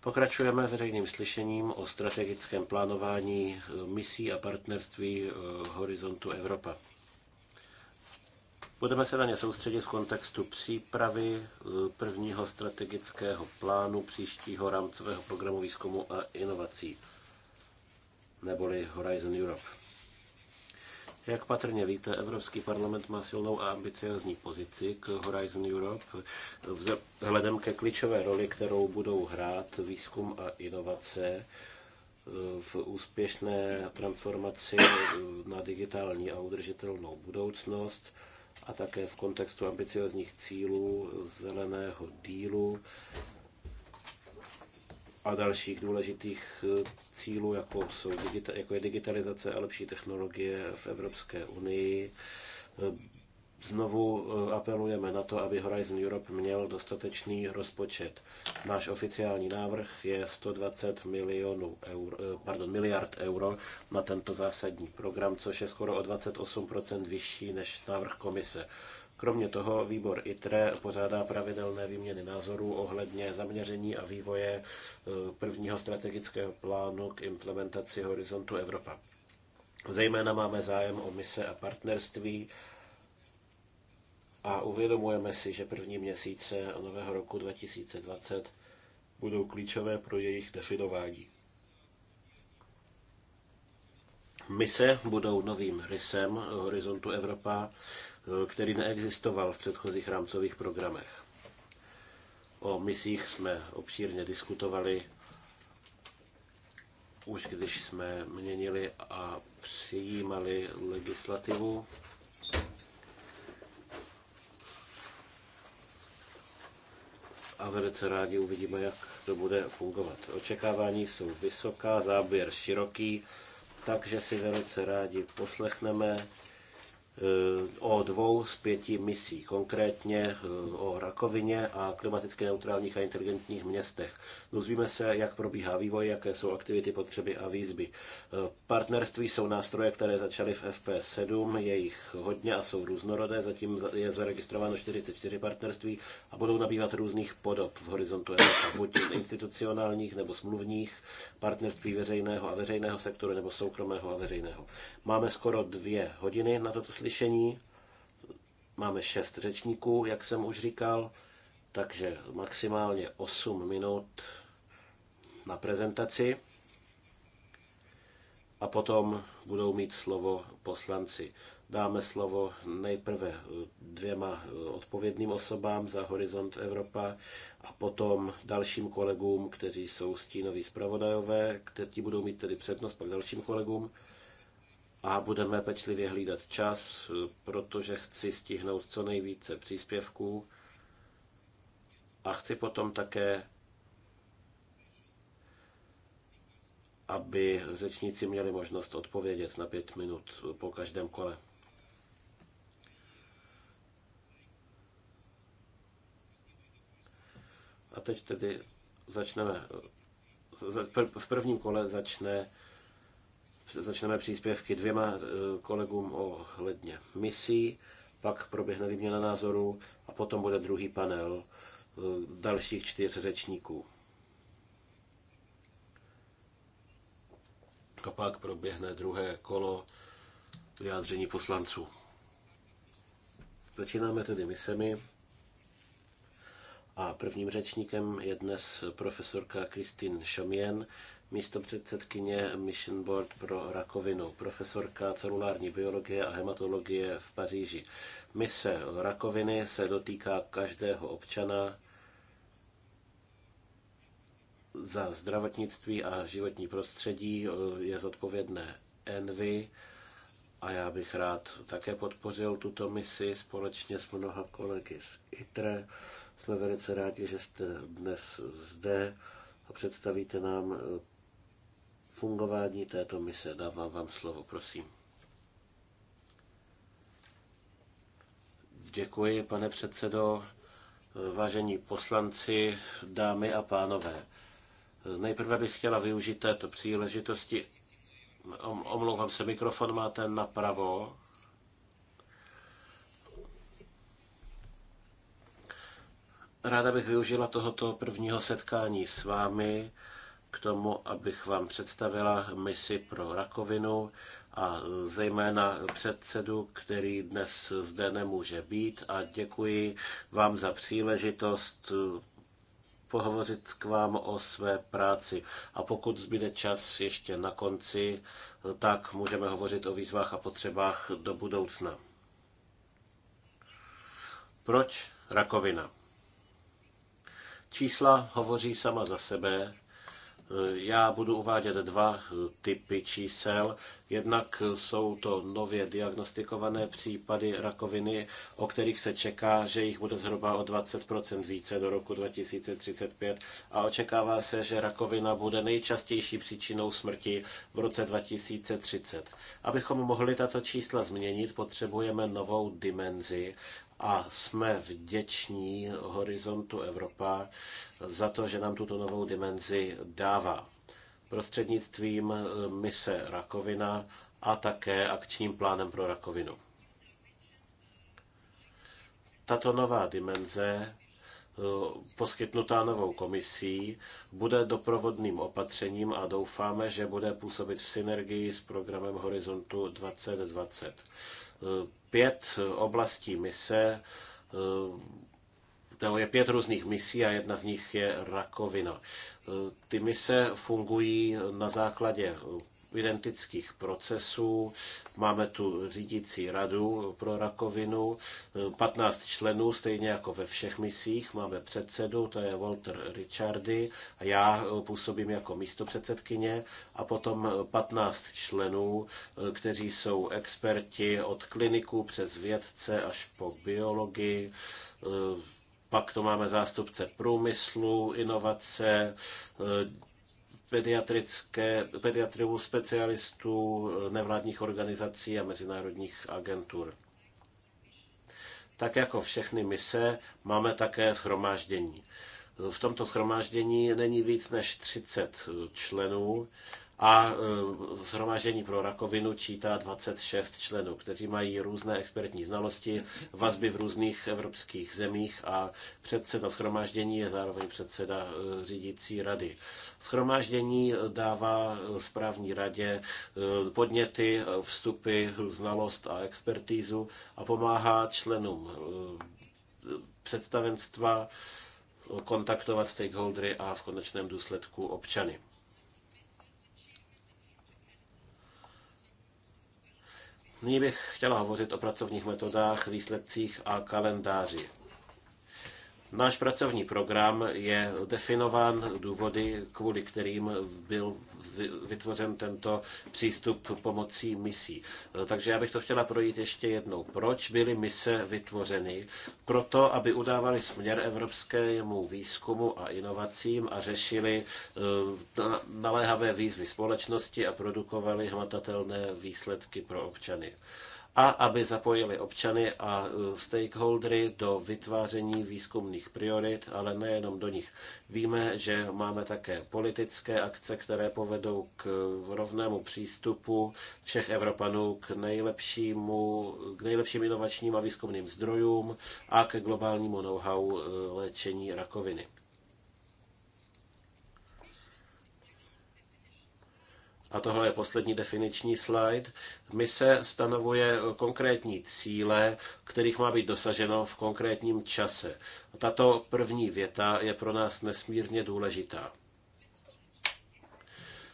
Speaker 3: Pokračujeme veřejným slyšením o strategickém plánování eh, misí a partnerství Horizontu Evropa. Budeme se na ně soustředit v kontextu přípravy eh, prvního strategického plánu příštího rámcového programu výzkumu a inovací, neboli Horizon Europe. Jak patrně víte, Evropský parlament má silnou a ambiciozní pozici k Horizon Europe vzhledem ke klíčové roli, kterou budou hrát výzkum a inovace eh, v úspěšné transformaci eh, na digitální a udržitelnou budoucnost – a také v kontextu ambiciozních cílů zeleného dílu a dalších důležitých eh, cílů, jako, jsou, jako je digitalizace a lepší technologie v Evropské unii, eh, Znovu eh, apelujeme na to, aby Horizon Europe měl dostatečný rozpočet. Náš oficiální návrh je 120 milionů eh, pardon, miliard euro na tento zásadní program, což je skoro o 28% vyšší než návrh komise. Kromě toho výbor ITRE pořádá pravidelné výměny názorů ohledně zaměření a vývoje eh, prvního strategického plánu k implementaci Horizontu Evropa. Zejména máme zájem o mise a partnerství a uvědomujeme si, že první měsíce nového roku 2020 budou klíčové pro jejich definování. Mise budou novým rysem Horizontu Evropa, který neexistoval v předchozích rámcových programech. O misích jsme obšírně diskutovali už když jsme měnili a přijímali legislativu a velice rádi uvidíme, jak to bude fungovat. Očekávání jsou vysoká, záběr široký, takže si velice rádi poslechneme Eh, o dvou z pěti misí, konkrétně eh, o rakovině a klimaticky neutrálních a inteligentních městech. Dozvíme se, jak probíhá vývoj, jaké jsou aktivity, potřeby a výzvy. Eh, partnerství jsou nástroje, které začaly v FP7, je jich hodně a jsou různorodé, zatím je zaregistrováno 44 partnerství a budou nabývat různých podob v horizontu Evropa, buď institucionálních nebo smluvních, partnerství veřejného a veřejného sektoru nebo soukromého a veřejného. Máme skoro dvě hodiny na toto slyšení slyšení. Máme šest řečníků, jak jsem už říkal, takže maximálně 8 minut na prezentaci a potom budou mít slovo poslanci. Dáme slovo nejprve dvěma odpovědným osobám za Horizont Evropa a potom dalším kolegům, kteří jsou stínoví zpravodajové, kteří budou mít tedy přednost, pak dalším kolegům a budeme pečlivě hlídat čas, protože chci stihnout co nejvíce příspěvků a chci potom také, aby řečníci měli možnost odpovědět na pět minut po každém kole. A teď tedy začneme. V prvním kole začne Začneme příspěvky dvěma eh, kolegům o hledně misí, pak proběhne výměna názoru a potom bude druhý panel eh, dalších čtyř řečníků. A pak proběhne druhé kolo vyjádření poslanců. Začínáme tedy misemi. A prvním řečníkem je dnes profesorka Kristin Šamien, místo předsedkyně Mission Board pro rakovinu, profesorka celulární biologie a hematologie v Paříži. Mise rakoviny se dotýká každého občana za zdravotnictví a životní prostředí je zodpovědné Envy a já bych rád také podpořil tuto misi společně s mnoha kolegy z ITRE. Jsme velice rádi, že jste dnes zde a představíte nám fungování této mise. Dávám vám slovo, prosím. Děkuji, pane předsedo. Vážení poslanci, dámy a pánové, nejprve bych chtěla využít této příležitosti. Omlouvám se, mikrofon máte napravo. Ráda bych využila tohoto prvního setkání s vámi k tomu, abych vám představila misi pro rakovinu a zejména předsedu, který dnes zde nemůže být a děkuji vám za příležitost eh, pohovořit k vám o své práci. A pokud zbyde čas ještě na konci, eh, tak můžeme hovořit o výzvách a potřebách do budoucna. Proč rakovina? Čísla hovoří sama za sebe Eh, já budu uvádět dva eh, typy čísel. Jednak eh, jsou to nově diagnostikované případy rakoviny, o kterých se čeká, že jich bude zhruba o 20 více do roku 2035 a očekává se, že rakovina bude nejčastější příčinou smrti v roce 2030. Abychom mohli tato čísla změnit, potřebujeme novou dimenzi a jsme vděční Horizontu Evropa za to, že nám tuto novou dimenzi dává prostřednictvím eh, mise Rakovina a také akčním plánem pro rakovinu. Tato nová dimenze eh, poskytnutá novou komisí, bude doprovodným opatřením a doufáme, že bude působit v synergii s programem Horizontu 2020 pět eh, oblastí mise, eh, to je pět různých misí a jedna z nich je rakovina. Eh, ty mise fungují na základě identických procesů. Máme tu řídící radu pro rakovinu, 15 členů, stejně jako ve všech misích. Máme předsedu, to je Walter Richardy, a já působím jako místopředsedkyně, a potom 15 členů, kteří jsou experti od kliniků přes vědce až po biologii, pak to máme zástupce průmyslu, inovace, pediatrické, pediatriů, specialistů, eh, nevládních organizací a mezinárodních agentur. Tak jako všechny mise, máme také schromáždění. V tomto schromáždění není víc než 30 členů a e, zhromažení pro rakovinu čítá 26 členů, kteří mají různé expertní znalosti, vazby v různých evropských zemích a předseda schromáždění je zároveň předseda e, řídící rady. Schromáždění dává správní radě e, podněty, vstupy, znalost a expertízu a pomáhá členům představenstva kontaktovat stakeholdery a v konečném důsledku občany. Nyní bych chtěla hovořit o pracovních metodách, výsledcích a kalendáři. Náš pracovní program je definován důvody, kvůli kterým byl vytvořen tento přístup pomocí misí. Takže já bych to chtěla projít ještě jednou. Proč byly mise vytvořeny? Proto, aby udávali směr evropskému výzkumu a inovacím a řešili eh, naléhavé výzvy společnosti a produkovali hmatatelné výsledky pro občany a aby zapojili občany a e, stakeholdery do vytváření výzkumných priorit, ale nejenom do nich. Víme, že máme také politické akce, které povedou k e, rovnému přístupu všech Evropanů k, nejlepšímu, k nejlepším inovačním a výzkumným zdrojům a k globálnímu know-how e, léčení rakoviny. a tohle je poslední definiční slide, mise stanovuje konkrétní cíle, kterých má být dosaženo v konkrétním čase. Tato první věta je pro nás nesmírně důležitá.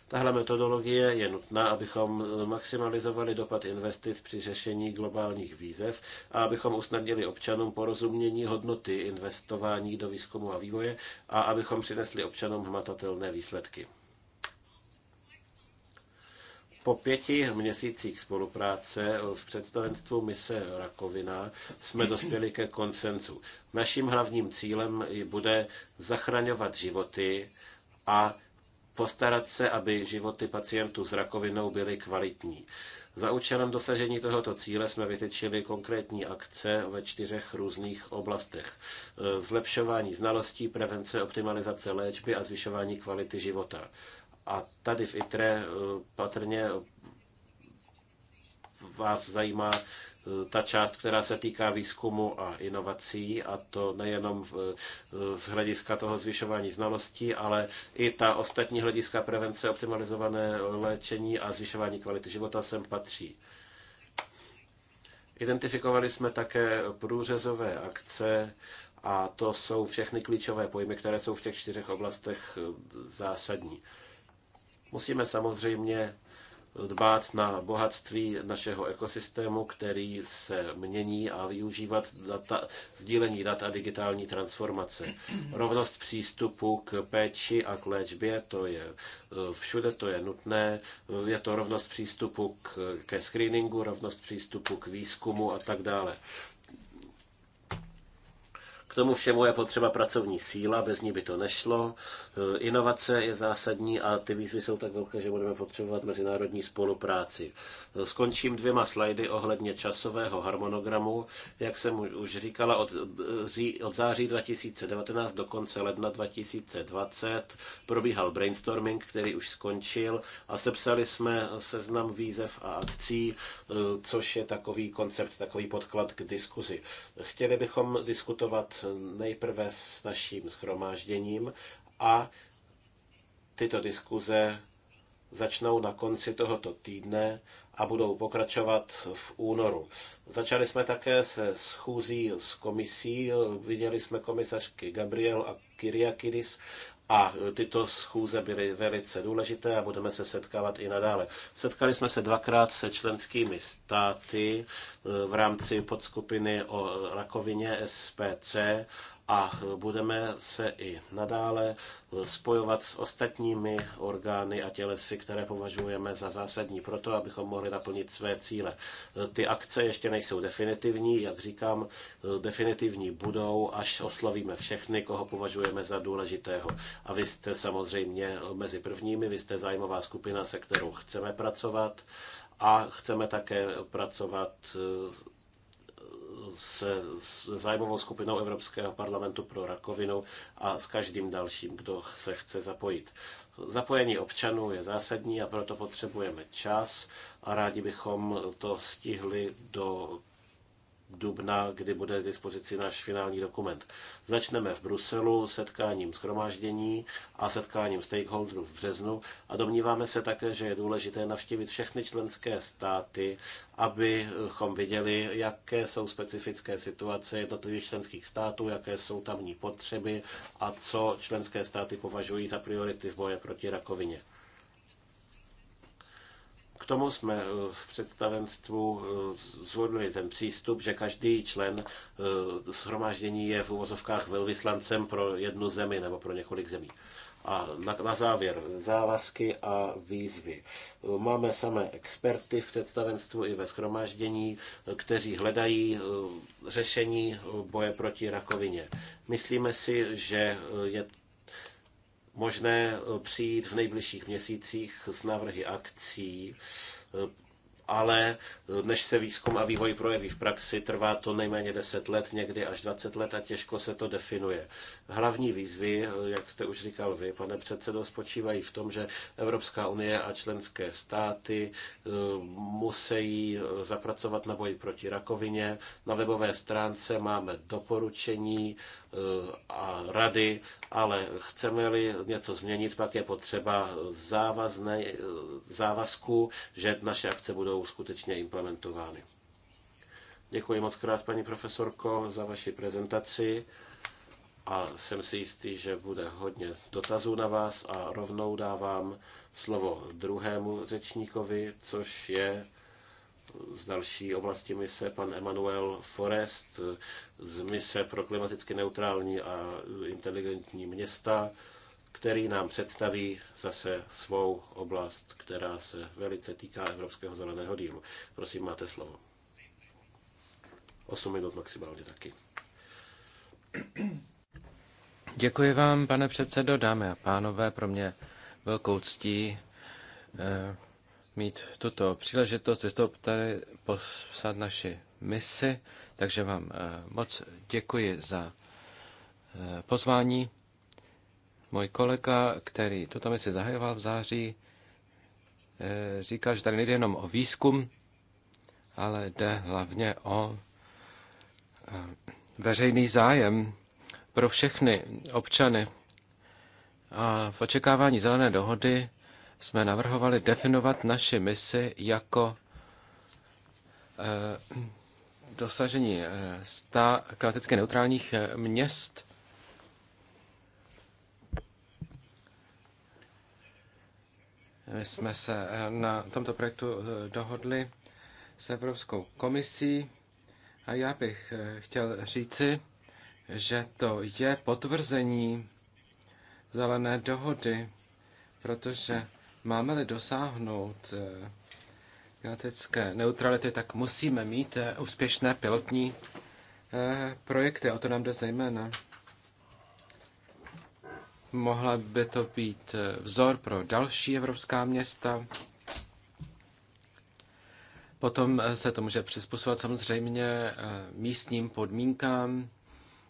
Speaker 3: Tahle metodologie je nutná, abychom maximalizovali dopad investic při řešení globálních výzev a abychom usnadnili občanům porozumění hodnoty investování do výzkumu a vývoje a abychom přinesli občanům hmatatelné výsledky. Po pěti měsících spolupráce v představenstvu mise Rakovina jsme dospěli ke konsenzu. Naším hlavním cílem bude zachraňovat životy a postarat se, aby životy pacientů s rakovinou byly kvalitní. Za účelem dosažení tohoto cíle jsme vytečili konkrétní akce ve čtyřech různých oblastech. Zlepšování znalostí, prevence, optimalizace léčby a zvyšování kvality života. A tady v ITRE eh, patrně eh, vás zajímá eh, ta část, která se týká výzkumu a inovací, a to nejenom v, z hlediska toho zvyšování znalostí, ale i ta ostatní hlediska prevence, optimalizované léčení a zvyšování kvality života sem patří. Identifikovali jsme také průřezové akce, a to jsou všechny klíčové pojmy, které jsou v těch čtyřech oblastech zásadní. Musíme samozřejmě dbát na bohatství našeho ekosystému, který se mění a využívat data, sdílení dat a digitální transformace. Rovnost přístupu k péči a k léčbě, to je e, všude, to je nutné. Je to rovnost přístupu k, ke screeningu, rovnost přístupu k výzkumu a tak dále tomu všemu je potřeba pracovní síla, bez ní by to nešlo. E, inovace je zásadní a ty výzvy jsou tak velké, že budeme potřebovat mezinárodní spolupráci. E, skončím dvěma slajdy ohledně časového harmonogramu. Jak jsem už říkala, od, e, od září 2019 do konce ledna 2020 probíhal brainstorming, který už skončil a sepsali jsme seznam výzev a akcí, což je takový koncept, takový podklad k diskuzi. Chtěli bychom diskutovat nejprve s naším schromážděním a tyto diskuze začnou na konci tohoto týdne a budou pokračovat v únoru. Začali jsme také se schůzí s komisí, viděli jsme komisařky Gabriel a Kyriakidis a e, tyto schůze byly velice důležité a budeme se setkávat i nadále. Setkali jsme se dvakrát se členskými státy e, v rámci podskupiny o rakovině SPC a budeme se i nadále spojovat s ostatními orgány a tělesy, které považujeme za zásadní pro to, abychom mohli naplnit své cíle. Ty akce ještě nejsou definitivní, jak říkám, definitivní budou, až oslavíme všechny, koho považujeme za důležitého. A vy jste samozřejmě mezi prvními, vy jste zájmová skupina, se kterou chceme pracovat a chceme také pracovat se zájmovou skupinou Evropského parlamentu pro rakovinu a s každým dalším, kdo se chce zapojit. Zapojení občanů je zásadní a proto potřebujeme čas a rádi bychom to stihli do dubna, kdy bude k dispozici náš finální dokument. Začneme v Bruselu setkáním schromáždění a setkáním stakeholderů v březnu a domníváme se také, že je důležité navštívit všechny členské státy, abychom viděli, jaké jsou specifické situace jednotlivých členských států, jaké jsou tamní potřeby a co členské státy považují za priority v boje proti rakovině. K tomu jsme eh, v představenstvu eh, zvolili ten přístup, že každý člen eh, shromáždění je v uvozovkách velvyslancem pro jednu zemi nebo pro několik zemí. A na, na závěr, závazky a výzvy. Máme samé experty v představenstvu i ve schromáždění, kteří hledají řešení boje proti rakovině. Myslíme si, že je možné eh, přijít v nejbližších měsících s návrhy akcí eh, ale eh, než se výzkum a vývoj projeví v praxi, trvá to nejméně 10 let, někdy až 20 let a těžko se to definuje. Hlavní výzvy, eh, jak jste už říkal vy, pane předsedo, spočívají v tom, že Evropská unie a členské státy eh, musí zapracovat na boji proti rakovině. Na webové stránce máme doporučení a rady, ale chceme-li něco změnit, pak je potřeba závazné, závazku, že naše akce budou budou skutečně implementovány. Děkuji moc krát, paní profesorko, za vaši prezentaci a jsem si jistý, že bude hodně dotazů na vás a rovnou dávám slovo druhému řečníkovi, což je z další oblasti mise pan Emanuel Forest z mise pro klimaticky neutrální a inteligentní města který nám představí zase svou oblast, která se velice týká Evropského zeleného dílu. Prosím, máte slovo. 8 minut maximálně taky.
Speaker 1: Děkuji vám, pane předsedo, dámy a pánové. Pro mě velkou ctí eh, mít tuto příležitost vystoupit tady, poslat naši misi, takže vám eh, moc děkuji za eh, pozvání. Můj kolega, který tuto misi zahajoval v září, eh, říká, že tady nejde jenom o výzkum, ale jde hlavně o eh, veřejný zájem pro všechny občany. A v očekávání zelené dohody jsme navrhovali definovat naši misi jako eh, dosažení 100 klimaticky neutrálních měst My jsme se eh, na tomto projektu eh, dohodli s Evropskou komisí a já bych eh, chtěl říci, že to je potvrzení zelené dohody, protože máme-li dosáhnout genetické neutrality, tak musíme mít úspěšné pilotní projekty. O to nám jde zejména. Mohla by to být vzor pro další evropská města. Potom se to může přizpůsobovat samozřejmě eh, místním podmínkám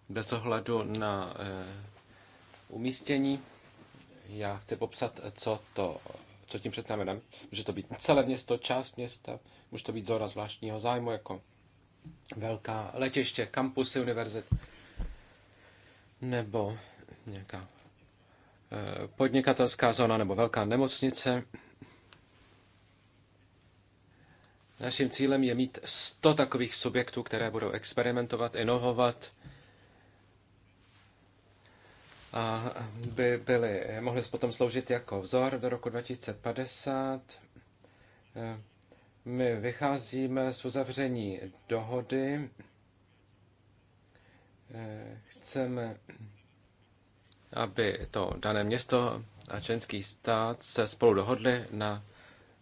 Speaker 1: bez ohledu na eh, umístění. Já chci popsat, eh, co, to, co tím představujeme. Může to být celé město, část města, může to být zóna zvláštního zájmu, jako velká letiště, kampusy univerzit nebo nějaká podnikatelská zóna nebo velká nemocnice. Naším cílem je mít 100 takových subjektů, které budou experimentovat, inovovat, a by byly, mohly potom sloužit jako vzor do roku 2050. My vycházíme z uzavření dohody, chceme aby to dané město a členský stát se spolu dohodli na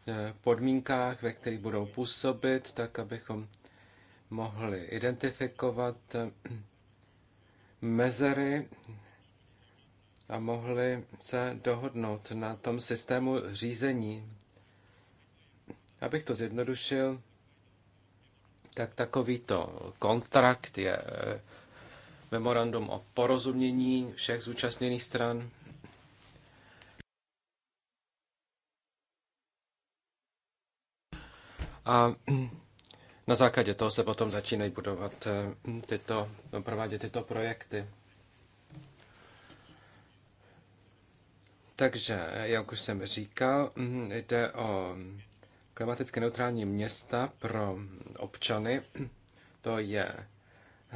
Speaker 1: e, podmínkách, ve kterých budou působit, tak abychom mohli identifikovat e, mezery a mohli se dohodnout na tom systému řízení. Abych to zjednodušil, tak takovýto kontrakt je e, memorandum o porozumění všech zúčastněných stran. A na základě toho se potom začínají budovat eh, tyto, provádět tyto projekty. Takže, eh, jak už jsem říkal, hm, jde o klimaticky neutrální města pro občany. To je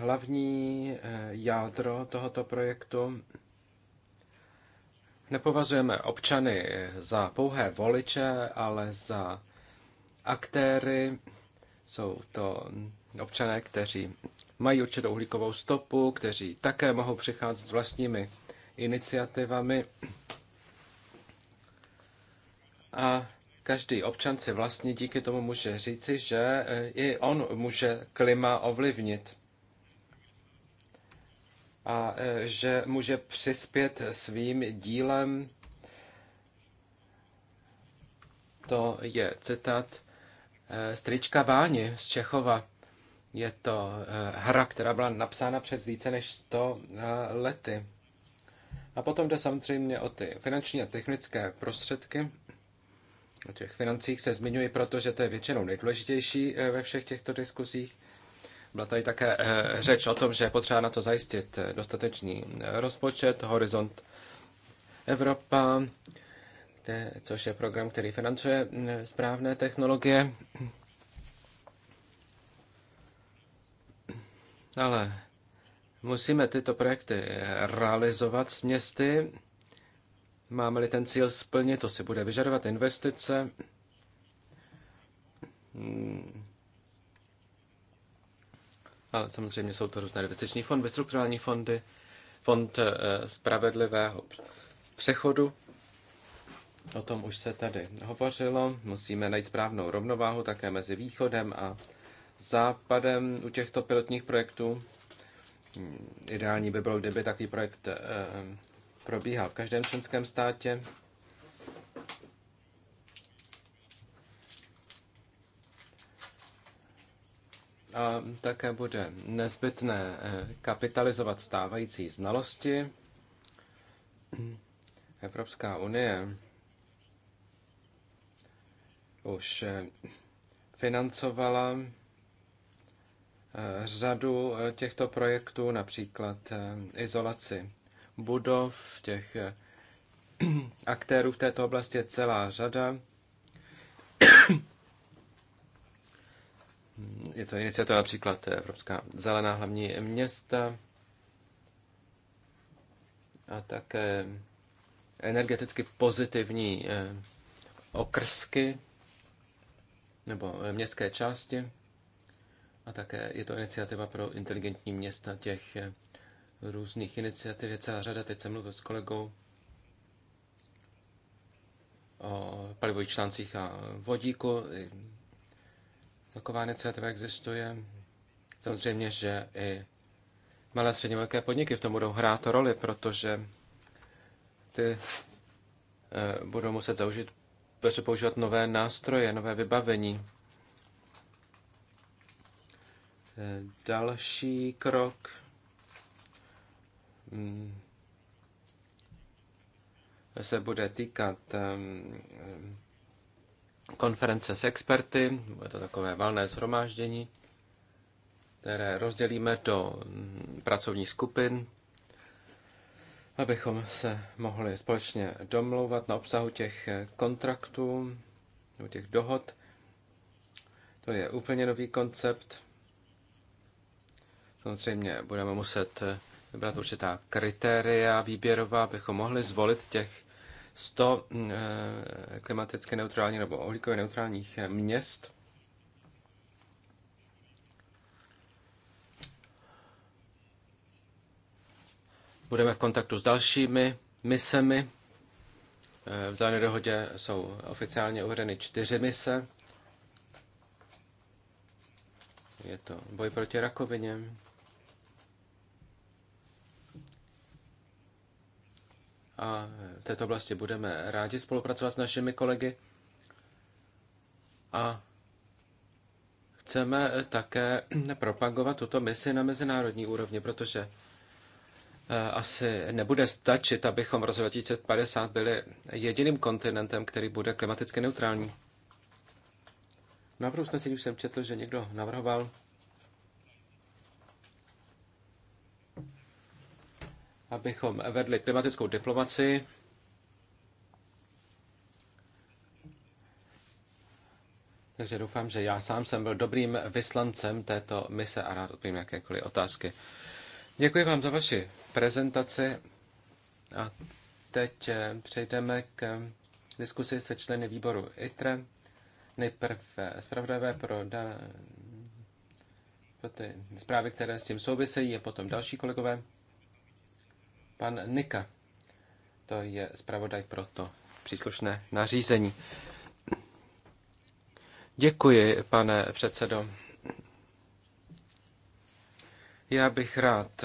Speaker 1: hlavní eh, jádro tohoto projektu. Nepovažujeme občany za pouhé voliče, ale za aktéry. Jsou to občané, kteří mají určitou uhlíkovou stopu, kteří také mohou přicházet s vlastními iniciativami. A každý občan si vlastně díky tomu může říci, že eh, i on může klima ovlivnit a e, že může přispět svým dílem. To je citát e, Strička Váni z Čechova. Je to e, hra, která byla napsána před více než 100 lety. A potom jde samozřejmě o ty finanční a technické prostředky. O těch financích se zmiňuji, protože to je většinou nejdůležitější ve všech těchto diskuzích. Byla tady také eh, řeč o tom, že je potřeba na to zajistit eh, dostatečný eh, rozpočet, Horizont Evropa, což je program, který financuje mm, správné technologie. Ale musíme tyto projekty realizovat s městy. Máme-li ten cíl splnit, to si bude vyžadovat investice mm, ale samozřejmě jsou to různé investiční fondy, strukturální fondy, fond eh, spravedlivého přechodu. O tom už se tady hovořilo. Musíme najít správnou rovnováhu také mezi východem a západem u těchto pilotních projektů. Hm, ideální by bylo, kdyby takový projekt eh, probíhal v každém členském státě. A také bude nezbytné eh, kapitalizovat stávající znalosti. Evropská unie už eh, financovala eh, řadu těchto projektů, například izolaci budov, těch *clears throat* aktérů v této oblasti je celá řada. Je to iniciativa například Evropská zelená hlavní města a také energeticky pozitivní eh, okrsky nebo eh, městské části. A také je to iniciativa pro inteligentní města těch eh, různých iniciativ. Je celá řada, teď jsem mluvil s kolegou o palivových článcích a vodíku taková iniciativa existuje. Samozřejmě, že i malé středně velké podniky v tom budou hrát roli, protože ty eh, budou muset protože používat nové nástroje, nové vybavení. Eh, další krok mm, se bude týkat konference s experty, bude to takové valné zhromáždění, které rozdělíme do pracovních skupin, abychom se mohli společně domlouvat na obsahu těch kontraktů, nebo těch dohod. To je úplně nový koncept. Samozřejmě budeme muset vybrat určitá kritéria výběrová, abychom mohli zvolit těch 100 mm, eh, klimaticky neutrální nebo uhlíkově neutrálních eh, měst. Budeme v kontaktu s dalšími misemi. Eh, v zelené dohodě jsou oficiálně uvedeny čtyři mise. Je to boj proti rakovině, a v této oblasti budeme rádi spolupracovat s našimi kolegy. A chceme také propagovat tuto misi na mezinárodní úrovni, protože eh, asi nebude stačit, abychom v roce 2050 byli jediným kontinentem, který bude klimaticky neutrální. Návrh usnesení už jsem četl, že někdo navrhoval abychom vedli klimatickou diplomaci. Takže doufám, že já sám jsem byl dobrým vyslancem této mise a rád odpovím jakékoliv otázky. Děkuji vám za vaši prezentaci a teď eh, přejdeme k diskusi se členy výboru ITRE. Nejprve zpravodajové pro, da, pro ty zprávy, které s tím souvisejí, a potom další kolegové. Pan Nika, to je zpravodaj pro to příslušné nařízení. Děkuji, pane předsedo. Já bych rád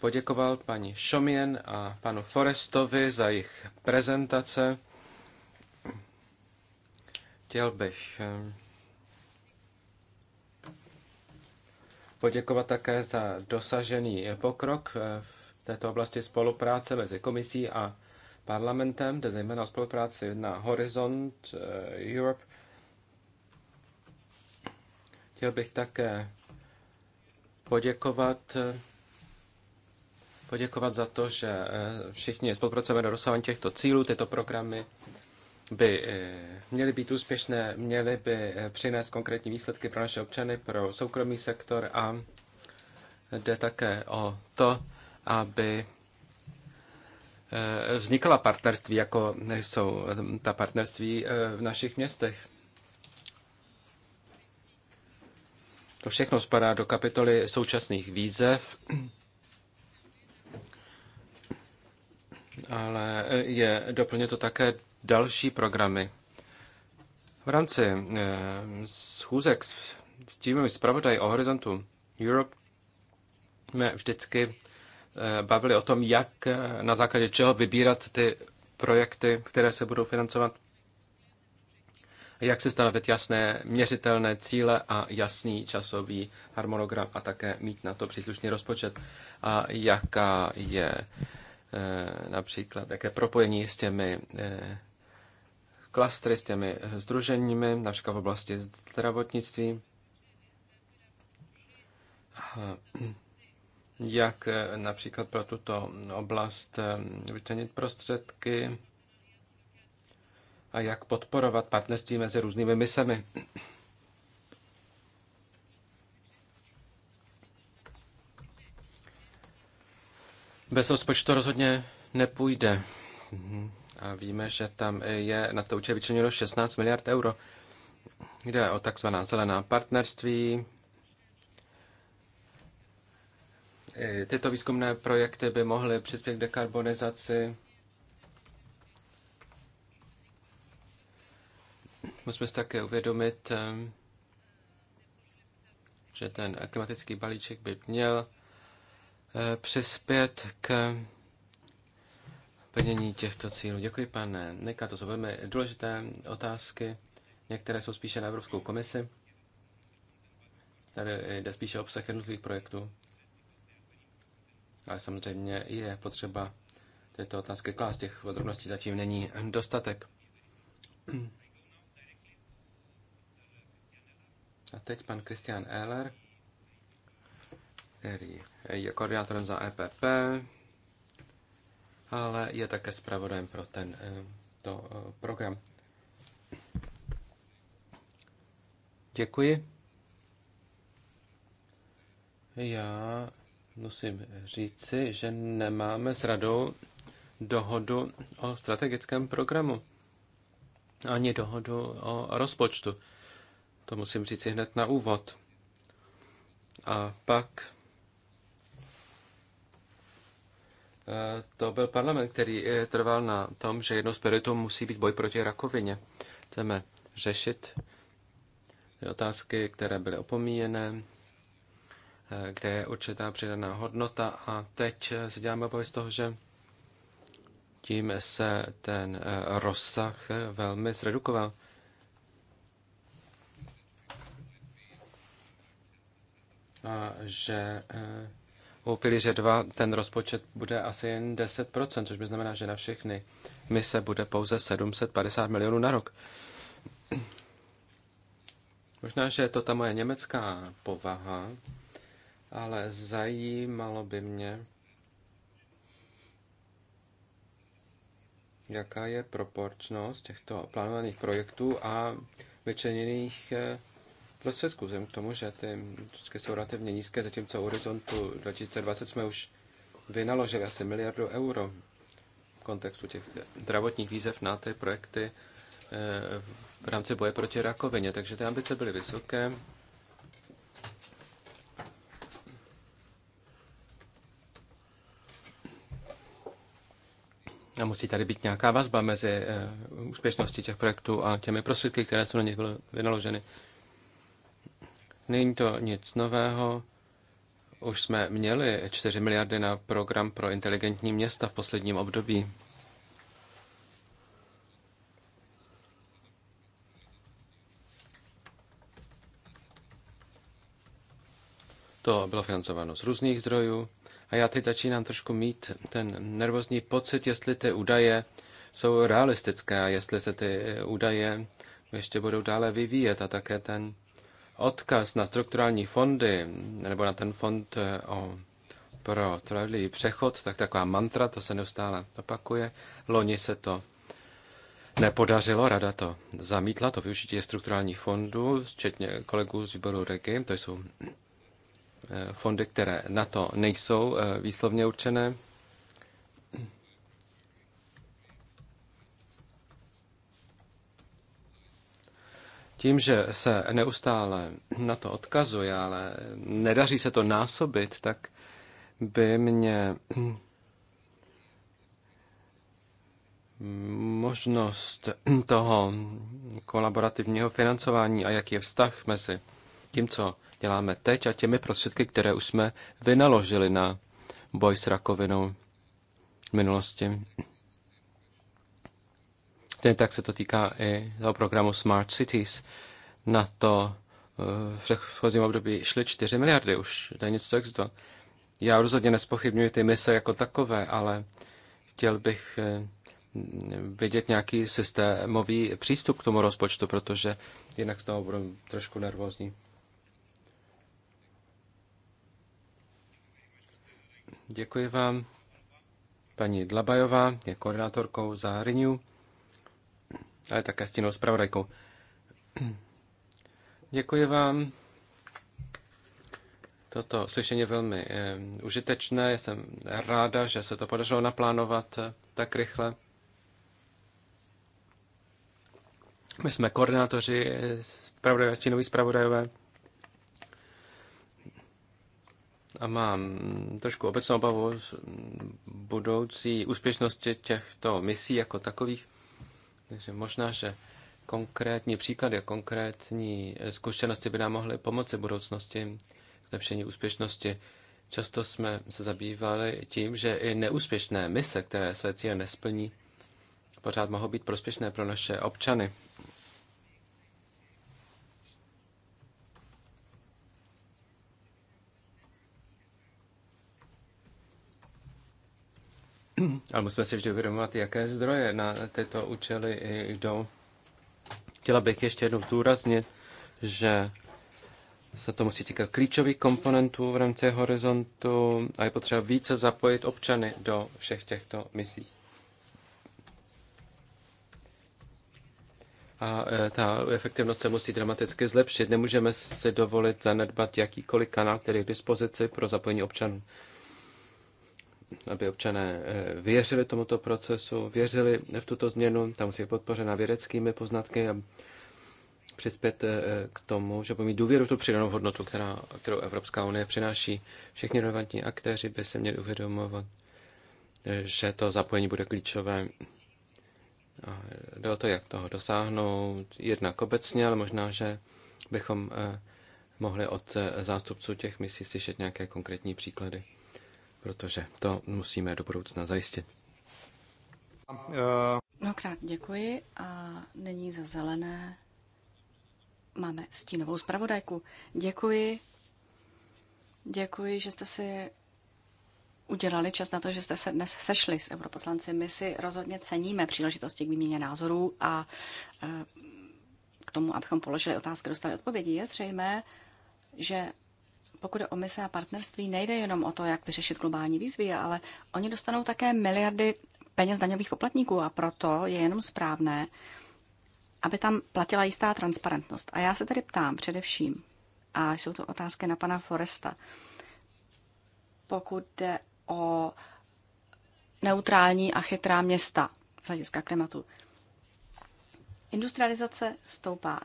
Speaker 1: poděkoval paní Šomien a panu Forestovi za jejich prezentace. Chtěl bych poděkovat také za dosažený pokrok eh, v této oblasti spolupráce mezi komisí a parlamentem, kde zejména o spolupráci na Horizont eh, Europe. Chtěl bych také poděkovat eh, poděkovat za to, že eh, všichni spolupracujeme na dosahování těchto cílů. Tyto programy by měly být úspěšné, měly by přinést konkrétní výsledky pro naše občany, pro soukromý sektor a jde také o to, aby eh, vznikla partnerství, jako jsou eh, ta partnerství eh, v našich městech. To všechno spadá do kapitoly současných výzev, ale je doplněno také další programy. V rámci schůzek s tímovým zpravodaj o Horizontu Europe jsme vždycky Eh, bavili o tom, jak eh, na základě čeho vybírat ty projekty, které se budou financovat, jak si stanovit jasné měřitelné cíle a jasný časový harmonogram a také mít na to příslušný rozpočet a jaká je eh, například, jaké propojení s těmi klastry, s těmi združeními, například v oblasti zdravotnictví jak eh, například pro tuto oblast eh, vyčlenit prostředky a jak podporovat partnerství mezi různými misemi. Bez rozpočtu rozhodně nepůjde. A víme, že tam je na to účet vyčleněno 16 miliard euro. Jde o takzvaná zelená partnerství, Eh, tyto výzkumné projekty by mohly přispět k dekarbonizaci. Musíme si také uvědomit, eh, že ten klimatický balíček by měl eh, přispět k plnění těchto cílů. Děkuji, pane Neka, to jsou velmi důležité otázky. Některé jsou spíše na Evropskou komisi. Tady jde spíše obsah jednotlivých projektů ale samozřejmě je potřeba této otázky klást. Těch podrobností zatím není dostatek. A teď pan Christian Ehler, který je koordinátorem za EPP, ale je také zpravodajem pro ten eh, to eh, program. Děkuji. Já musím říci, že nemáme s radou dohodu o strategickém programu, ani dohodu o rozpočtu. To musím říci hned na úvod. A pak eh, to byl parlament, který eh, trval na tom, že jednou z prioritů musí být boj proti rakovině. Chceme řešit otázky, které byly opomíjené, kde je určitá přidaná hodnota a teď si děláme obavy z toho, že tím se ten eh, rozsah eh, velmi zredukoval. A že eh, u pilíře 2 ten rozpočet bude asi jen 10%, což by znamená, že na všechny mise bude pouze 750 milionů na rok. Možná, že je to ta moje německá povaha, ale zajímalo by mě, jaká je proporčnost těchto plánovaných projektů a vyčleněných eh, prostředků, vzhledem k tomu, že ty vždycky jsou relativně nízké, zatímco horizontu 2020 jsme už vynaložili asi miliardu euro v kontextu těch zdravotních výzev na ty projekty eh, v rámci boje proti rakovině. Takže ty ambice byly vysoké, A musí tady být nějaká vazba mezi eh, úspěšností těch projektů a těmi prostředky, které jsou na ně vynaloženy. Není to nic nového. Už jsme měli 4 miliardy na program pro inteligentní města v posledním období. To bylo financováno z různých zdrojů. A já teď začínám trošku mít ten nervózní pocit, jestli ty údaje jsou realistické a jestli se ty eh, údaje ještě budou dále vyvíjet a také ten odkaz na strukturální fondy nebo na ten fond eh, o, pro spravedlivý přechod, tak taková mantra, to se neustále opakuje. Loni se to nepodařilo, rada to zamítla, to využití strukturálních fondů, včetně kolegů z výboru REGI, to jsou Eh, fondy, které na to nejsou eh, výslovně určené. Tím, že se neustále na to odkazuje, ale nedaří se to násobit, tak by mě možnost toho kolaborativního financování a jaký je vztah mezi tím, co děláme teď a těmi prostředky, které už jsme vynaložili na boj s rakovinou v minulosti. ten tak se to týká i toho programu Smart Cities. Na to eh, v předchozím období šly 4 miliardy, už to je něco extra. Já rozhodně nespochybnuju ty mise jako takové, ale chtěl bych eh, vidět nějaký systémový přístup k tomu rozpočtu, protože jinak z toho budu trošku nervózní. Děkuji vám. Paní Dlabajová je koordinátorkou za Renew, ale také stínou zpravodajkou. *clears throat* Děkuji vám. Toto slyšení je velmi eh, užitečné. Jsem ráda, že se to podařilo naplánovat eh, tak rychle. My jsme koordinátoři, eh, zpravodajové, stínoví zpravodajové a mám trošku obecnou obavu z budoucí úspěšnosti těchto misí jako takových. Takže možná, že konkrétní příklady a konkrétní zkušenosti by nám mohly pomoci v budoucnosti zlepšení úspěšnosti. Často jsme se zabývali tím, že i neúspěšné mise, které své cíle nesplní, pořád mohou být prospěšné pro naše občany. ale musíme si vždy uvědomovat, jaké zdroje na tyto účely jdou. Chtěla bych ještě jednou zdůraznit, že se to musí týkat klíčových komponentů v rámci horizontu a je potřeba více zapojit občany do všech těchto misí. A e, ta efektivnost se musí dramaticky zlepšit. Nemůžeme si dovolit zanedbat jakýkoliv kanál, který je k dispozici pro zapojení občanů aby občané eh, věřili tomuto procesu, věřili v tuto změnu, tam musí podpořena vědeckými poznatky a přispět eh, k tomu, že budou mít důvěru v tu přidanou hodnotu, která, kterou Evropská unie přináší. Všichni relevantní aktéři by se měli uvědomovat, eh, že to zapojení bude klíčové. A jde o to, jak toho dosáhnout, jednak obecně, ale možná, že bychom mohli od zástupců těch misí slyšet nějaké konkrétní příklady protože to musíme do budoucna
Speaker 2: zajistit.
Speaker 5: Mnohokrát děkuji a není za zelené. Máme stínovou zpravodajku. Děkuji. Děkuji, že jste si udělali čas na to, že jste se dnes sešli s europoslanci. My si rozhodně ceníme příležitosti k výměně názorů a e, k tomu, abychom položili otázky, dostali odpovědi. Je zřejmé, že pokud je o mise a partnerství, nejde jenom o to, jak vyřešit globální výzvy, ale oni dostanou také miliardy peněz daňových poplatníků a proto je jenom správné, aby tam platila jistá transparentnost. A já se tedy ptám především, a jsou to otázky na pana Foresta, pokud jde o neutrální a chytrá města z hlediska klimatu. Industrializace stoupá.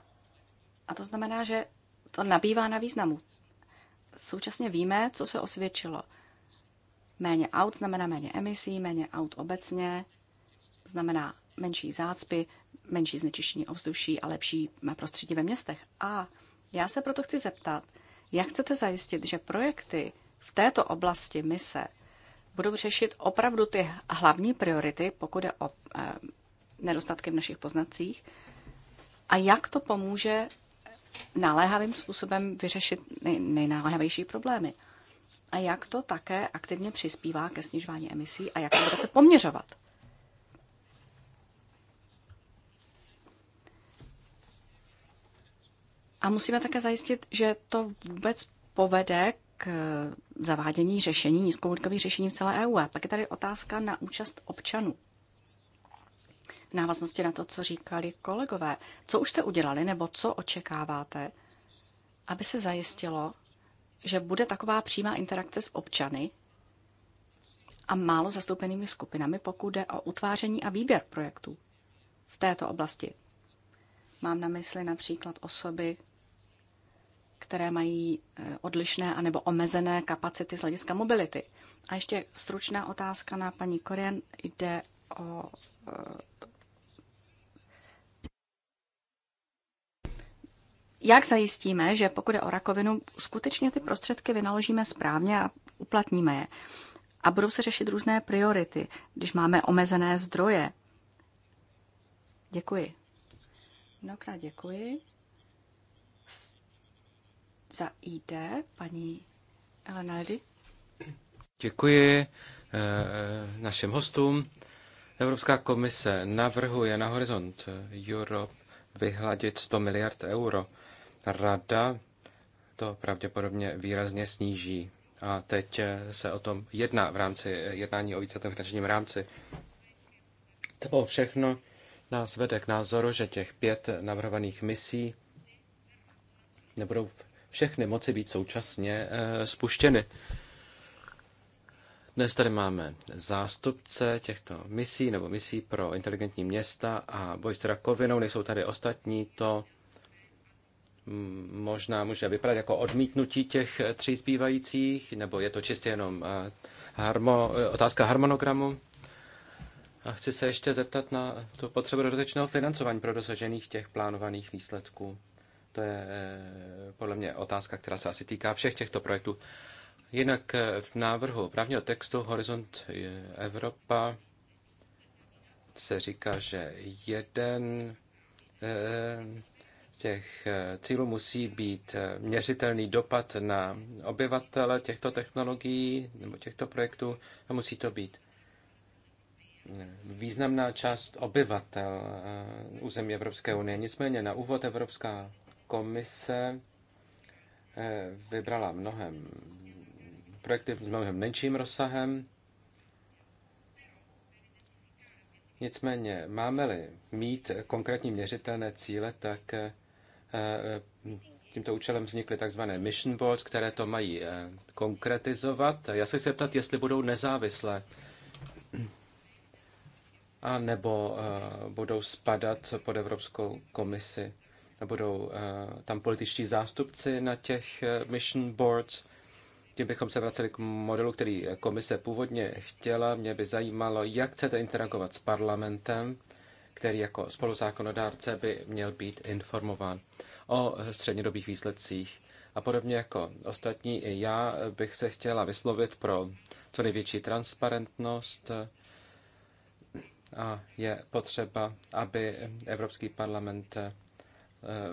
Speaker 5: A to znamená, že to nabývá na významu současně víme, co se osvědčilo. Méně aut znamená méně emisí, méně aut obecně znamená menší zácpy, menší znečištění ovzduší a lepší prostředí ve městech. A já se proto chci zeptat, jak chcete zajistit, že projekty v této oblasti mise budou řešit opravdu ty hlavní priority, pokud je o e, nedostatky v našich poznacích, a jak to pomůže naléhavým způsobem vyřešit nej, nejnáléhavější problémy. A jak to také aktivně přispívá ke snižování emisí a jak to budete poměřovat? A musíme také zajistit, že to vůbec povede k zavádění řešení, nízkouhlíkových řešení v celé EU. A pak je tady otázka na účast občanů v návaznosti na to, co říkali kolegové. Co už jste udělali nebo co očekáváte, aby se zajistilo, že bude taková přímá interakce s občany a málo zastoupenými skupinami, pokud jde o utváření a výběr projektů v této oblasti. Mám na mysli například osoby, které mají e, odlišné anebo omezené kapacity z hlediska mobility. A ještě stručná otázka na paní Korian. jde o e, Jak zajistíme, že pokud je o rakovinu, skutečně ty prostředky vynaložíme správně a uplatníme je? A budou se řešit různé priority, když máme omezené zdroje. Děkuji. Mnohokrát děkuji. Za ID paní Elena Ledy.
Speaker 1: Děkuji eh, našim hostům. Evropská komise navrhuje na Horizont Europe vyhladit 100 miliard euro Rada to pravděpodobně výrazně sníží. A teď eh, se o tom jedná v rámci eh, jednání o víceletém finančním rámci. To všechno nás vede k názoru, že těch pět navrhovaných misí nebudou všechny moci být současně eh, spuštěny. Dnes tady máme zástupce těchto misí nebo misí pro inteligentní města a boj s rakovinou. Nejsou tady ostatní, to možná může vypadat jako odmítnutí těch eh, tří zbývajících, nebo je to čistě jenom eh, harmo, eh, otázka harmonogramu. A chci se ještě zeptat na tu potřebu dodatečného financování pro dosažených těch plánovaných výsledků. To je podle mě otázka, která se asi týká všech těchto projektů. Jinak v návrhu právního textu Horizont Evropa se říká, že jeden těch eh, cílů musí být eh, měřitelný dopad na obyvatele těchto technologií nebo těchto projektů a musí to být eh, významná část obyvatel území Evropské unie. Nicméně na úvod Evropská komise vybrala mnohem projekty s mnohem menším rozsahem. Nicméně máme-li mít konkrétní měřitelné cíle, tak Eh, eh, tímto účelem vznikly tzv. mission boards, které to mají eh, konkretizovat. Já se chci ptat, jestli budou nezávislé a nebo budou spadat pod Evropskou komisi a budou tam političtí zástupci na těch mission boards. Tím bychom se vraceli k modelu, který komise původně chtěla. Mě by zajímalo, jak chcete interagovat s parlamentem který jako spoluzákonodárce by měl být informován o střednědobých výsledcích. A podobně jako ostatní, i já bych se chtěla vyslovit pro co největší transparentnost a je potřeba, aby Evropský parlament eh,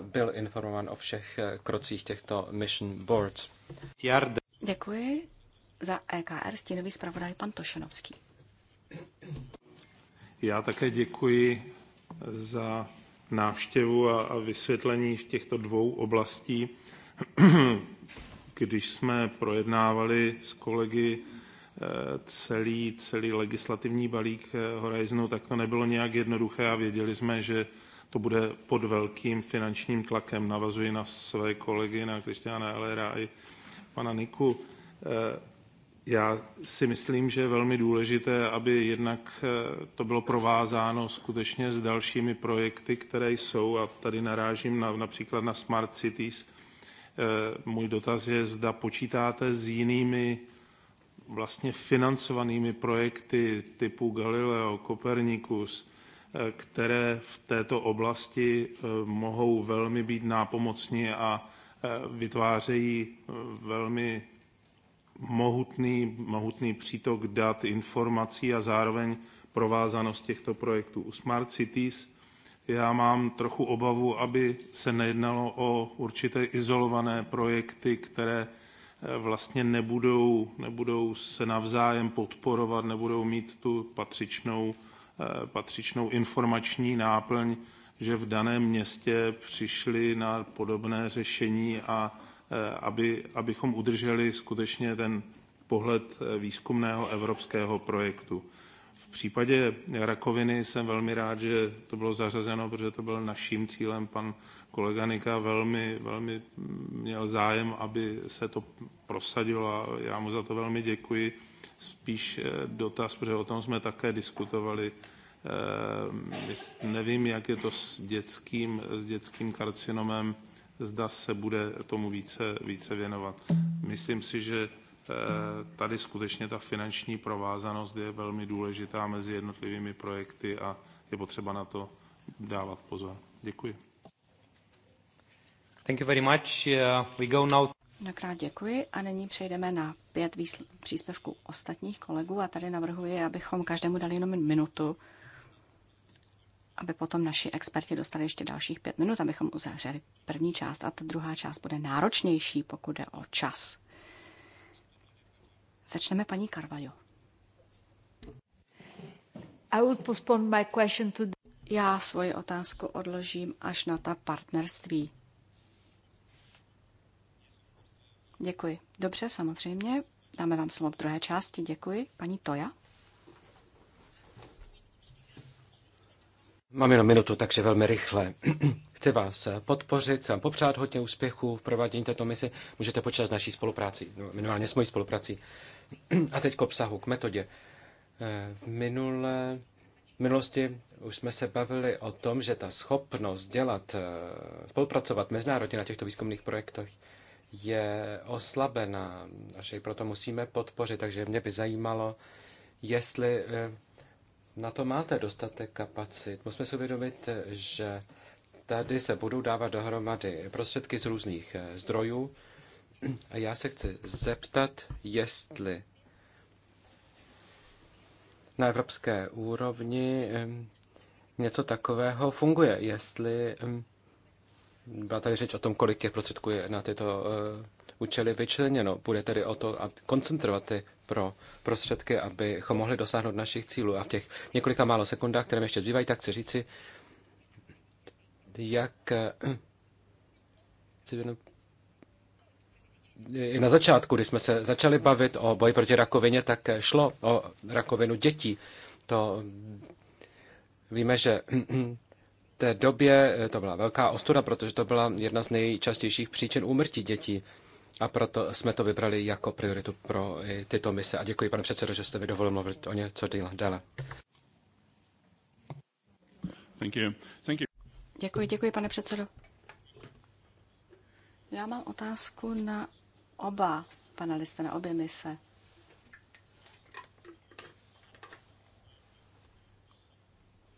Speaker 1: byl informován o všech eh, krocích těchto mission boards.
Speaker 5: Děkuji za EKR stínový zpravodaj pan Tošenovský.
Speaker 4: Já také děkuji za návštěvu a, a vysvětlení v těchto dvou oblastí. Když jsme projednávali s kolegy eh, celý, celý legislativní balík eh, Horizonu, tak to nebylo nějak jednoduché a věděli jsme, že to bude pod velkým finančním tlakem. Navazuji na své kolegy, na Kristiana Elera i pana Niku. Eh, já si myslím, že je velmi důležité, aby jednak eh, to bylo provázáno skutečně s dalšími projekty, které jsou, a tady narážím na, například na Smart Cities. Eh, můj dotaz je, zda počítáte s jinými vlastně financovanými projekty typu Galileo, Copernicus, eh, které v této oblasti mohou velmi být nápomocní a vytvářejí velmi mohutný, mohutný přítok dat, informací a zároveň provázanost těchto projektů. U Smart Cities já mám trochu obavu, aby se nejednalo o určité izolované projekty, které eh, vlastně nebudou, nebudou se navzájem podporovat, nebudou mít tu patřičnou, eh, patřičnou informační náplň, že v daném městě přišli na podobné řešení a Eh, aby, abychom udrželi skutečně ten pohled eh, výzkumného evropského projektu. V případě rakoviny jsem velmi rád, že to bylo zařazeno, protože to byl naším cílem. Pan kolega Nika velmi, velmi měl zájem, aby se to prosadilo a já mu za to velmi děkuji. Spíš eh, dotaz, protože o tom jsme také diskutovali. Nevím, jak je to s dětským, s dětským karcinomem zda se bude tomu více, více věnovat. Myslím si, že eh, tady skutečně ta finanční provázanost je velmi důležitá mezi jednotlivými projekty a je potřeba na to dávat pozor. Děkuji. Thank you very much. Uh, we go now...
Speaker 5: Mnohokrát děkuji a nyní přejdeme na pět výsl- příspěvků ostatních kolegů a tady navrhuji, abychom každému dali jenom minutu, aby potom naši experti dostali ještě dalších pět minut, abychom uzavřeli první část a ta druhá část bude náročnější, pokud jde o čas. Začneme paní Carvalho. I will postpone my question to... Já svoji otázku odložím až na ta partnerství. Děkuji. Dobře, samozřejmě. Dáme vám slovo v druhé části. Děkuji. Paní Toja.
Speaker 1: Mám jenom minutu, takže velmi rychle. *clears throat* Chci vás eh, podpořit, eh, popřát hodně úspěchů v provádění této misi. Můžete počítat s naší spolupráci, no, minimálně s mojí spoluprací. *clears throat* A teď k obsahu, k metodě. Eh, v minulé, v minulosti už jsme se bavili o tom, že ta schopnost dělat, spolupracovat mezinárodně na těchto výzkumných projektech je oslabená, a že ji proto musíme podpořit. Takže mě by zajímalo, jestli na to máte dostatek kapacit. Musíme si uvědomit, že tady se budou dávat dohromady prostředky z různých eh, zdrojů. A já se chci zeptat, jestli na evropské úrovni eh, něco takového funguje, jestli eh, byla tady řeč o tom, kolik těch prostředků je na tyto účely vyčleněno. Bude tedy o to koncentrovat ty pro prostředky, abychom mohli dosáhnout našich cílů. A v těch několika málo sekundách, které mi ještě zbývají, tak chci říci, jak eh, i na začátku, když jsme se začali bavit o boji proti rakovině, tak šlo o rakovinu dětí. To víme, že té době eh, to byla velká ostuda, protože to byla jedna z nejčastějších příčin úmrtí dětí. A proto jsme to vybrali jako prioritu pro tyto mise. A děkuji, pane předsedo, že jste mi dovolil mluvit o něco Dále. Thank you. Thank you.
Speaker 5: Děkuji, děkuji, pane předsedo. Já mám otázku na oba panelisty, na obě mise.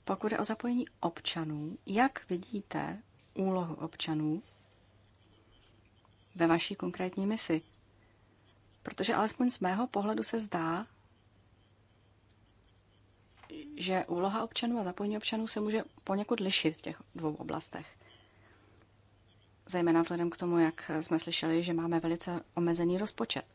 Speaker 5: Pokud je o zapojení občanů, jak vidíte úlohu občanů ve vaší konkrétní misi. Protože alespoň z mého pohledu se zdá, že úloha občanů a zapojení občanů se může poněkud lišit v těch dvou oblastech. Zejména vzhledem k tomu, jak jsme slyšeli, že máme velice omezený rozpočet.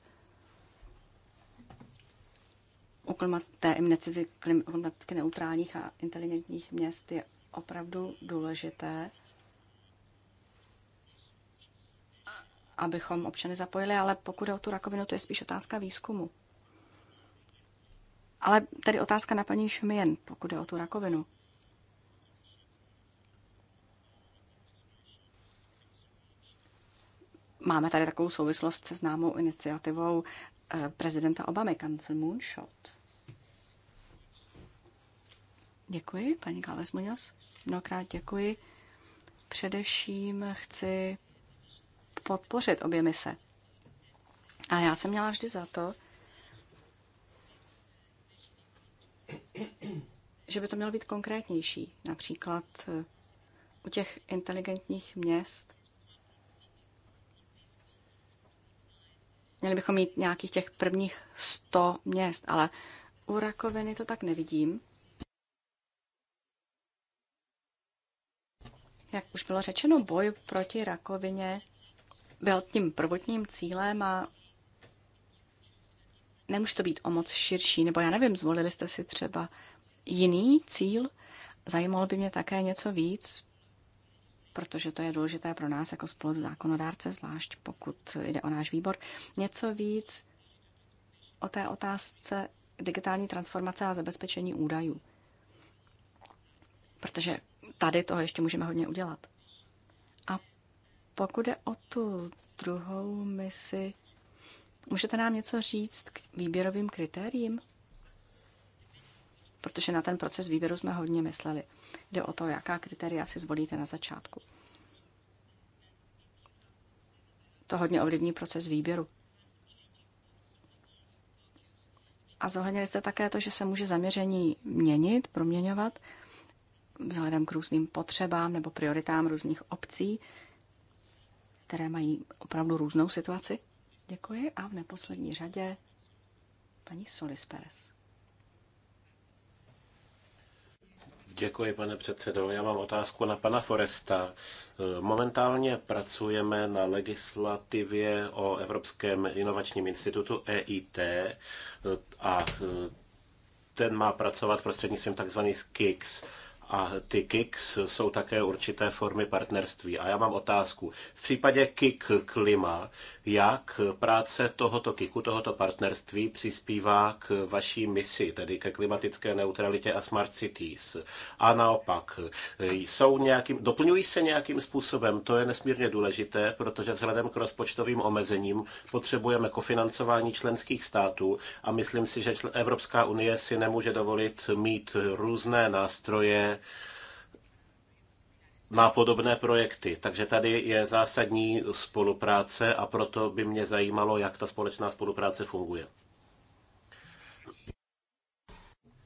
Speaker 5: U klimaté iniciativy klimaticky neutrálních a inteligentních měst je opravdu důležité, abychom občany zapojili, ale pokud je o tu rakovinu, to je spíš otázka výzkumu. Ale tady otázka na paní Šmien, pokud je o tu rakovinu. Máme tady takovou souvislost se známou iniciativou eh, prezidenta Obamy, Cancel Moonshot. Děkuji, paní Gales Muñoz, Mnohokrát děkuji. Především chci podpořit obě mise. A já jsem měla vždy za to, že by to mělo být konkrétnější. Například eh, u těch inteligentních měst měli bychom mít nějakých těch prvních 100 měst, ale u rakoviny to tak nevidím. Jak už bylo řečeno, boj proti rakovině byl tím prvotním cílem a nemůže to být o moc širší, nebo já nevím, zvolili jste si třeba jiný cíl, zajímalo by mě také něco víc, protože to je důležité pro nás jako zákonodárce, zvlášť pokud jde o náš výbor, něco víc o té otázce digitální transformace a zabezpečení údajů. Protože tady toho ještě můžeme hodně udělat. Pokud je o tu druhou misi, můžete nám něco říct k výběrovým kritériím? Protože na ten proces výběru jsme hodně mysleli. Jde o to, jaká kritéria si zvolíte na začátku. To hodně ovlivní proces výběru. A zohlednili jste také to, že se může zaměření měnit, proměňovat, vzhledem k různým potřebám nebo prioritám různých obcí, které mají opravdu různou situaci. Děkuji a v neposlední řadě paní Solis Perez.
Speaker 3: Děkuji, pane předsedo. Já mám otázku na pana Foresta. Momentálně pracujeme na legislativě o Evropském inovačním institutu EIT a ten má pracovat prostřednictvím tzv. KICS a ty KICS jsou také určité formy partnerství. A já mám otázku. V případě KIK klima, jak práce tohoto KIKu, tohoto partnerství přispívá k vaší misi, tedy ke klimatické neutralitě a smart cities? A naopak, jsou nějakým, doplňují se nějakým způsobem? To je nesmírně důležité, protože vzhledem k rozpočtovým omezením potřebujeme kofinancování členských států a myslím si, že Evropská unie si nemůže dovolit mít různé nástroje, na podobné projekty. Takže tady je zásadní spolupráce a proto by mě zajímalo, jak ta společná spolupráce funguje.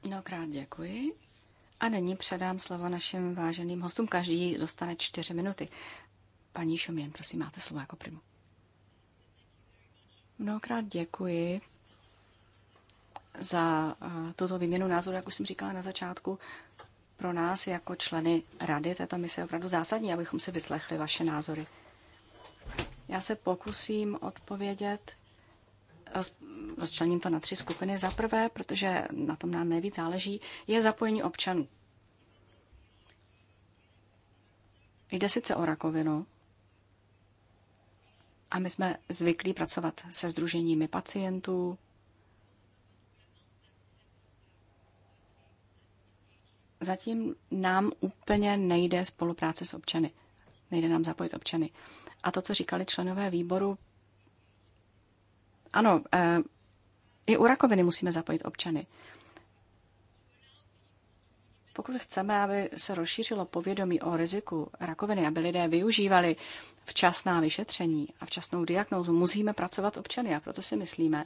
Speaker 5: No, krát děkuji. A nyní předám slovo našim váženým hostům. Každý dostane čtyři minuty. Paní Šomien, prosím, máte slovo jako primu. Mnohokrát děkuji za eh, tuto výměnu názoru, jak už jsem říkala na začátku pro nás jako členy rady této mise je opravdu zásadní, abychom si vyslechli vaše názory. Já se pokusím odpovědět, rozčlením to na tři skupiny. Za prvé, protože na tom nám nejvíc záleží, je zapojení občanů. Jde sice o rakovinu, a my jsme zvyklí pracovat se združeními pacientů, zatím nám úplně nejde spolupráce s občany. Nejde nám zapojit občany. A to, co říkali členové výboru, ano, e, i u rakoviny musíme zapojit občany. Pokud chceme, aby se rozšířilo povědomí o riziku rakoviny, aby lidé využívali včasná vyšetření a včasnou diagnózu, musíme pracovat s občany a proto si myslíme,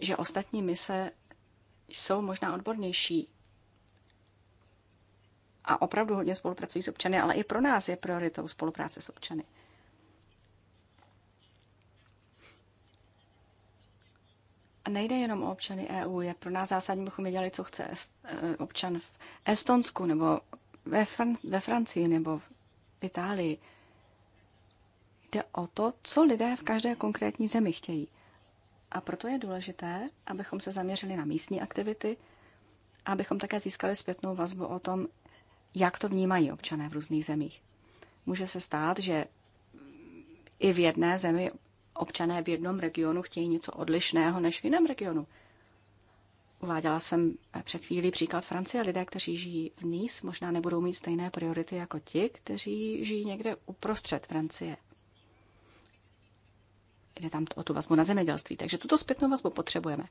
Speaker 5: že ostatní mise jsou možná odbornější a opravdu hodně spolupracují s občany, ale i pro nás je prioritou spolupráce s občany. A nejde jenom o občany EU, je pro nás zásadní, bychom věděli, co chce eh, občan v Estonsku nebo ve, Fran- ve Francii nebo v Itálii. Jde o to, co lidé v každé konkrétní zemi chtějí. A proto je důležité, abychom se zaměřili na místní aktivity a abychom také získali zpětnou vazbu o tom, jak to vnímají občané v různých zemích. Může se stát, že i v jedné zemi občané v jednom regionu chtějí něco odlišného než v jiném regionu. Uváděla jsem před chvílí příklad Francie. Lidé, kteří žijí v Nice, možná nebudou mít stejné priority jako ti, kteří žijí někde uprostřed Francie. Jde tam o tu vazbu na zemědělství. Takže tuto zpětnou vazbu potřebujeme.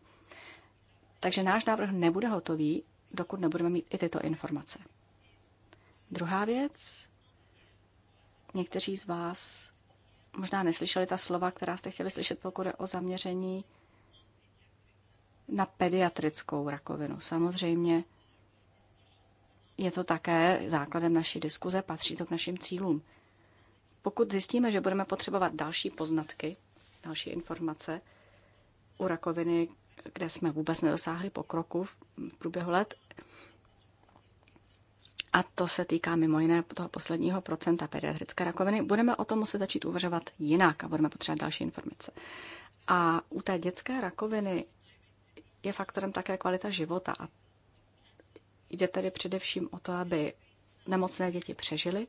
Speaker 5: Takže náš návrh nebude hotový, dokud nebudeme mít i tyto informace. Druhá věc, někteří z vás možná neslyšeli ta slova, která jste chtěli slyšet, pokud je o zaměření na pediatrickou rakovinu. Samozřejmě je to také základem naší diskuze, patří to k našim cílům. Pokud zjistíme, že budeme potřebovat další poznatky, další informace u rakoviny, kde jsme vůbec nedosáhli pokroku v průběhu let. A to se týká mimo jiné toho posledního procenta pediatrické rakoviny. Budeme o tom muset začít uvažovat jinak a budeme potřebovat další informace. A u té dětské rakoviny je faktorem také kvalita života. A jde tedy především o to, aby nemocné děti přežily,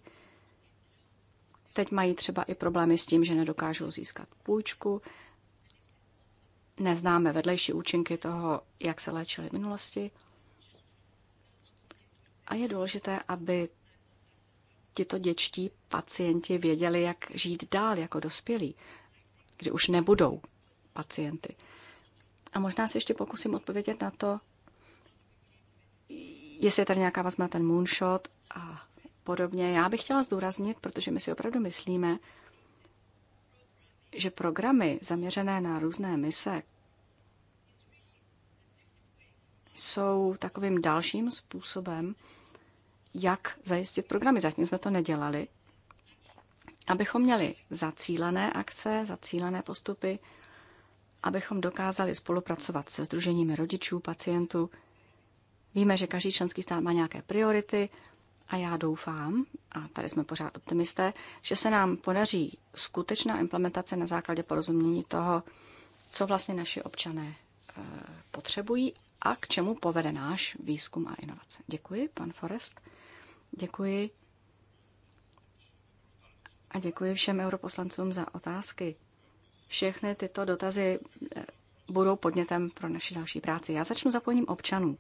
Speaker 5: Teď mají třeba i problémy s tím, že nedokážou získat půjčku, neznáme vedlejší účinky toho, jak se léčili v minulosti. A je důležité, aby tito děčtí pacienti věděli, jak žít dál jako dospělí, kdy už nebudou pacienty. A možná se ještě pokusím odpovědět na to, jestli je tady nějaká vazba na ten moonshot a podobně. Já bych chtěla zdůraznit, protože my si opravdu myslíme, že programy zaměřené na různé mise jsou takovým dalším způsobem, jak zajistit programy. Zatím jsme to nedělali. Abychom měli zacílené akce, zacílené postupy, abychom dokázali spolupracovat se združeními rodičů, pacientů. Víme, že každý členský stát má nějaké priority a já doufám, a tady jsme pořád optimisté, že se nám podaří skutečná implementace na základě porozumění toho, co vlastně naši občané eh, potřebují a k čemu povede náš výzkum a inovace. Děkuji, pan Forest. Děkuji. A děkuji všem europoslancům za otázky. Všechny tyto dotazy eh, budou podnětem pro naši další práci. Já začnu zapojením občanů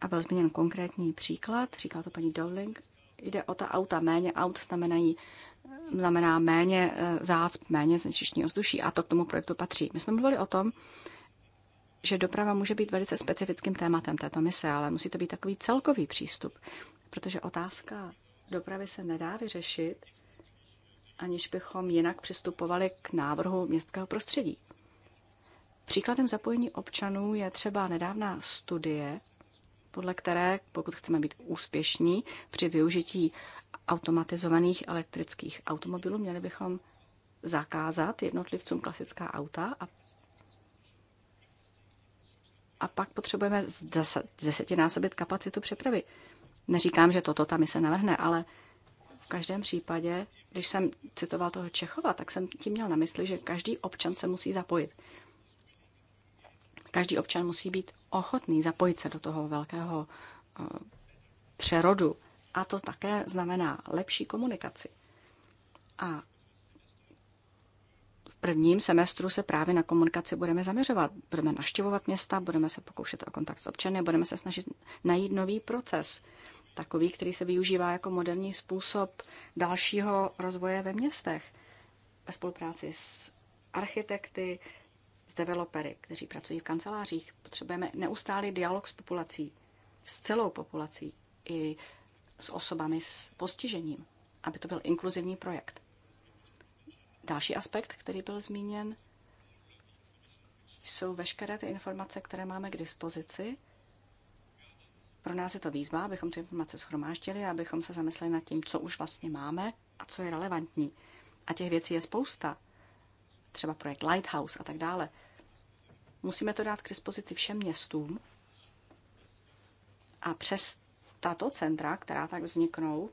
Speaker 5: a byl zmíněn konkrétní příklad, říkala to paní Dowling, jde o ta auta, méně aut znamenají, znamená méně e, zácp, méně znečištění ovzduší a to k tomu projektu patří. My jsme mluvili o tom, že doprava může být velice specifickým tématem této mise, ale musí to být takový celkový přístup, protože otázka dopravy se nedá vyřešit, aniž bychom jinak přistupovali k návrhu městského prostředí. Příkladem zapojení občanů je třeba nedávná studie podle které, pokud chceme být úspěšní při využití automatizovaných elektrických automobilů, měli bychom zakázat jednotlivcům klasická auta a a pak potřebujeme desetinásobit kapacitu přepravy. Neříkám, že toto ta mise navrhne, ale v každém případě, když jsem citoval toho Čechova, tak jsem tím měl na mysli, že každý občan se musí zapojit. Každý občan musí být ochotný zapojit se do toho velkého eh, přerodu. A to také znamená lepší komunikaci. A v prvním semestru se právě na komunikaci budeme zaměřovat. Budeme naštěvovat města, budeme se pokoušet o kontakt s občany, budeme se snažit najít nový proces, takový, který se využívá jako moderní způsob dalšího rozvoje ve městech ve spolupráci s architekty, s developery, kteří pracují v kancelářích. Potřebujeme neustálý dialog s populací, s celou populací i s osobami s postižením, aby to byl inkluzivní projekt. Další aspekt, který byl zmíněn, jsou veškeré ty informace, které máme k dispozici. Pro nás je to výzva, abychom ty informace schromáždili, abychom se zamysleli nad tím, co už vlastně máme a co je relevantní. A těch věcí je spousta třeba projekt Lighthouse a tak dále. Musíme to dát k dispozici všem městům a přes tato centra, která tak vzniknou,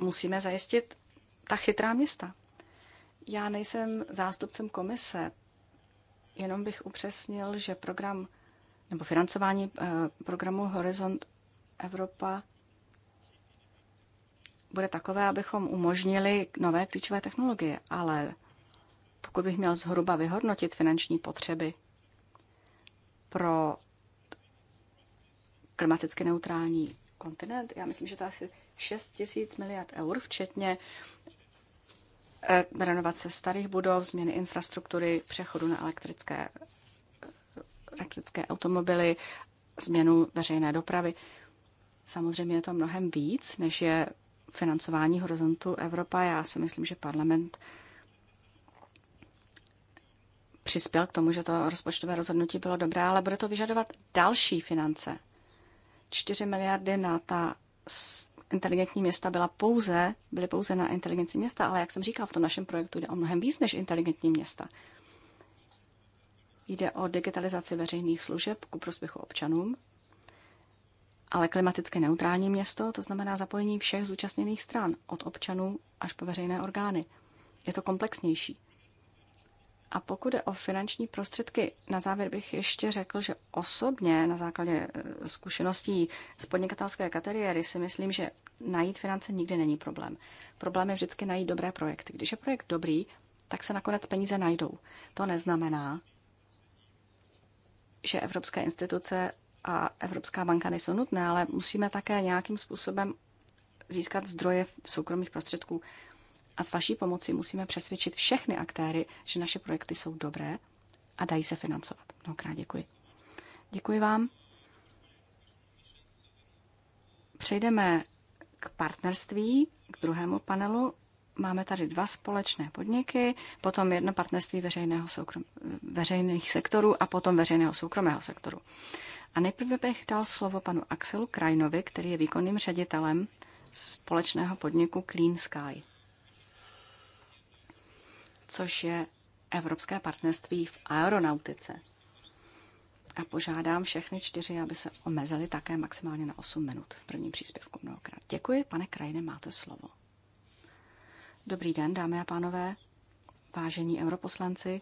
Speaker 5: musíme zajistit ta chytrá města. Já nejsem zástupcem komise, jenom bych upřesnil, že program nebo financování eh, programu Horizont Evropa bude takové, abychom umožnili nové klíčové technologie, ale pokud bych měl zhruba vyhodnotit finanční potřeby pro klimaticky neutrální kontinent, já myslím, že to asi 6 tisíc miliard eur, včetně eh, renovace starých budov, změny infrastruktury, přechodu na elektrické, eh, elektrické automobily, změnu veřejné dopravy. Samozřejmě je to mnohem víc, než je financování horizontu Evropa. Já si myslím, že parlament přispěl k tomu, že to rozpočtové rozhodnutí bylo dobré, ale bude to vyžadovat další finance. 4 miliardy na ta inteligentní města byla pouze, byly pouze na inteligentní města, ale jak jsem říkal, v tom našem projektu jde o mnohem víc než inteligentní města. Jde o digitalizaci veřejných služeb ku prospěchu občanům, ale klimaticky neutrální město, to znamená zapojení všech zúčastněných stran, od občanů až po veřejné orgány. Je to komplexnější. A pokud je o finanční prostředky, na závěr bych ještě řekl, že osobně na základě eh, zkušeností z podnikatelské kariéry si myslím, že najít finance nikdy není problém. Problém je vždycky najít dobré projekty. Když je projekt dobrý, tak se nakonec peníze najdou. To neznamená, že evropské instituce a Evropská banka nejsou nutné, ale musíme také nějakým způsobem získat zdroje soukromých prostředků. A s vaší pomocí musíme přesvědčit všechny aktéry, že naše projekty jsou dobré a dají se financovat. Mnohokrát děkuji. Děkuji vám. Přejdeme k partnerství, k druhému panelu. Máme tady dva společné podniky, potom jedno partnerství veřejného soukrom, veřejných sektorů a potom veřejného soukromého sektoru. A nejprve bych dal slovo panu Axelu Krajnovi, který je výkonným ředitelem společného podniku Clean Sky, což je Evropské partnerství v aeronautice. A požádám všechny čtyři, aby se omezili také maximálně na 8 minut v prvním příspěvku mnohokrát. Děkuji, pane Krajne, máte slovo. Dobrý den, dámy a pánové, vážení europoslanci.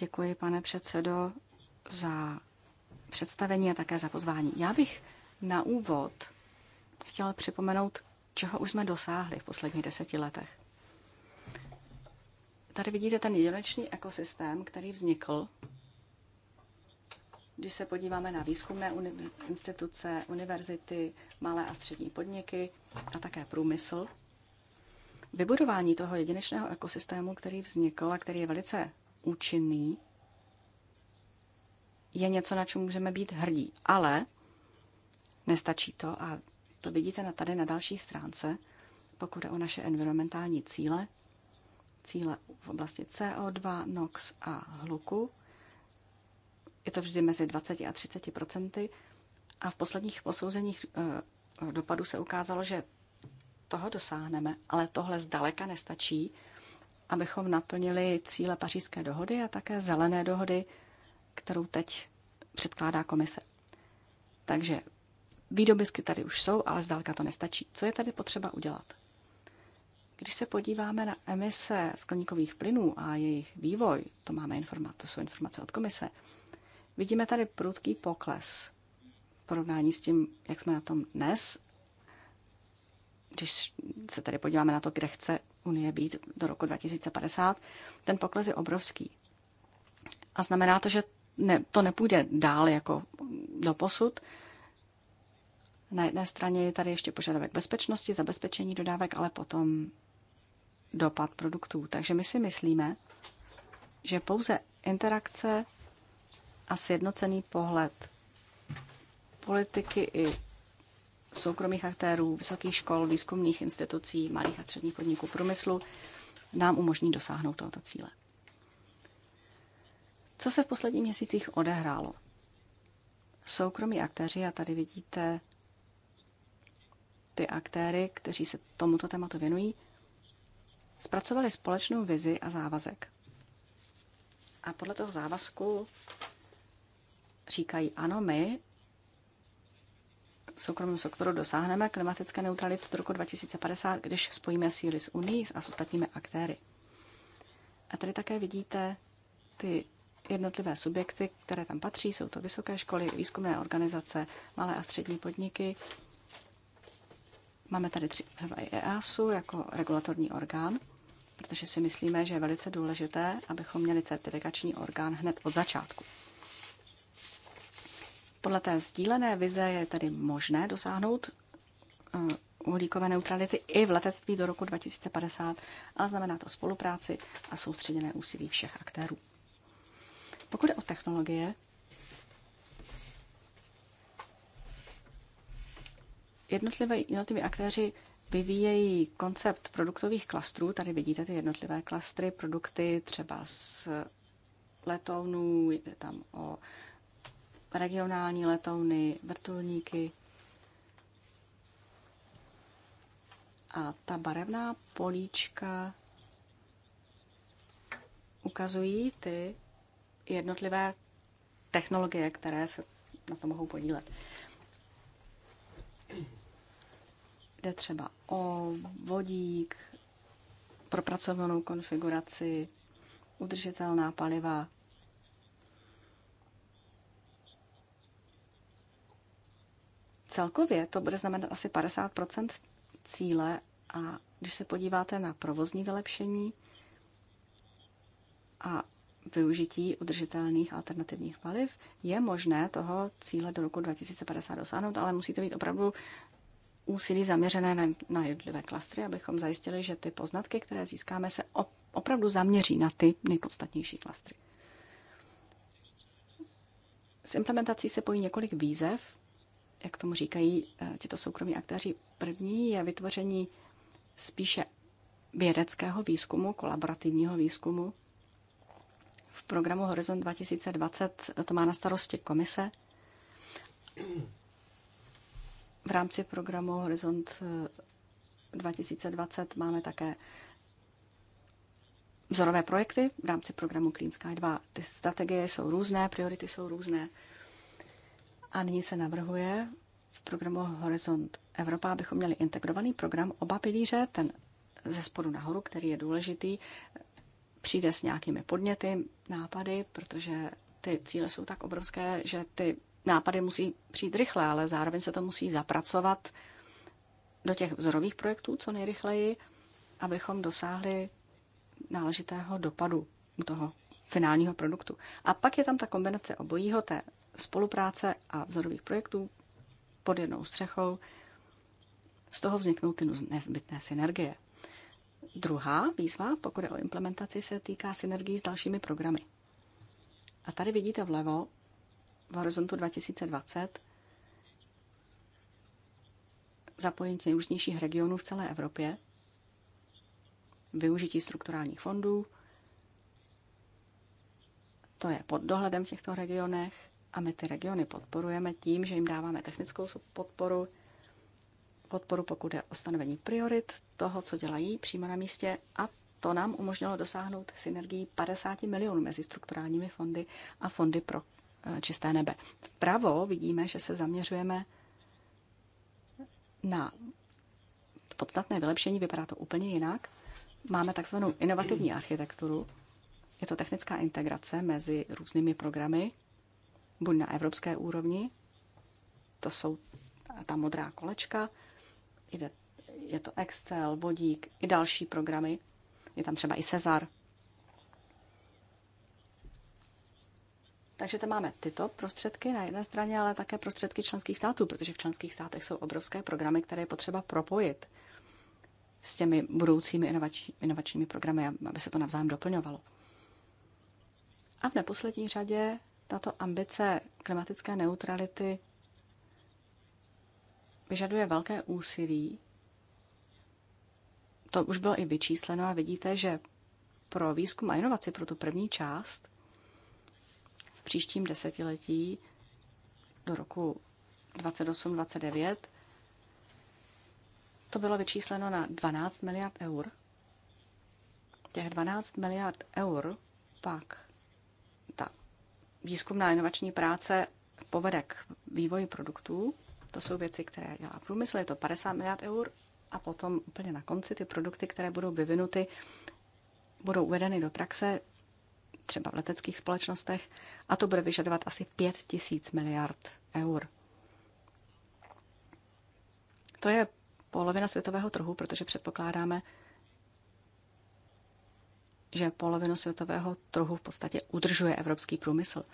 Speaker 5: Děkuji, pane předsedo, za představení a také za pozvání. Já bych na úvod chtěla připomenout, čeho už jsme dosáhli v posledních deseti letech. Tady vidíte ten jedinečný ekosystém, který vznikl, když se podíváme na výzkumné instituce, univerzity, malé a střední podniky a také průmysl. Vybudování toho jedinečného ekosystému, který vznikl a který je velice účinný, je něco, na čem můžeme být hrdí. Ale nestačí to a to vidíte na tady na další stránce, pokud je o naše environmentální cíle, cíle v oblasti CO2, NOx a hluku. Je to vždy mezi 20 a 30 procenty. A v posledních posouzeních eh, eh, dopadu se ukázalo, že toho dosáhneme, ale tohle zdaleka nestačí, abychom naplnili cíle pařížské dohody a také zelené dohody kterou teď předkládá komise. Takže výdobytky tady už jsou, ale zdálka to nestačí. Co je tady potřeba udělat? Když se podíváme na emise skleníkových plynů a jejich vývoj, to máme informace, to jsou informace od komise, vidíme tady prudký pokles v porovnání s tím, jak jsme na tom dnes. Když se tady podíváme na to, kde chce Unie být do roku 2050, ten pokles je obrovský. A znamená to, že ne, to nepůjde dál jako do posud. Na jedné straně je tady ještě požadavek bezpečnosti, zabezpečení dodávek, ale potom dopad produktů. Takže my si myslíme, že pouze interakce a sjednocený pohled politiky i soukromých aktérů, vysokých škol, výzkumných institucí, malých a středních podniků průmyslu nám umožní dosáhnout tohoto cíle. Co se v posledních měsících odehrálo? Soukromí aktéři, a tady vidíte ty aktéry, kteří se tomuto tématu věnují, zpracovali společnou vizi a závazek. A podle toho závazku říkají, ano, my v soukromém sektoru dosáhneme klimatické neutrality do roku 2050, když spojíme síly s Unii a s ostatními aktéry. A tady také vidíte ty jednotlivé subjekty, které tam patří. Jsou to vysoké školy, výzkumné organizace, malé a střední podniky. Máme tady třeba i EASu jako regulatorní orgán, protože si myslíme, že je velice důležité, abychom měli certifikační orgán hned od začátku. Podle té sdílené vize je tedy možné dosáhnout eh, uhlíkové neutrality i v letectví do roku 2050, ale znamená to spolupráci a soustředěné úsilí všech aktérů. Pokud je o technologie, jednotlivé, jednotliví aktéři vyvíjejí koncept produktových klastrů. Tady vidíte ty jednotlivé klastry, produkty třeba z letounů, jde tam o regionální letouny, vrtulníky. A ta barevná políčka ukazují ty jednotlivé technologie, které se na to mohou podílet. Jde třeba o vodík, propracovanou konfiguraci, udržitelná paliva, Celkově to bude znamenat asi 50 cíle a když se podíváte na provozní vylepšení a využití udržitelných alternativních paliv. Je možné toho cíle do roku 2050 dosáhnout, ale musí to být opravdu úsilí zaměřené na, na jednotlivé klastry, abychom zajistili, že ty poznatky, které získáme, se opravdu zaměří na ty nejpodstatnější klastry. S implementací se pojí několik výzev, jak tomu říkají eh, těto soukromí aktéři. První je vytvoření spíše vědeckého výzkumu, kolaborativního výzkumu, v programu Horizon 2020 to má na starosti komise. V rámci programu Horizont eh, 2020 máme také vzorové projekty v rámci programu Clean Sky 2. Ty strategie jsou různé, priority jsou různé. A nyní se navrhuje v programu Horizont Evropa, abychom měli integrovaný program, oba pilíře, ten ze spodu nahoru, který je důležitý, přijde s nějakými podněty, nápady, protože ty cíle jsou tak obrovské, že ty nápady musí přijít rychle, ale zároveň se to musí zapracovat do těch vzorových projektů co nejrychleji, abychom dosáhli náležitého dopadu toho finálního produktu. A pak je tam ta kombinace obojího, té spolupráce a vzorových projektů pod jednou střechou. Z toho vzniknou ty nezbytné synergie. Druhá výzva, pokud je o implementaci, se týká synergii s dalšími programy. A tady vidíte vlevo v horizontu 2020 zapojení nejrůznějších regionů v celé Evropě, využití strukturálních fondů, to je pod dohledem v těchto regionech a my ty regiony podporujeme tím, že jim dáváme technickou podporu, podporu, pokud je o stanovení priorit toho, co dělají přímo na místě a to nám umožnilo dosáhnout synergii 50 milionů mezi strukturálními fondy a fondy pro eh, čisté nebe. Vpravo vidíme, že se zaměřujeme na podstatné vylepšení, vypadá to úplně jinak. Máme takzvanou inovativní architekturu. Je to technická integrace mezi různými programy, buď na evropské úrovni, to jsou ta modrá kolečka, Jde, je to Excel, vodík, i další programy. Je tam třeba i Cezar. Takže tam máme tyto prostředky na jedné straně, ale také prostředky členských států, protože v členských státech jsou obrovské programy, které je potřeba propojit s těmi budoucími inovační, inovačními programy, aby se to navzájem doplňovalo. A v neposlední řadě tato ambice klimatické neutrality vyžaduje velké úsilí. To už bylo i vyčísleno a vidíte, že pro výzkum a inovaci, pro tu první část, v příštím desetiletí do roku 28-29 to bylo vyčísleno na 12 miliard eur. Těch 12 miliard eur pak ta výzkumná inovační práce povede k vývoji produktů to jsou věci, které dělá průmysl, je to 50 miliard eur a potom úplně na konci ty produkty, které budou vyvinuty, budou uvedeny do praxe, třeba v leteckých společnostech, a to bude vyžadovat asi 5 tisíc miliard eur. To je polovina světového trhu, protože předpokládáme, že polovinu světového trhu v podstatě udržuje evropský průmysl.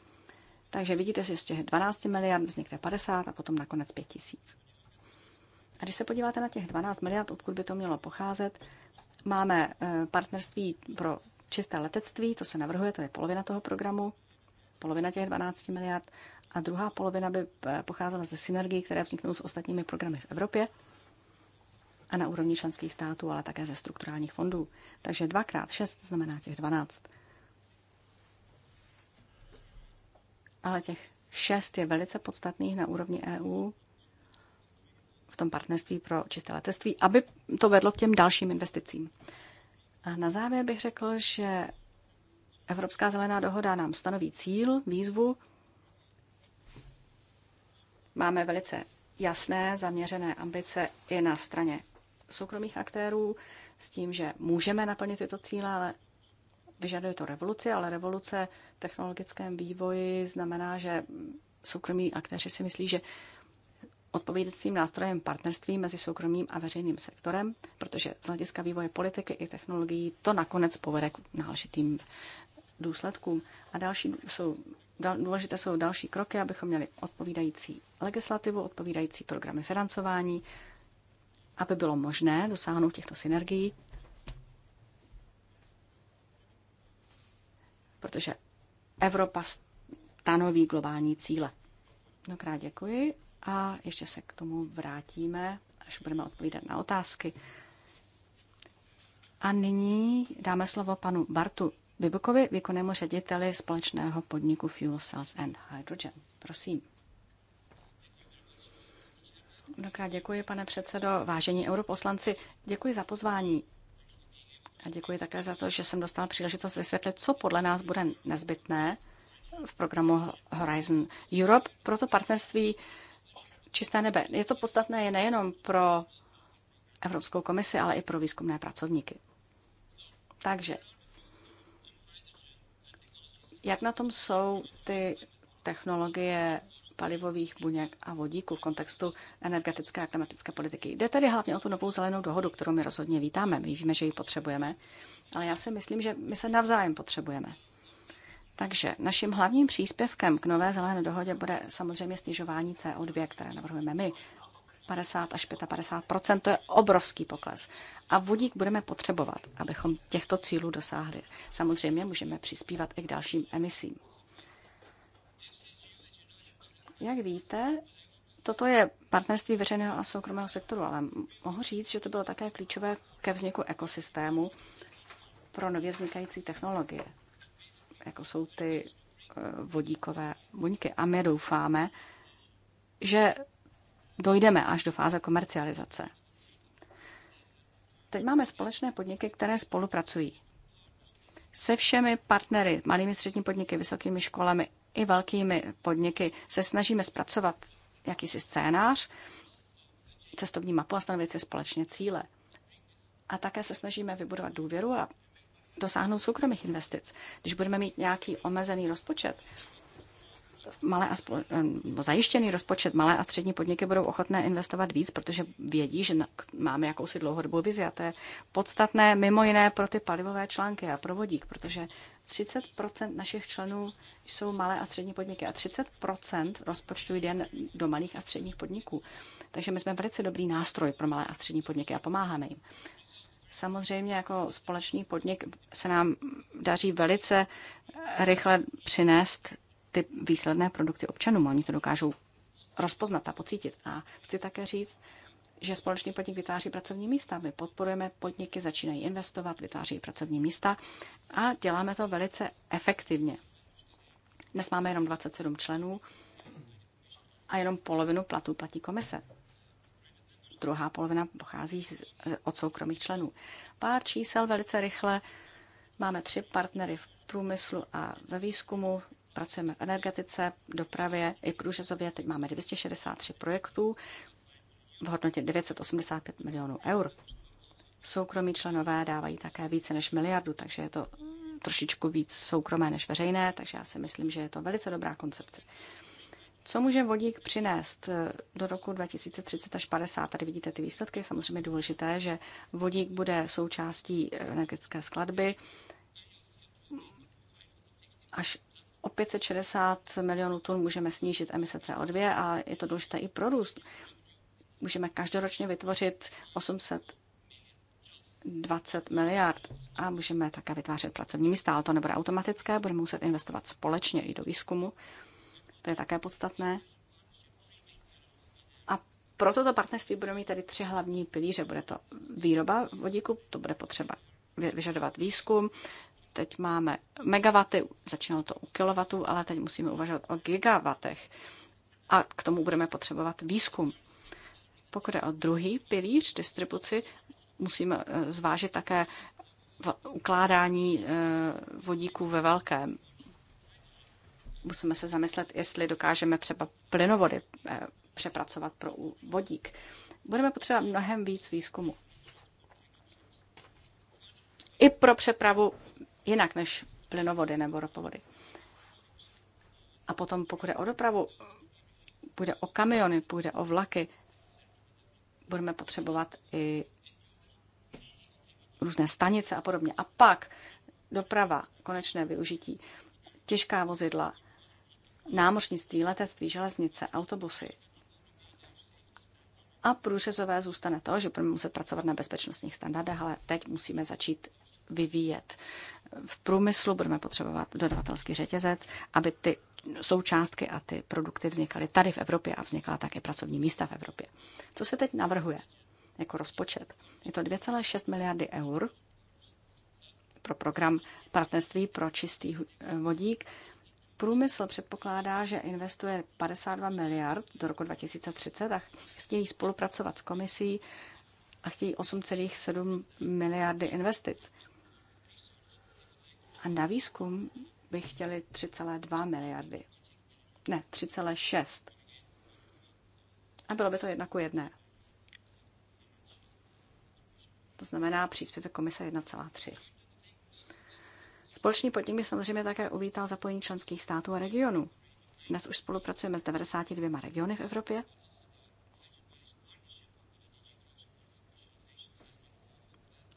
Speaker 5: Takže vidíte, že z těch 12 miliard vznikne 50 a potom nakonec 5 tisíc. A když se podíváte na těch 12 miliard, odkud by to mělo pocházet, máme eh, partnerství pro čisté letectví, to se navrhuje, to je polovina toho programu, polovina těch 12 miliard a druhá polovina by eh, pocházela ze synergii, které vzniknou s ostatními programy v Evropě a na úrovni členských států, ale také ze strukturálních fondů. Takže 2 x 6 znamená těch 12. ale těch šest je velice podstatných na úrovni EU v tom partnerství pro čisté letectví, aby to vedlo k těm dalším investicím. A na závěr bych řekl, že Evropská zelená dohoda nám stanoví cíl, výzvu. Máme velice jasné, zaměřené ambice i na straně soukromých aktérů s tím, že můžeme naplnit tyto cíle, ale Vyžaduje to revoluci, ale revoluce v technologickém vývoji znamená, že soukromí aktéři si myslí, že odpovídajícím nástrojem partnerství mezi soukromým a veřejným sektorem, protože z hlediska vývoje politiky i technologií to nakonec povede k náležitým důsledkům. A další jsou, důležité jsou další kroky, abychom měli odpovídající legislativu, odpovídající programy financování, aby bylo možné dosáhnout těchto synergií protože Evropa stanoví globální cíle. Mnohokrát děkuji a ještě se k tomu vrátíme, až budeme odpovídat na otázky. A nyní dáme slovo panu Bartu Bibukovi, výkonnému řediteli společného podniku Fuel Cells and Hydrogen. Prosím. Dokrát děkuji, pane předsedo. Vážení europoslanci, děkuji za pozvání. A děkuji také za to, že jsem dostala příležitost vysvětlit, co podle nás bude nezbytné v programu Horizon Europe pro to partnerství čisté nebe. Je to podstatné je nejenom pro Evropskou komisi, ale i pro výzkumné pracovníky. Takže, jak na tom jsou ty technologie palivových buněk a vodíku v kontextu energetické a klimatické politiky. Jde tedy hlavně o tu novou zelenou dohodu, kterou my rozhodně vítáme. My víme, že ji potřebujeme, ale já si myslím, že my se navzájem potřebujeme. Takže naším hlavním příspěvkem k nové zelené dohodě bude samozřejmě snižování CO2, které navrhujeme my. 50 až 55 to je obrovský pokles. A vodík budeme potřebovat, abychom těchto cílů dosáhli. Samozřejmě můžeme přispívat i k dalším emisím. Jak víte, toto je partnerství veřejného a soukromého sektoru, ale mohu říct, že to bylo také klíčové ke vzniku ekosystému pro nově vznikající technologie, jako jsou ty e, vodíkové buňky. A my doufáme, že dojdeme až do fáze komercializace. Teď máme společné podniky, které spolupracují se všemi partnery, malými střední podniky, vysokými školami i velkými podniky se snažíme zpracovat jakýsi scénář, cestovní mapu a stanovit si společně cíle. A také se snažíme vybudovat důvěru a dosáhnout soukromých investic. Když budeme mít nějaký omezený rozpočet, malé a spole, eh, zajištěný rozpočet, malé a střední podniky budou ochotné investovat víc, protože vědí, že máme jakousi dlouhodobou vizi a to je podstatné mimo jiné pro ty palivové články a pro vodík, protože 30 našich členů jsou malé a střední podniky a 30 rozpočtu jde do malých a středních podniků. Takže my jsme velice dobrý nástroj pro malé a střední podniky a pomáháme jim. Samozřejmě jako společný podnik se nám daří velice rychle přinést ty výsledné produkty občanům. Oni to dokážou rozpoznat a pocítit. A chci také říct, že společný podnik vytváří pracovní místa. My podporujeme podniky, začínají investovat, vytváří pracovní místa a děláme to velice efektivně. Dnes máme jenom 27 členů a jenom polovinu platů platí komise. Druhá polovina pochází od soukromých členů. Pár čísel velice rychle. Máme tři partnery v průmyslu a ve výzkumu, pracujeme v energetice, dopravě i průřezově. Teď máme 263 projektů v hodnotě 985 milionů eur. Soukromí členové dávají také více než miliardu, takže je to trošičku víc soukromé než veřejné, takže já si myslím, že je to velice dobrá koncepce. Co může vodík přinést eh, do roku 2030 až 50? Tady vidíte ty výsledky. Je samozřejmě důležité, že vodík bude součástí eh, energetické skladby až o 560 milionů tun můžeme snížit emise CO2 a je to důležité i pro růst. Můžeme každoročně vytvořit 800 20 miliard a můžeme také vytvářet pracovní místa, ale to nebude automatické, budeme muset investovat společně i do výzkumu. To je také podstatné. A pro toto partnerství budeme mít tady tři hlavní pilíře. Bude to výroba vodíku, to bude potřeba vyžadovat výzkum. Teď máme megawaty, začínalo to u kilowatů, ale teď musíme uvažovat o gigawatech. A k tomu budeme potřebovat výzkum. Pokud je o druhý pilíř, distribuci, musím eh, zvážit také ukládání eh, vodíků ve velkém. Musíme se zamyslet, jestli dokážeme třeba plynovody eh, přepracovat pro vodík. Budeme potřebovat mnohem víc výzkumu. I pro přepravu jinak než plynovody nebo ropovody. A potom, pokud je o dopravu, půjde o kamiony, půjde o vlaky, budeme potřebovat i různé stanice a podobně. A pak doprava, konečné využití, těžká vozidla, námořnictví, letectví, železnice, autobusy. A průřezové zůstane to, že budeme muset pracovat na bezpečnostních standardech, ale teď musíme začít vyvíjet. V průmyslu budeme potřebovat dodavatelský řetězec, aby ty součástky a ty produkty vznikaly tady v Evropě a vznikala také pracovní místa v Evropě. Co se teď navrhuje? jako rozpočet. Je to 2,6 miliardy eur pro program Partnerství pro čistý vodík. Průmysl předpokládá, že investuje 52 miliard do roku 2030 a chtějí spolupracovat s komisí a chtějí 8,7 miliardy investic. A na výzkum by chtěli 3,2 miliardy. Ne, 3,6. A bylo by to jedna ku jedné. To znamená příspěvek komise 1,3. Společný podnik by samozřejmě také uvítal zapojení členských států a regionů. Dnes už spolupracujeme s 92 regiony v Evropě.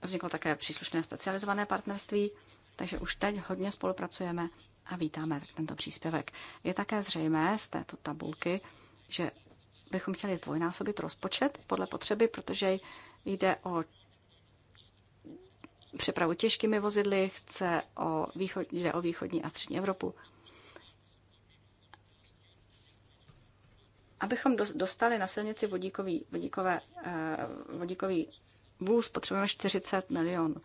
Speaker 5: Vzniklo také příslušné specializované partnerství, takže už teď hodně spolupracujeme a vítáme tento příspěvek. Je také zřejmé z této tabulky, že bychom chtěli zdvojnásobit rozpočet podle potřeby, protože jde o přepravu těžkými vozidly, chce o východ, jde o východní a střední Evropu. Abychom dostali na silnici vodíkový, vodíkové, eh, vodíkový vůz, potřebujeme 40 milionů,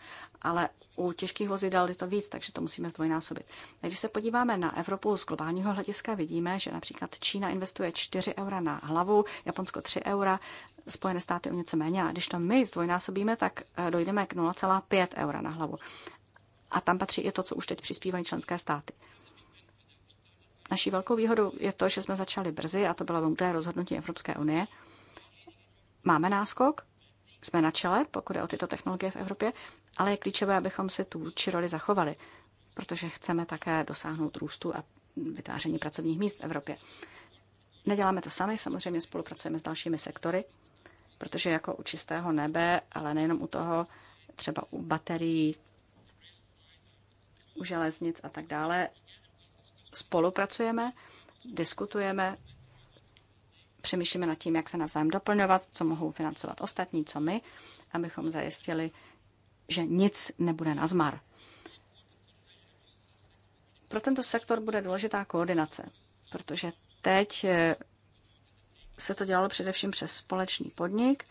Speaker 5: ale u těžkých vozidel je to víc, takže to musíme zdvojnásobit. A když se podíváme na Evropu z globálního hlediska, vidíme, že například Čína investuje 4 eura na hlavu, Japonsko 3 eura, Spojené státy o něco méně, a když to my zdvojnásobíme, tak eh, dojdeme k 0,5 eura na hlavu. A tam patří i to, co už teď přispívají členské státy. Naší velkou výhodou je to, že jsme začali brzy, a to bylo vnuté rozhodnutí Evropské unie. Máme náskok, jsme na čele, pokud je o tyto technologie v Evropě, ale je klíčové, abychom si tu či roli zachovali, protože chceme také dosáhnout růstu a vytváření pracovních míst v Evropě. Neděláme to sami, samozřejmě spolupracujeme s dalšími sektory, protože jako u čistého nebe, ale nejenom u toho, třeba u baterií, u železnic a tak dále, spolupracujeme, diskutujeme, přemýšlíme nad tím, jak se navzájem doplňovat, co mohou financovat ostatní, co my, abychom zajistili, že nic nebude na zmar. Pro tento sektor bude důležitá koordinace, protože teď eh, se to dělalo především přes společný podnik.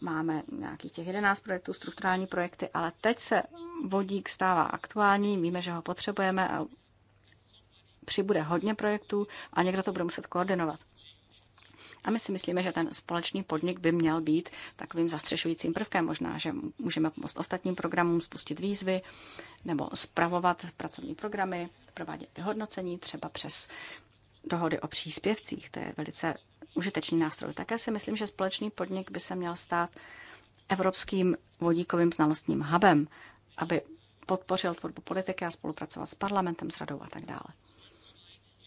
Speaker 5: Máme nějakých těch 11 projektů, strukturální projekty, ale teď se vodík stává aktuální, víme, že ho potřebujeme a přibude hodně projektů a někdo to bude muset koordinovat. A my si myslíme, že ten společný podnik by měl být takovým zastřešujícím prvkem. Možná, že můžeme pomoct ostatním programům spustit výzvy nebo spravovat pracovní programy, provádět vyhodnocení třeba přes dohody o příspěvcích. To je velice užitečný nástroj. Také si myslím, že společný podnik by se měl stát evropským vodíkovým znalostním hubem, aby podpořil tvorbu politiky a spolupracoval s parlamentem, s radou a tak dále.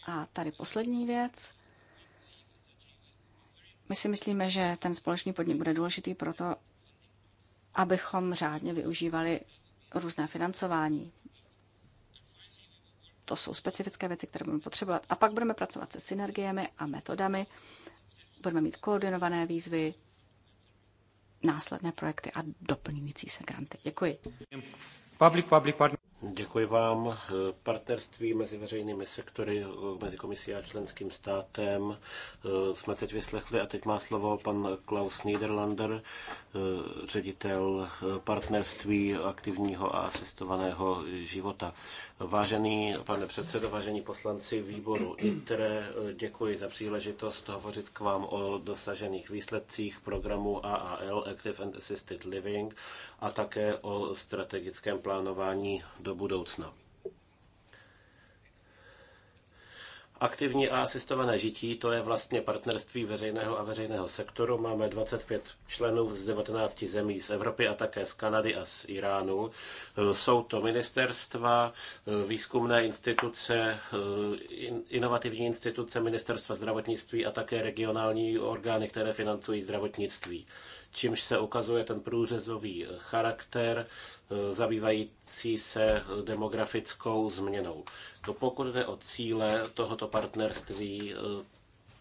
Speaker 5: A tady poslední věc. My si myslíme, že ten společný podnik bude důležitý proto, abychom řádně využívali různé financování, to jsou specifické věci, které budeme potřebovat. A pak budeme pracovat se synergiemi a metodami. Budeme mít koordinované výzvy, následné projekty a doplňující se granty. Děkuji.
Speaker 3: Public, public Děkuji vám. Partnerství mezi veřejnými sektory, mezi komisí a členským státem jsme teď vyslechli a teď má slovo pan Klaus Niederlander, ředitel partnerství aktivního a asistovaného života. Vážený pane předsedo, vážení poslanci výboru ITRE, děkuji za příležitost hovořit k vám o dosažených výsledcích programu AAL, Active and Assisted Living, a také o strategickém plánování do budoucna. Aktivní a asistované žití, to je vlastně partnerství veřejného a veřejného sektoru. Máme 25 členů z 19 zemí z Evropy a také z Kanady a z Iránu. Jsou to ministerstva, výzkumné instituce, inovativní instituce, ministerstva zdravotnictví a také regionální orgány, které financují zdravotnictví čímž se ukazuje ten průřezový charakter zabývající se demografickou změnou. To pokud jde o cíle tohoto partnerství,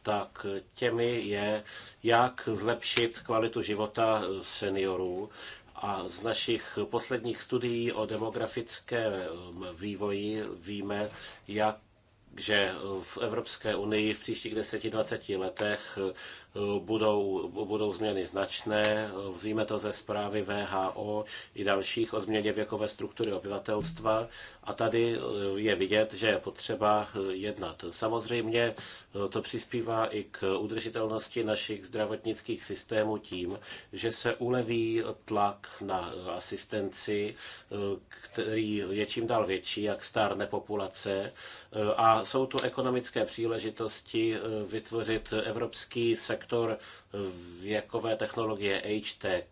Speaker 3: tak těmi je, jak zlepšit kvalitu života seniorů. A z našich posledních studií o demografickém vývoji víme, jak že v Evropské unii v příštích 10-20 letech budou, budou změny značné. Vzíme to ze zprávy VHO i dalších o změně věkové struktury obyvatelstva. A tady je vidět, že je potřeba jednat. Samozřejmě to přispívá i k udržitelnosti našich zdravotnických systémů tím, že se uleví tlak na asistenci, který je čím dál větší, jak stárne populace. A jsou tu ekonomické příležitosti vytvořit evropský sektor sektor věkové technologie HTech.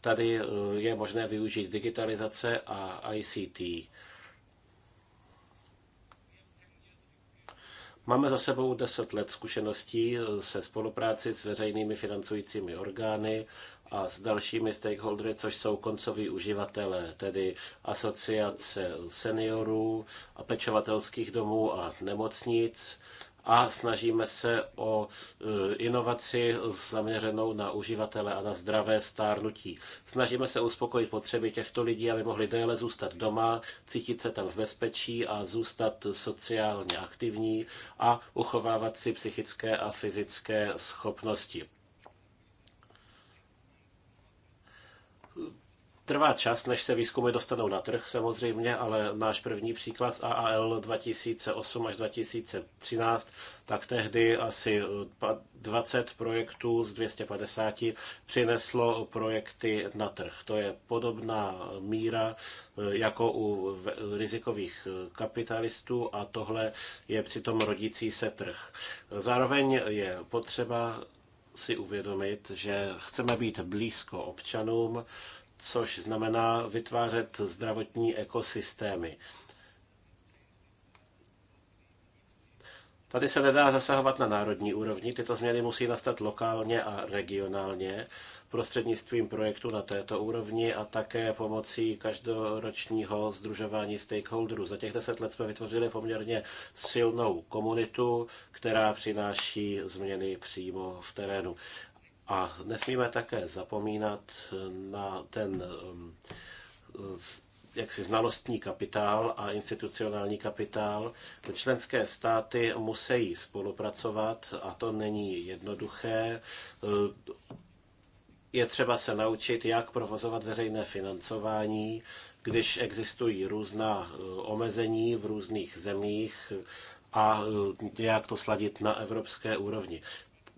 Speaker 3: Tady eh, je možné využít digitalizace a ICT. Máme za sebou 10 let zkušeností eh, se spolupráci s veřejnými financujícími orgány a s dalšími stakeholdery, což jsou koncoví uživatelé, tedy asociace seniorů a pečovatelských domů a nemocnic, a snažíme se o e, inovaci zaměřenou na uživatele a na zdravé stárnutí. Snažíme se uspokojit potřeby těchto lidí, aby mohli déle zůstat doma, cítit se tam v bezpečí a zůstat sociálně aktivní a uchovávat si psychické a fyzické schopnosti. Trvá čas, než se výzkumy dostanou na trh samozřejmě, ale náš první příklad z AAL 2008 až 2013, tak tehdy asi 20 eh, projektů z 250 přineslo projekty na trh. To je podobná eh, míra eh, jako u rizikových kapitalistů a tohle je přitom rodící se trh. Zároveň je potřeba si uvědomit, že chceme být blízko občanům, což znamená vytvářet zdravotní ekosystémy. Tady se nedá zasahovat na národní úrovni, tyto změny musí nastat lokálně a regionálně prostřednictvím projektu na této úrovni a také pomocí každoročního združování stakeholderů. Za těch deset let jsme vytvořili poměrně silnou komunitu, která přináší změny přímo v terénu. A nesmíme také zapomínat na ten um, jaksi znalostní kapitál a institucionální kapitál. Členské státy musí spolupracovat a to není jednoduché. Je třeba se naučit, jak provozovat veřejné financování, když existují různá uh, omezení v různých zemích a uh, jak to sladit na evropské úrovni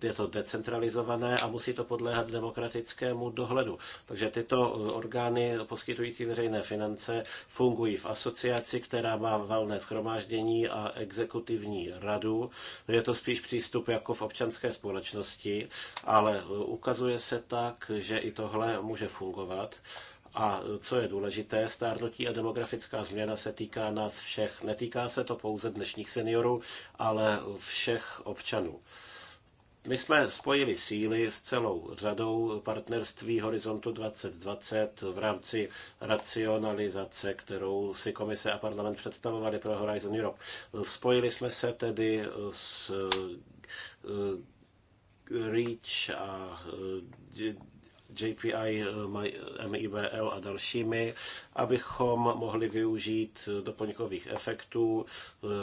Speaker 3: je to decentralizované a musí to podléhat demokratickému dohledu. Takže tyto eh, orgány poskytující veřejné finance fungují v asociaci, která má valné schromáždění a exekutivní radu. Je to spíš přístup jako v občanské společnosti, ale eh, ukazuje se tak, že i tohle může fungovat. A eh, co je důležité, stárnutí a demografická změna se týká nás všech. Netýká se to pouze dnešních seniorů, ale všech občanů. My jsme spojili síly s celou řadou partnerství Horizontu 2020 v rámci racionalizace, kterou si komise a parlament představovali pro Horizon Europe. Spojili jsme se tedy s eh, eh, REACH a eh, JPI, eh, MIBL eh, a dalšími, abychom mohli využít eh, doplňkových efektů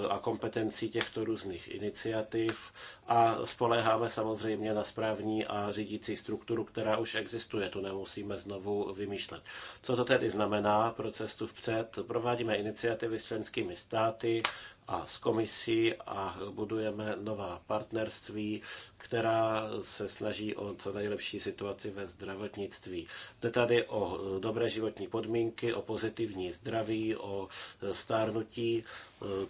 Speaker 3: a kompetencí těchto různých iniciativ a spoléháme samozřejmě na správní a řídící strukturu, která už existuje, tu nemusíme znovu vymýšlet. Co to tedy znamená pro cestu vpřed? Provádíme iniciativy s členskými státy, a s komisí a budujeme nová partnerství, která se snaží o co nejlepší situaci ve zdravotnictví. Jde tady o dobré životní podmínky, o pozitivní zdraví, o stárnutí,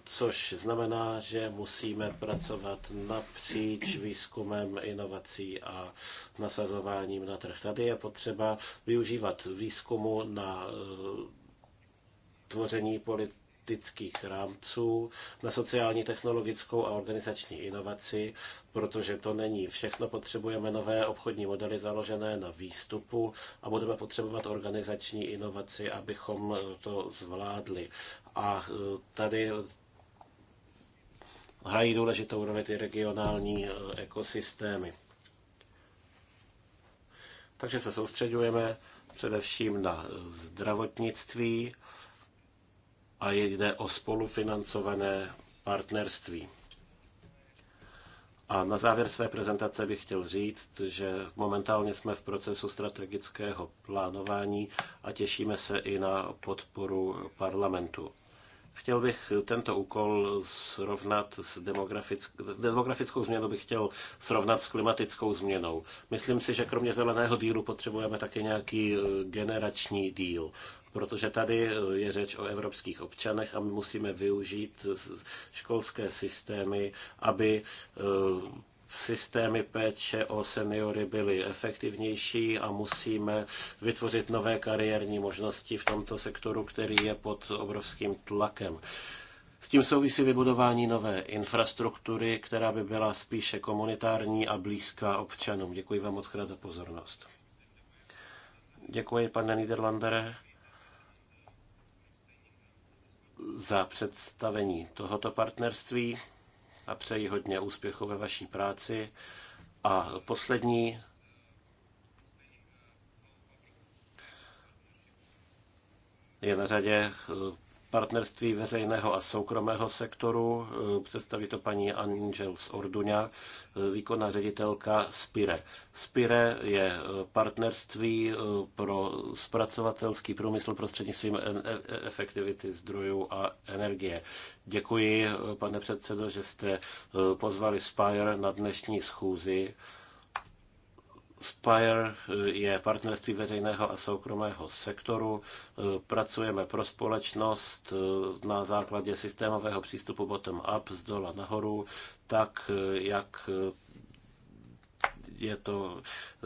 Speaker 3: což znamená, že musíme pracovat napříč výzkumem, inovací a nasazováním na trh. Tady je potřeba využívat výzkumu na tvoření polit, etických rámců, na sociální, technologickou a organizační inovaci, protože to není všechno. Potřebujeme nové obchodní modely založené na výstupu a budeme potřebovat organizační inovaci, abychom to zvládli. A e, tady hrají důležitou roli ty regionální e, ekosystémy. Takže se soustředujeme především na zdravotnictví a jde o spolufinancované partnerství. A na závěr své prezentace bych chtěl říct, že momentálně jsme v procesu strategického plánování a těšíme se i na podporu parlamentu. Chtěl bych tento úkol srovnat s demografickou, demografickou změnou, bych chtěl srovnat s klimatickou změnou. Myslím si, že kromě zeleného dílu potřebujeme také nějaký eh, generační díl protože tady eh, je řeč o evropských občanech a my musíme využít školské systémy, aby eh, systémy péče o seniory byly efektivnější a musíme vytvořit nové kariérní možnosti v tomto sektoru, který je pod obrovským tlakem. S tím souvisí vybudování nové infrastruktury, která by byla spíše komunitární a blízká občanům. Děkuji vám moc krát za pozornost. Děkuji, pane Niederlandere za představení tohoto partnerství a přeji hodně úspěchu ve vaší práci. A poslední je na řadě eh, partnerství veřejného a soukromého sektoru. Eh, představí to paní Angels Orduňa, eh, výkonná ředitelka Spire. Spire je eh, partnerství pro zpracovatelský průmysl prostřednictvím e-, e-, efektivity zdrojů a energie. Děkuji, pane předsedo, že jste pozvali Spire na dnešní schůzi. Spire eh, je partnerství veřejného a soukromého sektoru. Eh, pracujeme pro společnost eh, na základě systémového přístupu bottom-up z dola nahoru, tak jak je to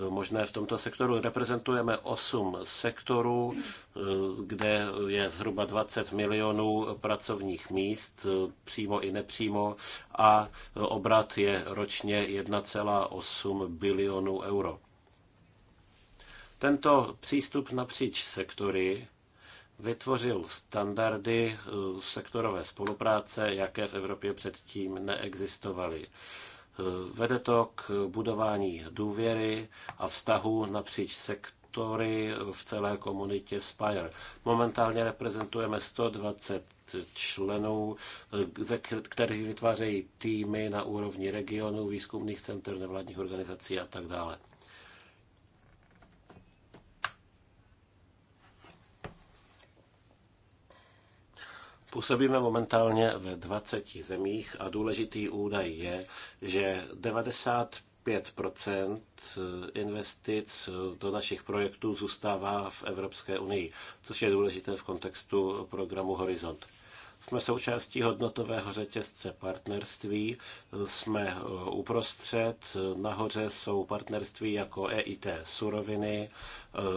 Speaker 3: možné v tomto sektoru. Reprezentujeme 8 sektorů, kde je zhruba 20 milionů pracovních míst, přímo i nepřímo, a obrat je ročně 1,8 bilionů euro. Tento přístup napříč sektory vytvořil standardy eh, sektorové spolupráce, jaké v Evropě předtím neexistovaly. Eh, vede to k budování důvěry a vztahu napříč sektory v celé komunitě Spire. Momentálně reprezentujeme 120 členů, eh, ze kterých vytvářejí týmy na úrovni regionů, výzkumných center, nevládních organizací a tak dále. Působíme momentálně ve 20 zemích a důležitý údaj je, že 5% eh, investic eh, do našich projektů zůstává v Evropské unii, což je důležité v kontextu programu Horizont. Jsme součástí hodnotového řetězce partnerství, eh, jsme uprostřed, nahoře jsou partnerství jako EIT suroviny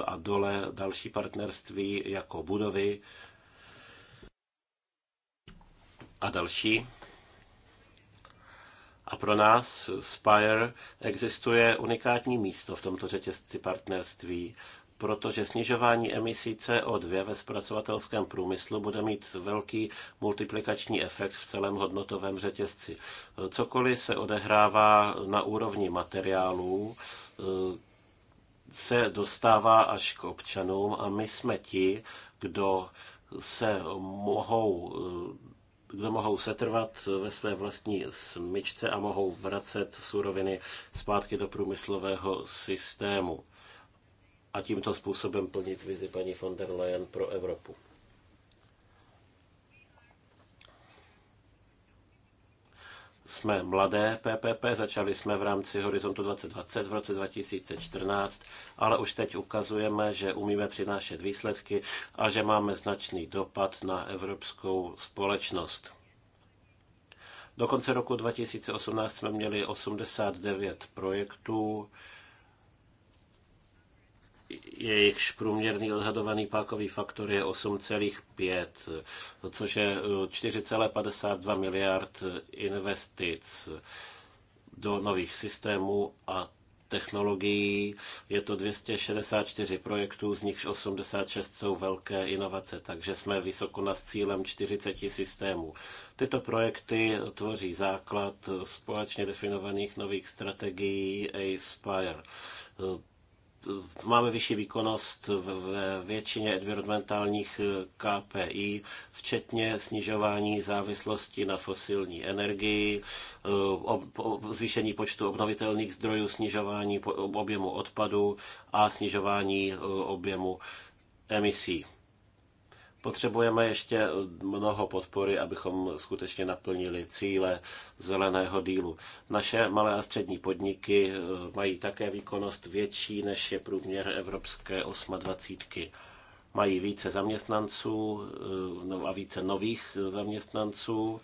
Speaker 3: a dole další partnerství jako budovy a další. A pro nás, Spire, existuje unikátní místo v tomto řetězci partnerství, protože snižování emisí CO2 ve zpracovatelském průmyslu bude mít velký multiplikační efekt v celém hodnotovém řetězci. Cokoliv se odehrává na úrovni materiálů, se dostává až k občanům a my jsme ti, kdo se mohou kde mohou setrvat ve své vlastní smyčce a mohou vracet suroviny zpátky do průmyslového systému a tímto způsobem plnit vizi paní von der Leyen pro Evropu. jsme mladé PPP, začali jsme v rámci Horizontu 2020 v roce 2014, ale už teď ukazujeme, že umíme přinášet výsledky a že máme značný dopad na evropskou společnost. Do konce roku 2018 jsme měli 89 projektů, jejichž průměrný odhadovaný pákový faktor je 8,5, což je 4,52 eh, miliard investic do nových systémů a technologií. Je to 264 projektů, z nichž 86 jsou velké inovace, takže jsme vysoko nad cílem 40 systémů. Tyto projekty tvoří základ společně definovaných nových strategií Aspire máme vyšší výkonnost v většině environmentálních eh, KPI, včetně snižování závislosti na fosilní energii, eh, zvýšení počtu obnovitelných zdrojů, snižování objemu odpadu a snižování eh, objemu emisí. Potřebujeme ještě mnoho podpory, abychom skutečně naplnili cíle zeleného dílu. Naše malé a střední podniky eh, mají také výkonnost větší, než je průměr evropské 28 mají více zaměstnanců eh, no, a více nových eh, zaměstnanců,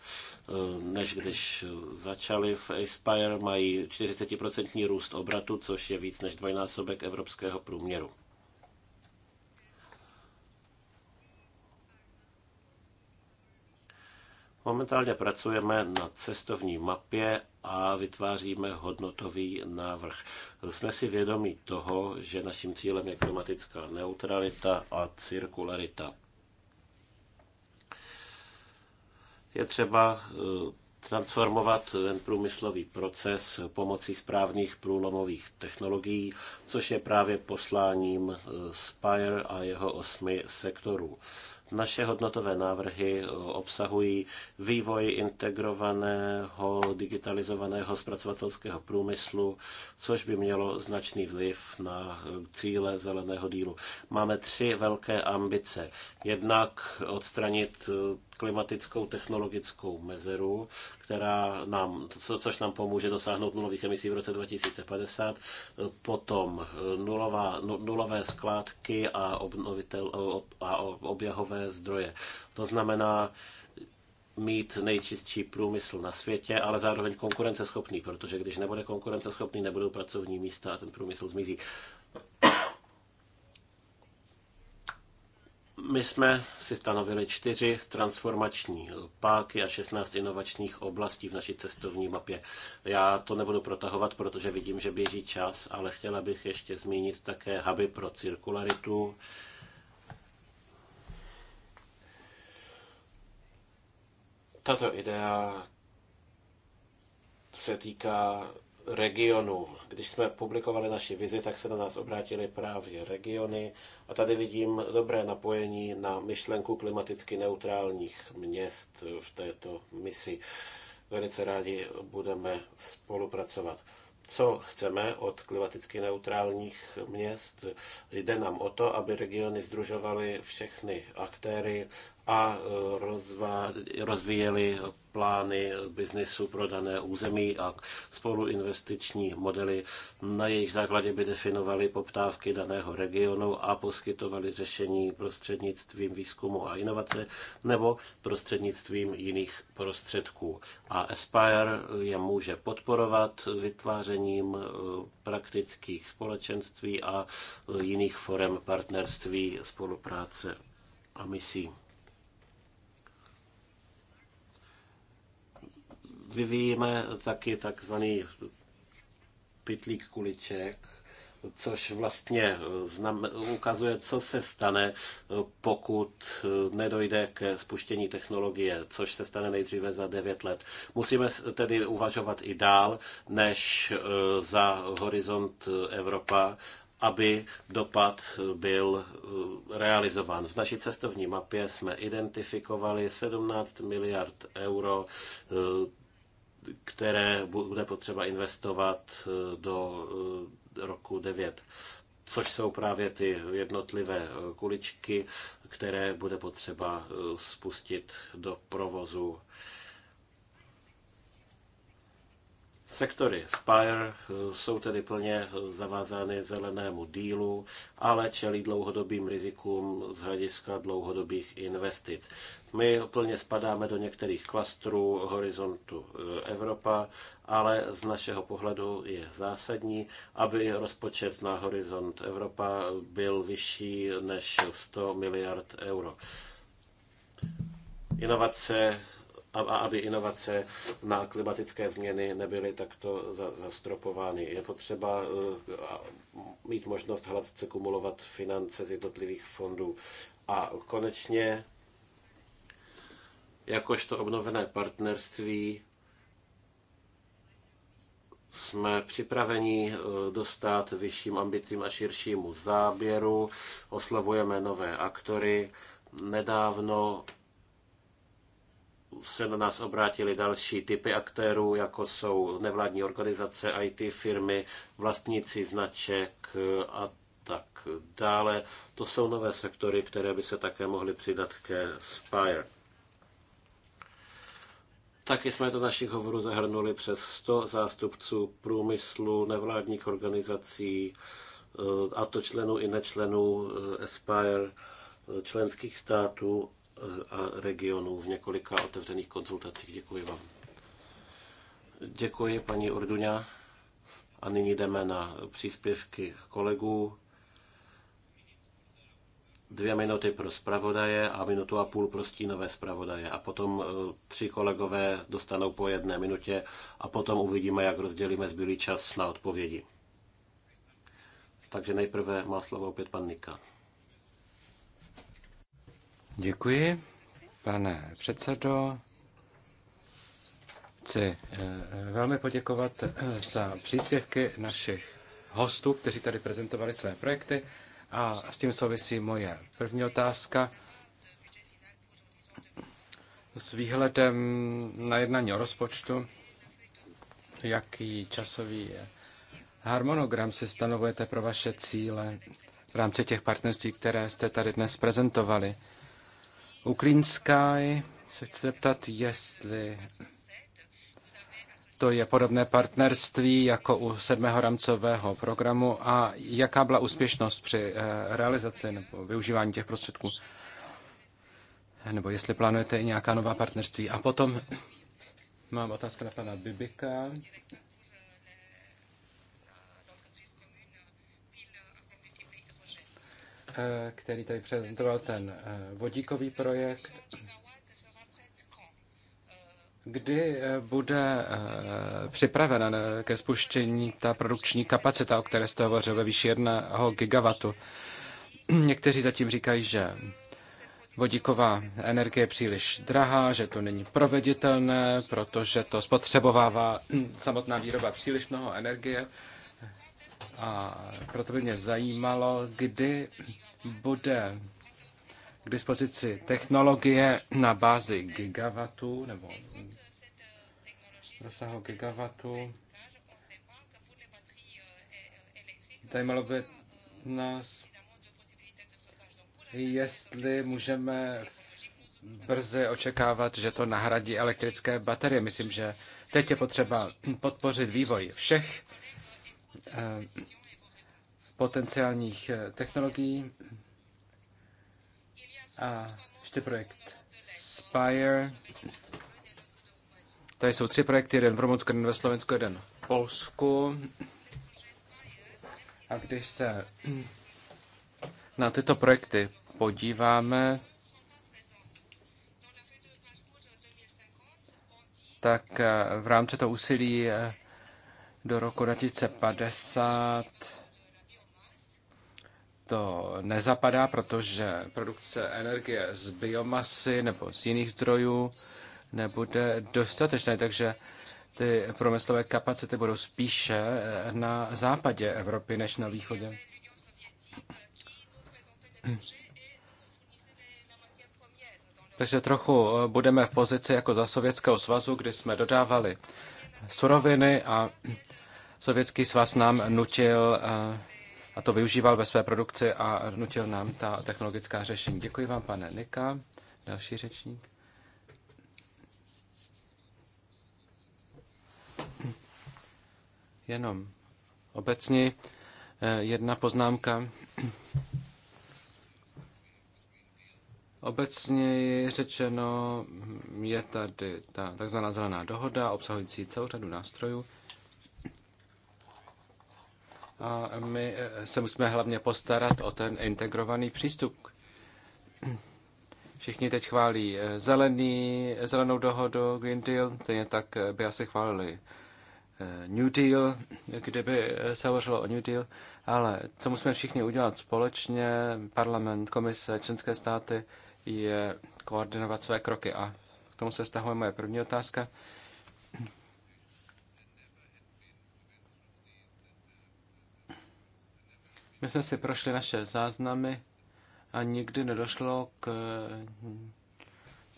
Speaker 3: než když začali v Aspire, mají 40% růst obratu, což je víc než dvojnásobek evropského průměru. Momentálně pracujeme na cestovní mapě a vytváříme hodnotový návrh. Jsme si vědomi toho, že naším cílem je klimatická neutralita a cirkularita. Je třeba eh, transformovat ten průmyslový proces pomocí správných průlomových technologií, což je právě posláním eh, Spire a jeho osmi sektorů. Naše hodnotové návrhy eh, obsahují vývoj integrovaného digitalizovaného zpracovatelského průmyslu, což by mělo značný vliv na eh, cíle zeleného dílu. Máme tři velké ambice. Jednak odstranit eh, klimatickou technologickou mezeru, která nám, co, což nám pomůže dosáhnout nulových emisí v roce 2050, potom eh, nulová, nulové skládky a, obnovitel, a oběhové zdroje. To znamená, mít nejčistší průmysl na světě, ale zároveň konkurenceschopný, protože když nebude konkurenceschopný, nebudou pracovní místa a ten průmysl zmizí. My jsme si stanovili čtyři transformační páky a 16 inovačních oblastí v naší cestovní mapě. Já to nebudu protahovat, protože vidím, že běží čas, ale chtěla bych ještě zmínit také huby pro cirkularitu. Tato idea se týká regionů. Když jsme publikovali naši vizi, tak se na nás obrátili právě regiony a tady vidím dobré napojení na myšlenku klimaticky neutrálních měst v této misi. Velice rádi budeme spolupracovat co chceme od klimaticky neutrálních měst. Jde nám o to, aby regiony združovaly všechny aktéry a e, rozvá, rozvíjeli plány biznesu pro dané území a spoluinvestiční modely, na jejich základě by definovali poptávky daného regionu a poskytovali řešení prostřednictvím výzkumu a inovace nebo prostřednictvím jiných prostředků. A Aspire je může podporovat vytvářením e, praktických společenství a e, jiných forem partnerství, spolupráce a misí. vyvíjíme taky takzvaný pytlík kuliček, což vlastně znam, ukazuje, co se stane, pokud nedojde k spuštění technologie, což se stane nejdříve za 9 let. Musíme tedy uvažovat i dál, než eh, za horizont Evropa, aby dopad byl eh, realizován. V naší cestovní mapě jsme identifikovali 17 miliard euro eh, které bude potřeba investovat e, do e, roku 9 což jsou právě ty jednotlivé e, kuličky, které bude potřeba spustit do provozu Sektory Spire eh, jsou tedy plně eh, zavázány zelenému dílu, ale čelí dlouhodobým rizikům z hlediska dlouhodobých investic. My plně spadáme do některých klastrů horizontu eh, Evropa, ale z našeho pohledu je zásadní, aby rozpočet na horizont Evropa byl vyšší než 100 miliard euro. Inovace a aby inovace na klimatické změny nebyly takto zastropovány. Je potřeba eh, mít možnost hladce kumulovat finance z jednotlivých fondů. A konečně, jakožto obnovené partnerství, jsme připraveni eh, dostat vyšším ambicím a širšímu záběru, oslavujeme nové aktory. Nedávno se na nás obrátili další typy aktérů, jako jsou nevládní organizace, IT firmy, vlastníci značek a tak dále. To jsou nové sektory, které by se také mohly přidat ke Spire. Taky jsme do našich hovorů zahrnuli přes 100 zástupců průmyslu, nevládních organizací, eh, a to členů i nečlenů Aspire eh, eh, členských států a regionů v několika otevřených konzultacích. Děkuji vám. Děkuji, paní Urduňa. A nyní jdeme na příspěvky kolegů. Dvě minuty pro zpravodaje a minutu a půl pro stínové zpravodaje. A potom eh, tři kolegové dostanou po jedné minutě a potom uvidíme, jak rozdělíme zbylý čas na odpovědi. Takže nejprve má slovo opět pan Nika.
Speaker 1: Děkuji, pane předsedo. Chci eh, velmi poděkovat eh, za příspěvky našich hostů, kteří tady prezentovali své projekty. A s tím souvisí moje první otázka. S výhledem na jednání o rozpočtu, jaký časový harmonogram si stanovujete pro vaše cíle v rámci těch partnerství, které jste tady dnes prezentovali? Ukrajinská, se chci zeptat, jestli to je podobné partnerství jako u sedmého rámcového programu a jaká byla úspěšnost při eh, realizaci nebo využívání těch prostředků? Nebo jestli plánujete i nějaká nová partnerství? A potom mám otázku na pana Bibika Eh, který tady prezentoval ten eh, vodíkový projekt. Kdy eh, bude připravena ke spuštění ta produkční kapacita, o které jste hovořil, ve výši 1 gigawatu? *clears throat* Někteří zatím říkají, že vodíková energie je příliš drahá, že to není proveditelné, protože to spotřebovává *clears throat* samotná výroba příliš mnoho energie. A proto by mě zajímalo, kdy bude k dispozici technologie na bázi gigawatu nebo rozsahu gigawatu. Zajímalo by nás, jestli můžeme
Speaker 6: brzy
Speaker 1: očekávat, že to nahradí elektrické baterie. Myslím, že teď je potřeba podpořit vývoj všech Eh, potenciálních eh, technologií. A ještě projekt Spire. Tady jsou tři projekty, jeden v Rumunsku, jeden ve Slovensku, jeden v Polsku. A když se na tyto projekty podíváme, tak eh, v rámci toho úsilí do roku 2050 to nezapadá, protože produkce energie z biomasy nebo z jiných zdrojů nebude dostatečné, takže ty průmyslové kapacity budou spíše eh, na západě Evropy než na východě. *clears throat* Takže trochu eh, budeme v pozici jako za Sovětského svazu, kdy jsme dodávali suroviny a Sovětský svaz nám nutil eh, a to využíval ve své produkci a nutil nám ta technologická řešení. Děkuji vám, pane Nika. Další řečník. Jenom obecně eh, jedna poznámka. Obecně řečeno je tady ta takzvaná zelená dohoda, obsahující celou řadu nástrojů, a my eh, se musíme hlavně postarat o ten integrovaný přístup. Všichni teď chválí eh, zelený, zelenou dohodu, Green Deal, stejně tak eh, by asi chválili New Deal, kdyby se hovořilo o New Deal, ale co musíme všichni udělat společně, parlament, komise, členské státy, je koordinovat své kroky. A k tomu se stahuje moje první otázka. My jsme si prošli naše záznamy a nikdy nedošlo k eh,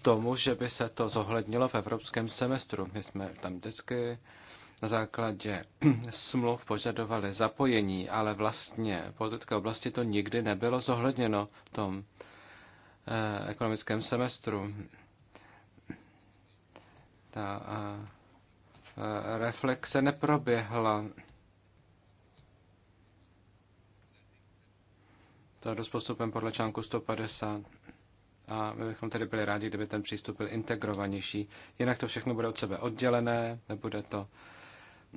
Speaker 1: tomu, že by se to zohlednilo v evropském semestru. My jsme tam vždycky na základě *clears throat* smluv požadovali zapojení, ale vlastně v politické oblasti to nikdy nebylo zohledněno v tom eh, ekonomickém semestru. Ta eh, reflexe neproběhla. to dost postupem podle článku 150. A my bychom tedy byli rádi, kdyby ten přístup byl integrovanější. Jinak to všechno bude od sebe oddělené, nebude to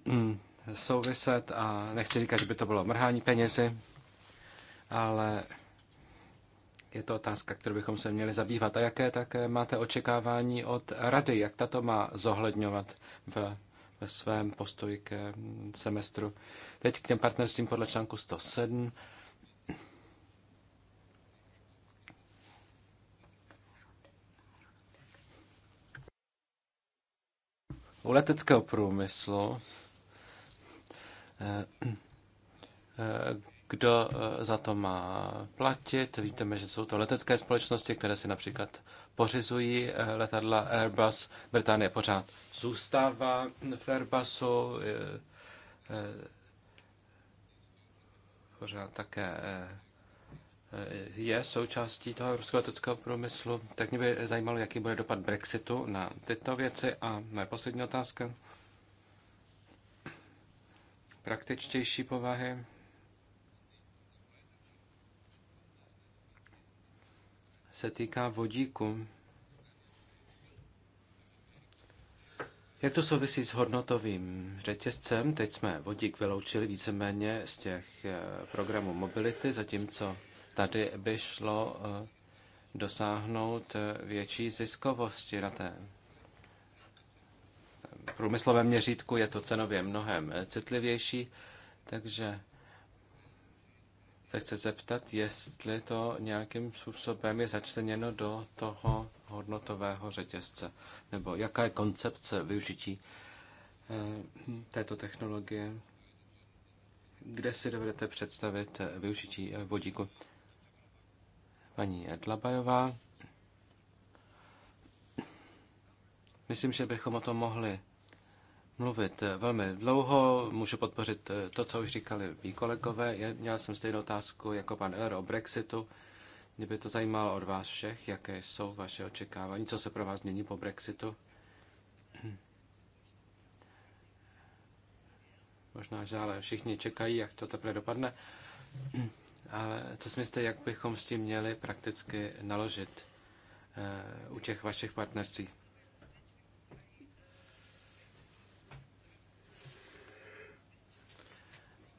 Speaker 1: mm, souviset a nechci říkat, že by to bylo mrhání penězi, ale je to otázka, kterou bychom se měli zabývat. A jaké také máte očekávání od rady? Jak tato má zohledňovat v, ve svém postoji k semestru? Teď k těm partnerstvím podle článku 107. U leteckého průmyslu, eh, eh, kdo eh, za to má platit. Víte, že jsou to letecké společnosti, které si například pořizují letadla Airbus. Británie pořád zůstává v Airbusu, pořád také Eh, je součástí toho ruského leteckého průmyslu, tak mě by zajímalo, jaký bude dopad Brexitu na tyto věci. A moje poslední otázka. Praktičtější povahy. se týká vodíku. Jak to souvisí s hodnotovým řetězcem? Teď jsme vodík vyloučili víceméně z těch eh, programů mobility, zatímco Tady by šlo eh, dosáhnout eh, větší ziskovosti na té průmyslovém měřítku je to cenově mnohem eh, citlivější, takže se chci zeptat, jestli to nějakým způsobem je začleněno do toho hodnotového řetězce, nebo jaká je koncepce využití této technologie, kde si dovedete představit využití vodíku paní Edlabajová. Myslím, že bychom o tom mohli mluvit velmi dlouho. Můžu podpořit to, co už říkali mý kolegové. Já měl jsem stejnou otázku jako pan Eller o Brexitu. Mě by to zajímalo od vás všech, jaké jsou vaše očekávání, co se pro vás mění po Brexitu. Možná, že ale všichni čekají, jak to teprve dopadne ale co si myslíte, jak bychom s tím měli prakticky naložit eh, u těch vašich partnerství?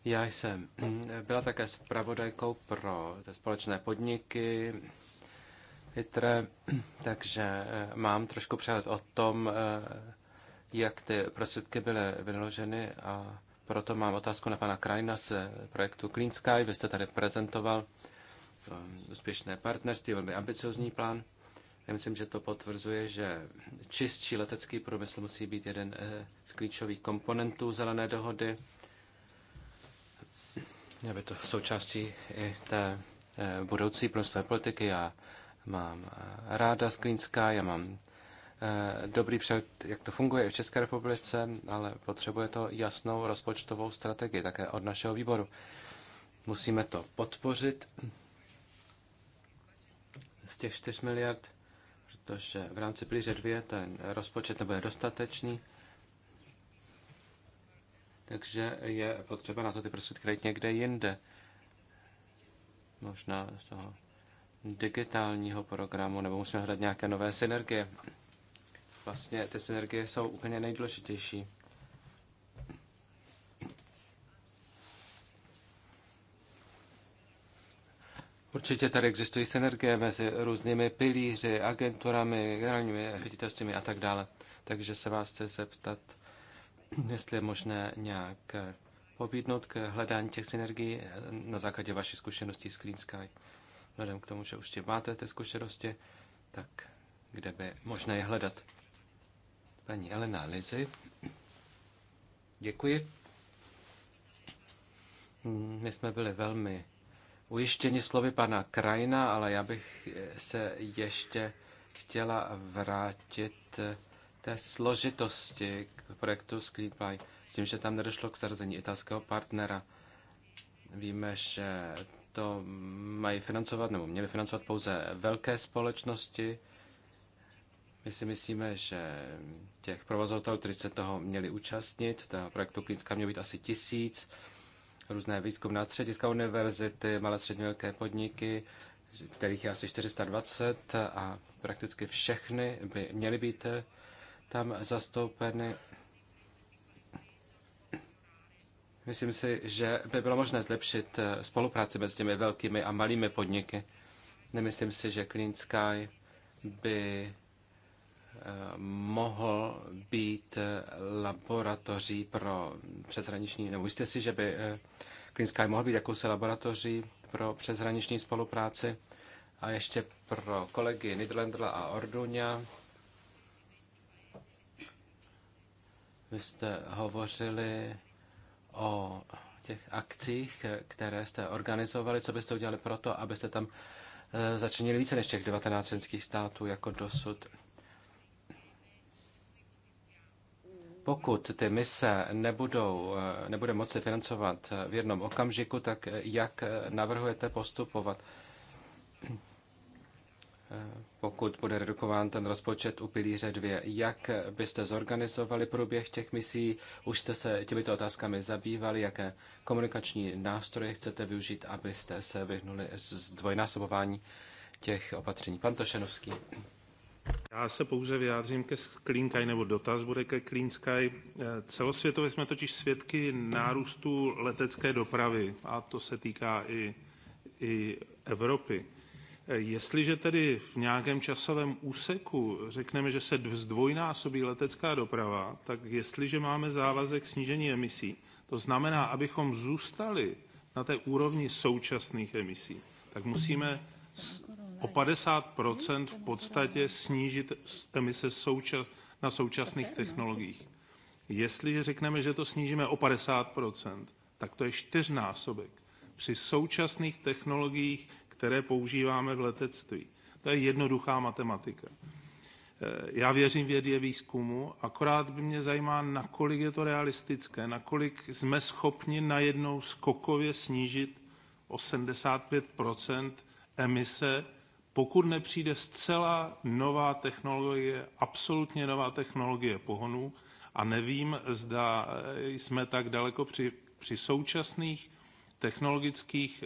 Speaker 1: Já jsem *clears throat* byla také zpravodajkou pro společné podniky, ITRE, *clears throat* takže eh, mám trošku přehled o tom, eh, jak ty prostředky byly vynaloženy a proto mám otázku na pana Krajna z projektu Clean Sky. Vy jste tady prezentoval um, úspěšné partnerství, velmi ambiciozní plán. Já myslím, že to potvrzuje, že čistší letecký průmysl musí být jeden eh, z klíčových komponentů zelené dohody. Měl by to součástí i té eh, budoucí průmyslové politiky. Já mám eh, ráda Screen Sky, já mám Eh, dobrý před, jak to funguje v České republice, ale potřebuje to jasnou rozpočtovou strategii také od našeho výboru. Musíme to podpořit z těch 4 miliard, protože v rámci pilíře 2 ten rozpočet nebude dostatečný, takže je potřeba na to ty prostředky najít někde jinde. Možná z toho digitálního programu, nebo musíme hledat nějaké nové synergie vlastně ty synergie jsou úplně nejdůležitější. Určitě tady existují synergie mezi různými pilíři, agenturami, generálními ředitelstvími a tak dále. Takže se vás chci zeptat, jestli je možné nějak pobídnout k hledání těch synergií na základě vaší zkušeností s Clean Sky. Vzhledem k tomu, že už tě máte ty zkušenosti, tak kde by možné je hledat. Paní Elena Lizy. Děkuji. My jsme byli velmi ujištěni slovy pana Krajina, ale já bych se ještě chtěla vrátit té složitosti k projektu Sklípaj, s tím, že tam nedošlo k zařazení italského partnera. Víme, že to mají financovat, nebo měly financovat pouze velké společnosti, my si myslíme, že těch provozovatelů, kteří se toho měli účastnit, ta projektu Klínská měl být asi tisíc, různé výzkumná střediska, univerzity, malé střední, velké podniky, kterých je asi 420 a prakticky všechny by měly být eh, tam zastoupeny. Myslím si, že by bylo možné zlepšit eh, spolupráci mezi těmi velkými a malými podniky. Nemyslím si, že Clean Sky by mohl být laboratoří pro přeshraniční, nebo jste si, že by Green eh, Sky mohl být jakousi laboratoří pro přeshraniční spolupráci? A ještě pro kolegy Nidlendla a Orduňa. Vy jste hovořili o těch akcích, které jste organizovali. Co byste udělali pro to, abyste tam eh, začinili více než těch 19 členských států jako dosud? Pokud ty mise nebudou, eh, nebude moci financovat eh, v jednom okamžiku, tak eh, jak navrhujete postupovat? pokud bude redukován ten rozpočet u pilíře 2. Jak byste zorganizovali průběh těch misí? Už jste se těmito otázkami zabývali? Jaké komunikační nástroje chcete využít, abyste se vyhnuli dvojnásobování těch opatření? Pan Tošenovský.
Speaker 4: Já se pouze vyjádřím ke Clean Sky, nebo dotaz bude ke Clean Sky. Eh, celosvětově jsme totiž svědky nárůstu letecké dopravy a to se týká i, i Evropy. Eh, jestliže tedy v nějakém časovém úseku řekneme, že se zdvojnásobí letecká doprava, tak jestliže máme závazek snížení emisí, to znamená, abychom zůstali na té úrovni současných emisí, tak musíme o 50 v podstatě snížit emise součas, na současných technologiích. Jestliže řekneme, že to snížíme o 50 tak to je čtyřnásobek při současných technologiích, které používáme v letectví. To je jednoduchá matematika. Eh, já věřím vědě výzkumu, akorát by mě zajímá, nakolik je to realistické, nakolik jsme schopni najednou skokově snížit o 75 emise pokud nepřijde zcela nová technologie, absolutně nová technologie pohonu, a nevím, zda jsme tak daleko při, při současných technologických,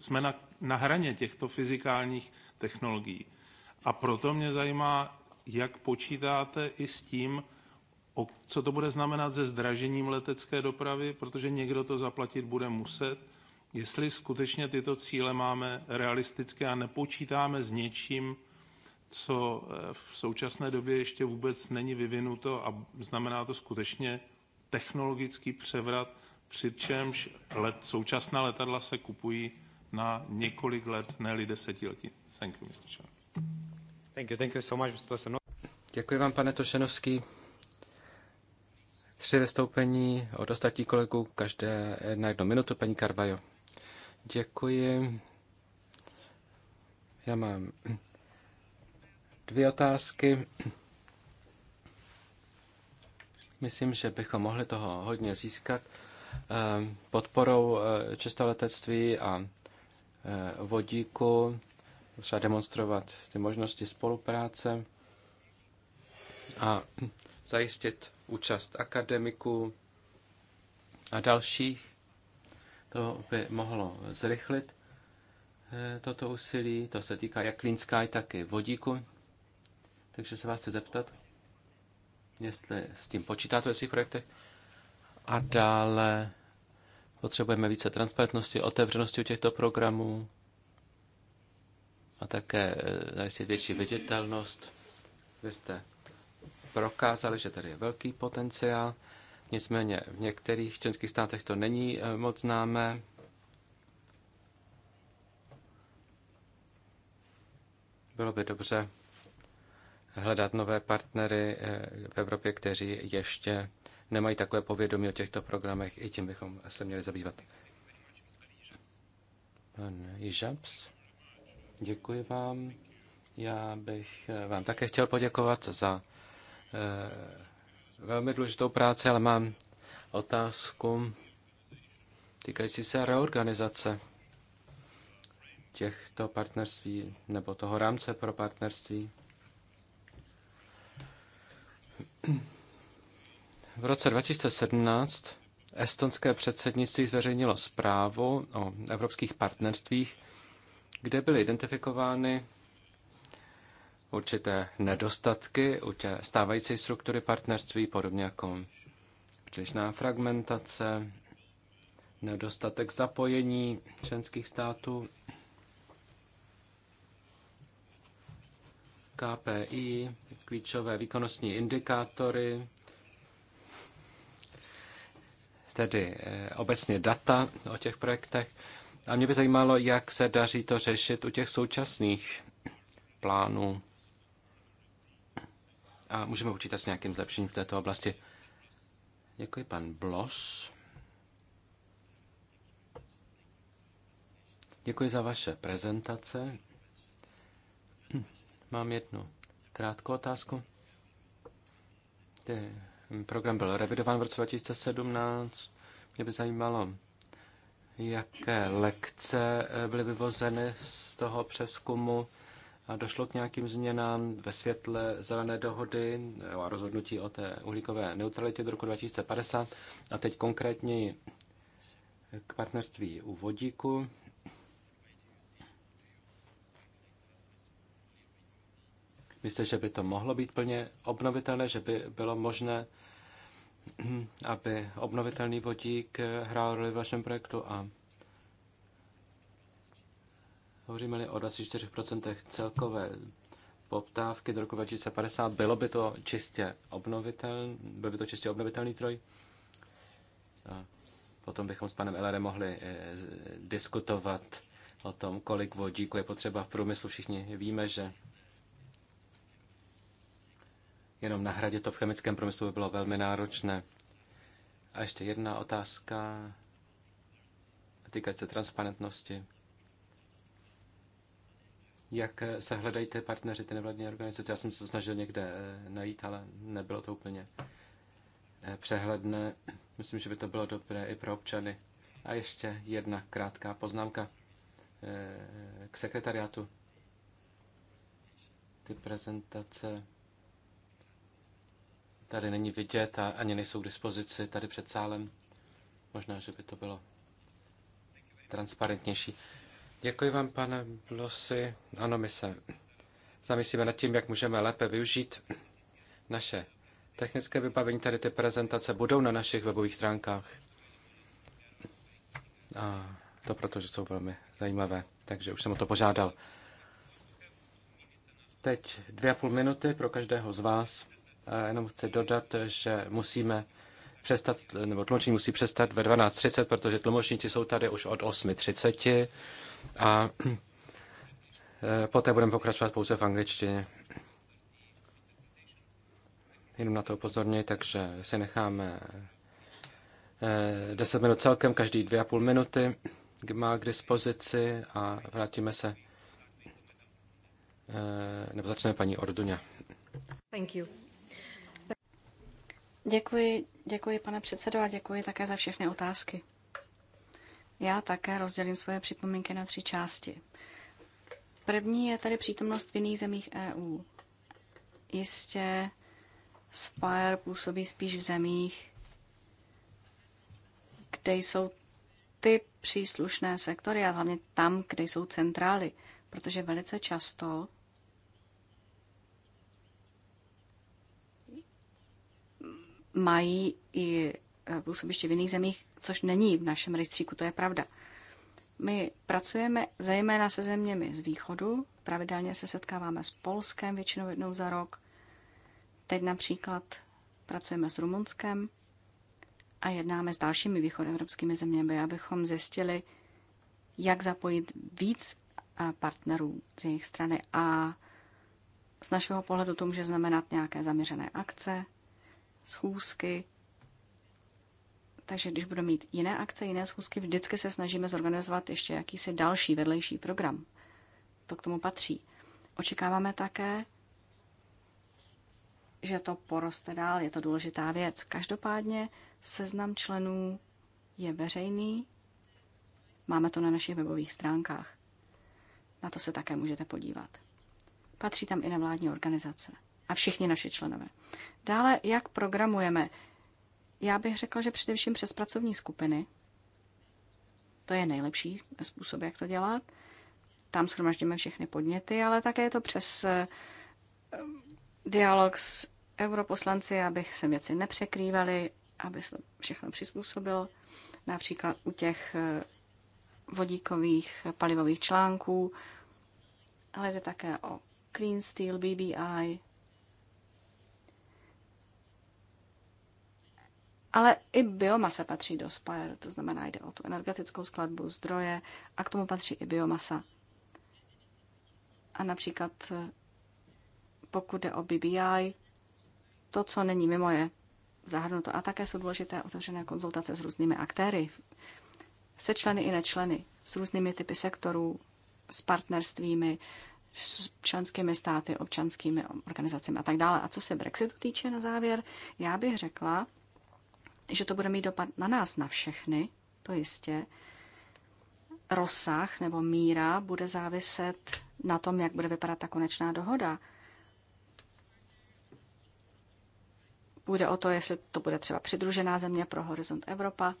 Speaker 4: jsme na, na hraně těchto fyzikálních technologií. A proto mě zajímá, jak počítáte i s tím, co to bude znamenat se zdražením letecké dopravy, protože někdo to zaplatit bude muset jestli skutečně tyto cíle máme realistické a nepočítáme s něčím, co eh, v současné době ještě vůbec není vyvinuto a znamená to skutečně technologický převrat, přičemž let, současná letadla se kupují na několik let, ne-li desetiletí. Thank you, Mr. Chairman.
Speaker 1: Thank you, thank you so much, Mr. Děkuji vám, pane Tošenovský. Tři vystoupení od ostatních kolegů, každé na jednu minutu, paní Karvajo. Děkuji. Já mám dvě otázky. Myslím, že bychom mohli toho hodně získat eh, podporou eh, čistého letectví a eh, vodíku. Třeba demonstrovat ty možnosti spolupráce a zajistit účast akademiků a dalších to by mohlo zrychlit eh, toto úsilí. To se týká jak klínská, tak i vodíku. Takže se vás chci zeptat, jestli s tím počítáte ve svých projektech. A dále potřebujeme více transparentnosti, otevřenosti u těchto programů a také eh, zajistit větší viditelnost. Vy jste prokázali, že tady je velký potenciál Nicméně v některých členských státech to není eh, moc známé. Bylo by dobře hledat nové partnery eh, v Evropě, kteří ještě nemají takové povědomí o těchto programech. I tím bychom se měli zabývat. Pan Jižaps, děkuji vám. Já bych eh, vám také chtěl poděkovat za velmi důležitou práci, ale mám otázku týkající se reorganizace těchto partnerství nebo toho rámce pro partnerství. V roce 2017 estonské předsednictví zveřejnilo zprávu o evropských partnerstvích, kde byly identifikovány určité nedostatky u té stávající struktury partnerství, podobně jako přílišná fragmentace, nedostatek zapojení členských států, KPI, klíčové výkonnostní indikátory, tedy eh, obecně data o těch projektech. A mě by zajímalo, jak se daří to řešit u těch současných plánů a můžeme počítat s nějakým zlepšením v této oblasti. Děkuji, pan Blos. Děkuji za vaše prezentace. Mám jednu krátkou otázku. Program byl revidován v roce 2017. Mě by zajímalo, jaké lekce byly vyvozeny z toho přeskumu a došlo k nějakým změnám ve světle zelené dohody a rozhodnutí o té uhlíkové neutralitě do roku 2050 a teď konkrétně k partnerství u vodíku. Myslíte, že by to mohlo být plně obnovitelné, že by bylo možné, *clears throat* aby obnovitelný vodík hrál roli v vašem projektu a Hovoříme-li o 24% celkové poptávky do roku 2050, bylo by to čistě obnovitelný, byl by to čistě obnovitelný A Potom bychom s panem Ellerem mohli eh, diskutovat o tom, kolik vodíku je potřeba v průmyslu. Všichni víme, že jenom nahradit to v chemickém průmyslu by bylo velmi náročné. A ještě jedna otázka týkající se transparentnosti jak eh, se hledají ty partneři, ty nevládní organizace. Já jsem se snažil někde eh, najít, ale nebylo to úplně eh, přehledné. Myslím, že by to bylo dobré i pro občany. A ještě jedna krátká poznámka k sekretariátu. Ty prezentace tady není vidět a ani nejsou k dispozici tady před sálem. Možná, že by to bylo transparentnější. Děkuji vám, pane Blosy. Ano, my se zamyslíme nad tím, jak můžeme lépe využít naše technické vybavení. Tady ty prezentace budou na našich webových stránkách. A to proto, že jsou velmi zajímavé, takže už jsem o to požádal. Teď dvě a půl minuty pro každého z vás. A jenom chci dodat, že musíme přestat, nebo tlumočník musí přestat ve 12.30, protože tlumočníci jsou tady už od 8.30. A eh, poté budeme pokračovat pouze v angličtině. Jenom na to upozorňuji, takže si necháme 10 eh, minut celkem, každý dvě a půl minuty má k dispozici a vrátíme se, eh, nebo začneme paní Orduňa.
Speaker 5: Thank you. Děkuji, děkuji pane předsedo a děkuji také za všechny otázky. Já také rozdělím svoje připomínky na tři části. První je tady přítomnost v jiných zemích EU. Jistě Spire působí spíš v zemích, kde jsou ty příslušné sektory a hlavně tam, kde jsou centrály, protože velice často mají i Eh, působiště v jiných zemích, což není v našem rejstříku, to je pravda. My pracujeme zejména se zeměmi z východu, pravidelně se setkáváme s Polskem většinou jednou za rok, teď například pracujeme s Rumunskem a jednáme s dalšími východoevropskými zeměmi, abychom zjistili, jak zapojit víc eh, partnerů z jejich strany a z našeho pohledu to může znamenat nějaké zaměřené akce, schůzky, takže když budeme mít jiné akce, jiné schůzky, vždycky se snažíme zorganizovat ještě jakýsi další vedlejší program. To k tomu patří. Očekáváme také, že to poroste dál, je to důležitá věc. Každopádně seznam členů je veřejný, máme to na našich webových stránkách. Na to se také můžete podívat. Patří tam i nevládní organizace a všichni naši členové. Dále, jak programujeme, já bych řekla, že především přes pracovní skupiny. To je nejlepší způsob, jak to dělat. Tam shromaždíme všechny podněty, ale také je to přes eh, dialog s europoslanci, abych se věci nepřekrývaly, aby se všechno přizpůsobilo. Například u těch eh, vodíkových palivových článků, ale jde také o Clean Steel BBI, Ale i biomasa patří do SPIRE, to znamená, jde o tu energetickou skladbu zdroje a k tomu patří i biomasa. A například eh, pokud jde o BBI, to, co není mimo, je zahrnuto. A také jsou důležité otevřené konzultace s různými aktéry, se členy i nečleny, s různými typy sektorů, s partnerstvími, s členskými státy, občanskými organizacemi a tak dále. A co se Brexitu týče na závěr, já bych řekla, že to bude mít dopad na nás, na všechny, to jistě. Rozsah nebo míra bude záviset na tom, jak bude vypadat ta konečná dohoda. Bude o to, jestli to bude třeba přidružená země pro Horizont Evropa.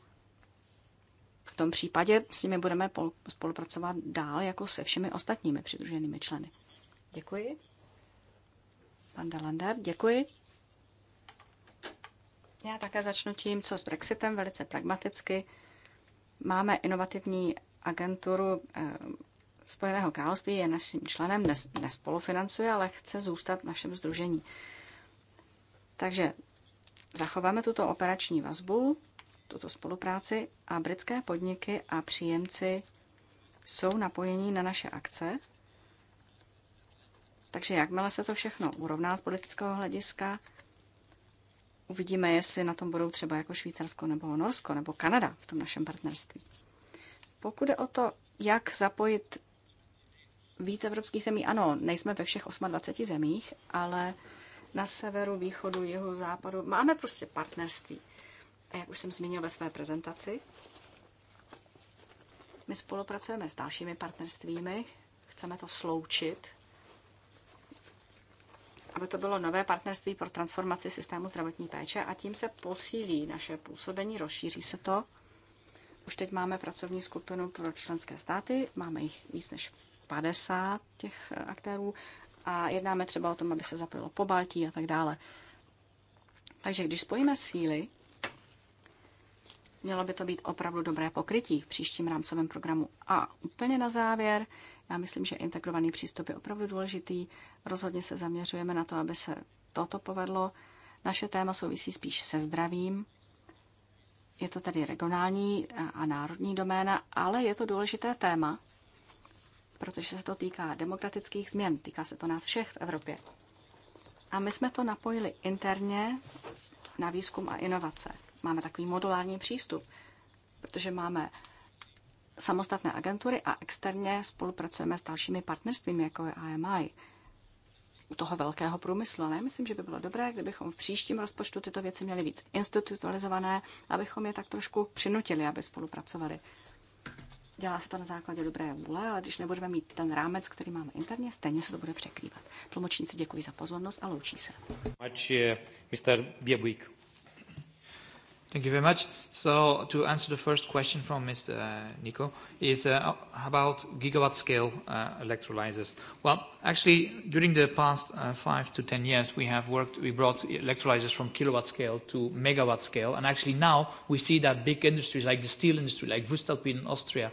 Speaker 5: V tom případě s nimi budeme spolupracovat dál jako se všemi ostatními přidruženými členy. Děkuji. Pan Dalander, děkuji. Já také začnu tím, co s Brexitem, velice pragmaticky. Máme inovativní agenturu eh, Spojeného království, je naším členem, nespolufinancuje, ale chce zůstat v našem združení. Takže zachováme tuto operační vazbu, tuto spolupráci a britské podniky a příjemci jsou napojení na naše akce. Takže jakmile se to všechno urovná z politického hlediska, Uvidíme, jestli na tom budou třeba jako Švýcarsko nebo Norsko nebo Kanada v tom našem partnerství. Pokud je o to, jak zapojit víc evropských zemí, ano, nejsme ve všech 28 zemích, ale na severu, východu, jihu, západu máme prostě partnerství. A jak už jsem zmínil ve své prezentaci, my spolupracujeme s dalšími partnerstvími, chceme to sloučit aby to bylo nové partnerství pro transformaci systému zdravotní péče a tím se posílí naše působení, rozšíří se to. Už teď máme pracovní skupinu pro členské státy, máme jich víc než 50 těch eh, aktérů a jednáme třeba o tom, aby se zapojilo po Baltí a tak dále. Takže když spojíme síly, Mělo by to být opravdu dobré pokrytí v příštím rámcovém programu. A úplně na závěr, já myslím, že integrovaný přístup je opravdu důležitý. Rozhodně se zaměřujeme na to, aby se toto povedlo. Naše téma souvisí spíš se zdravím. Je to tedy regionální a národní doména, ale je to důležité téma, protože se to týká demokratických změn, týká se to nás všech v Evropě. A my jsme to napojili interně na výzkum a inovace máme takový modulární přístup, protože máme samostatné agentury a externě spolupracujeme s dalšími partnerstvími, jako je AMI, u toho velkého průmyslu. Ale myslím, že by bylo dobré, kdybychom v příštím rozpočtu tyto věci měli víc institutualizované, abychom je tak trošku přinutili, aby spolupracovali. Dělá se to na základě dobré vůle, ale když nebudeme mít ten rámec, který máme interně, stejně se to bude překrývat.
Speaker 7: Tlumočníci děkuji za pozornost a loučí se.
Speaker 2: Mr. Eh, Běbujk.
Speaker 7: Thank you very much. So to answer the first question from Mr. Uh, Nico is uh, about gigawatt scale uh, electrolyzers. Well, actually, during the past uh, five to ten years, we have worked, we brought electrolyzers from kilowatt scale to megawatt scale. And actually now we see that big industries like the steel industry, like Voestalpine in Austria,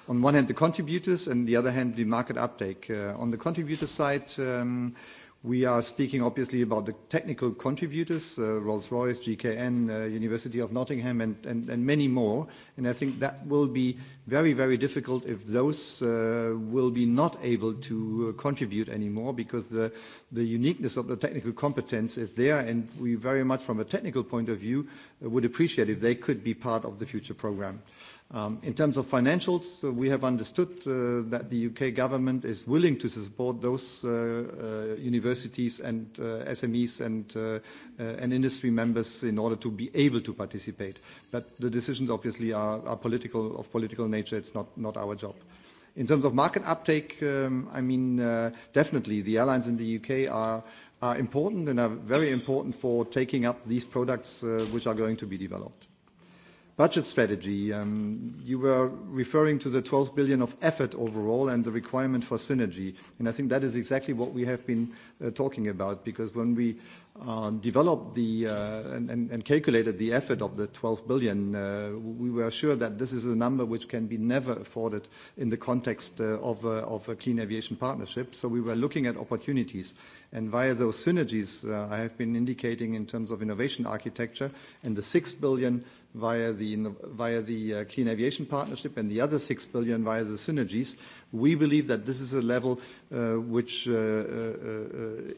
Speaker 6: on one hand, the contributors, and the other hand, the market uptake. Uh, on the contributor side, um, we are speaking obviously about the technical contributors, uh, Rolls-Royce, GKN, uh, University of Nottingham, and, and, and many more. And I think that will be very, very difficult if those uh, will be not able to uh, contribute anymore because the, the uniqueness of the technical competence is there, and we very much from a technical point of view uh, would appreciate if they could be part of the future program. Um, in terms of financials, uh, we have understood uh, that the U.K. government is willing to support those uh, uh universities and uh, SMEs and, and industry members in order to be able to participate. But the decisions obviously are, are political, of political nature. It's not, not our job. In terms of market uptake, um, I mean, definitely the airlines in the U.K. are, are important and are very important for taking up these products, which are going to be developed budget strategy, um, you were referring to the 12 billion of effort overall and the requirement for synergy. And I think that is exactly what we have been uh, talking about, because when we uh, developed the uh, and, and, and calculated the effort of the 12 billion, uh, we were sure that this is a number which can be never afforded in the context uh, of, uh, of a Clean Aviation Partnership. So we were looking at opportunities. And via those synergies, I have been indicating in terms of innovation architecture and the 6 billion via the, via the uh, Clean Aviation Partnership and the other 6 billion via the synergies, we believe that this is a level uh, which uh,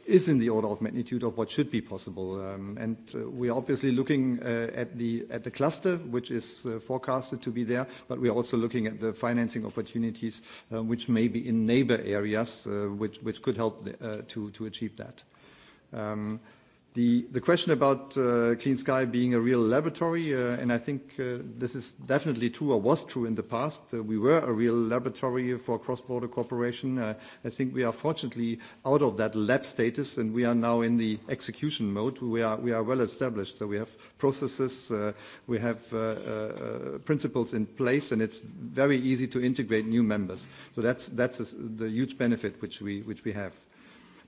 Speaker 6: is in the order of magnitude of what should be possible. Um, and we're obviously looking at the, at the cluster, which is forecasted to be there, but we're also looking at the financing opportunities, which may be in neighbor areas, which, which could help the, to, to achieve that. Um, The, question about uh, Clean Sky being a real laboratory, uh, and I think uh, this is definitely true or was true in the past. We were a real laboratory for cross-border cooperation. I think we are fortunately out of that lab status, and we are now in the execution mode. We are, well established. So we have processes, we have principles in place, and it's very easy to integrate new members. So that's, the huge benefit which we have.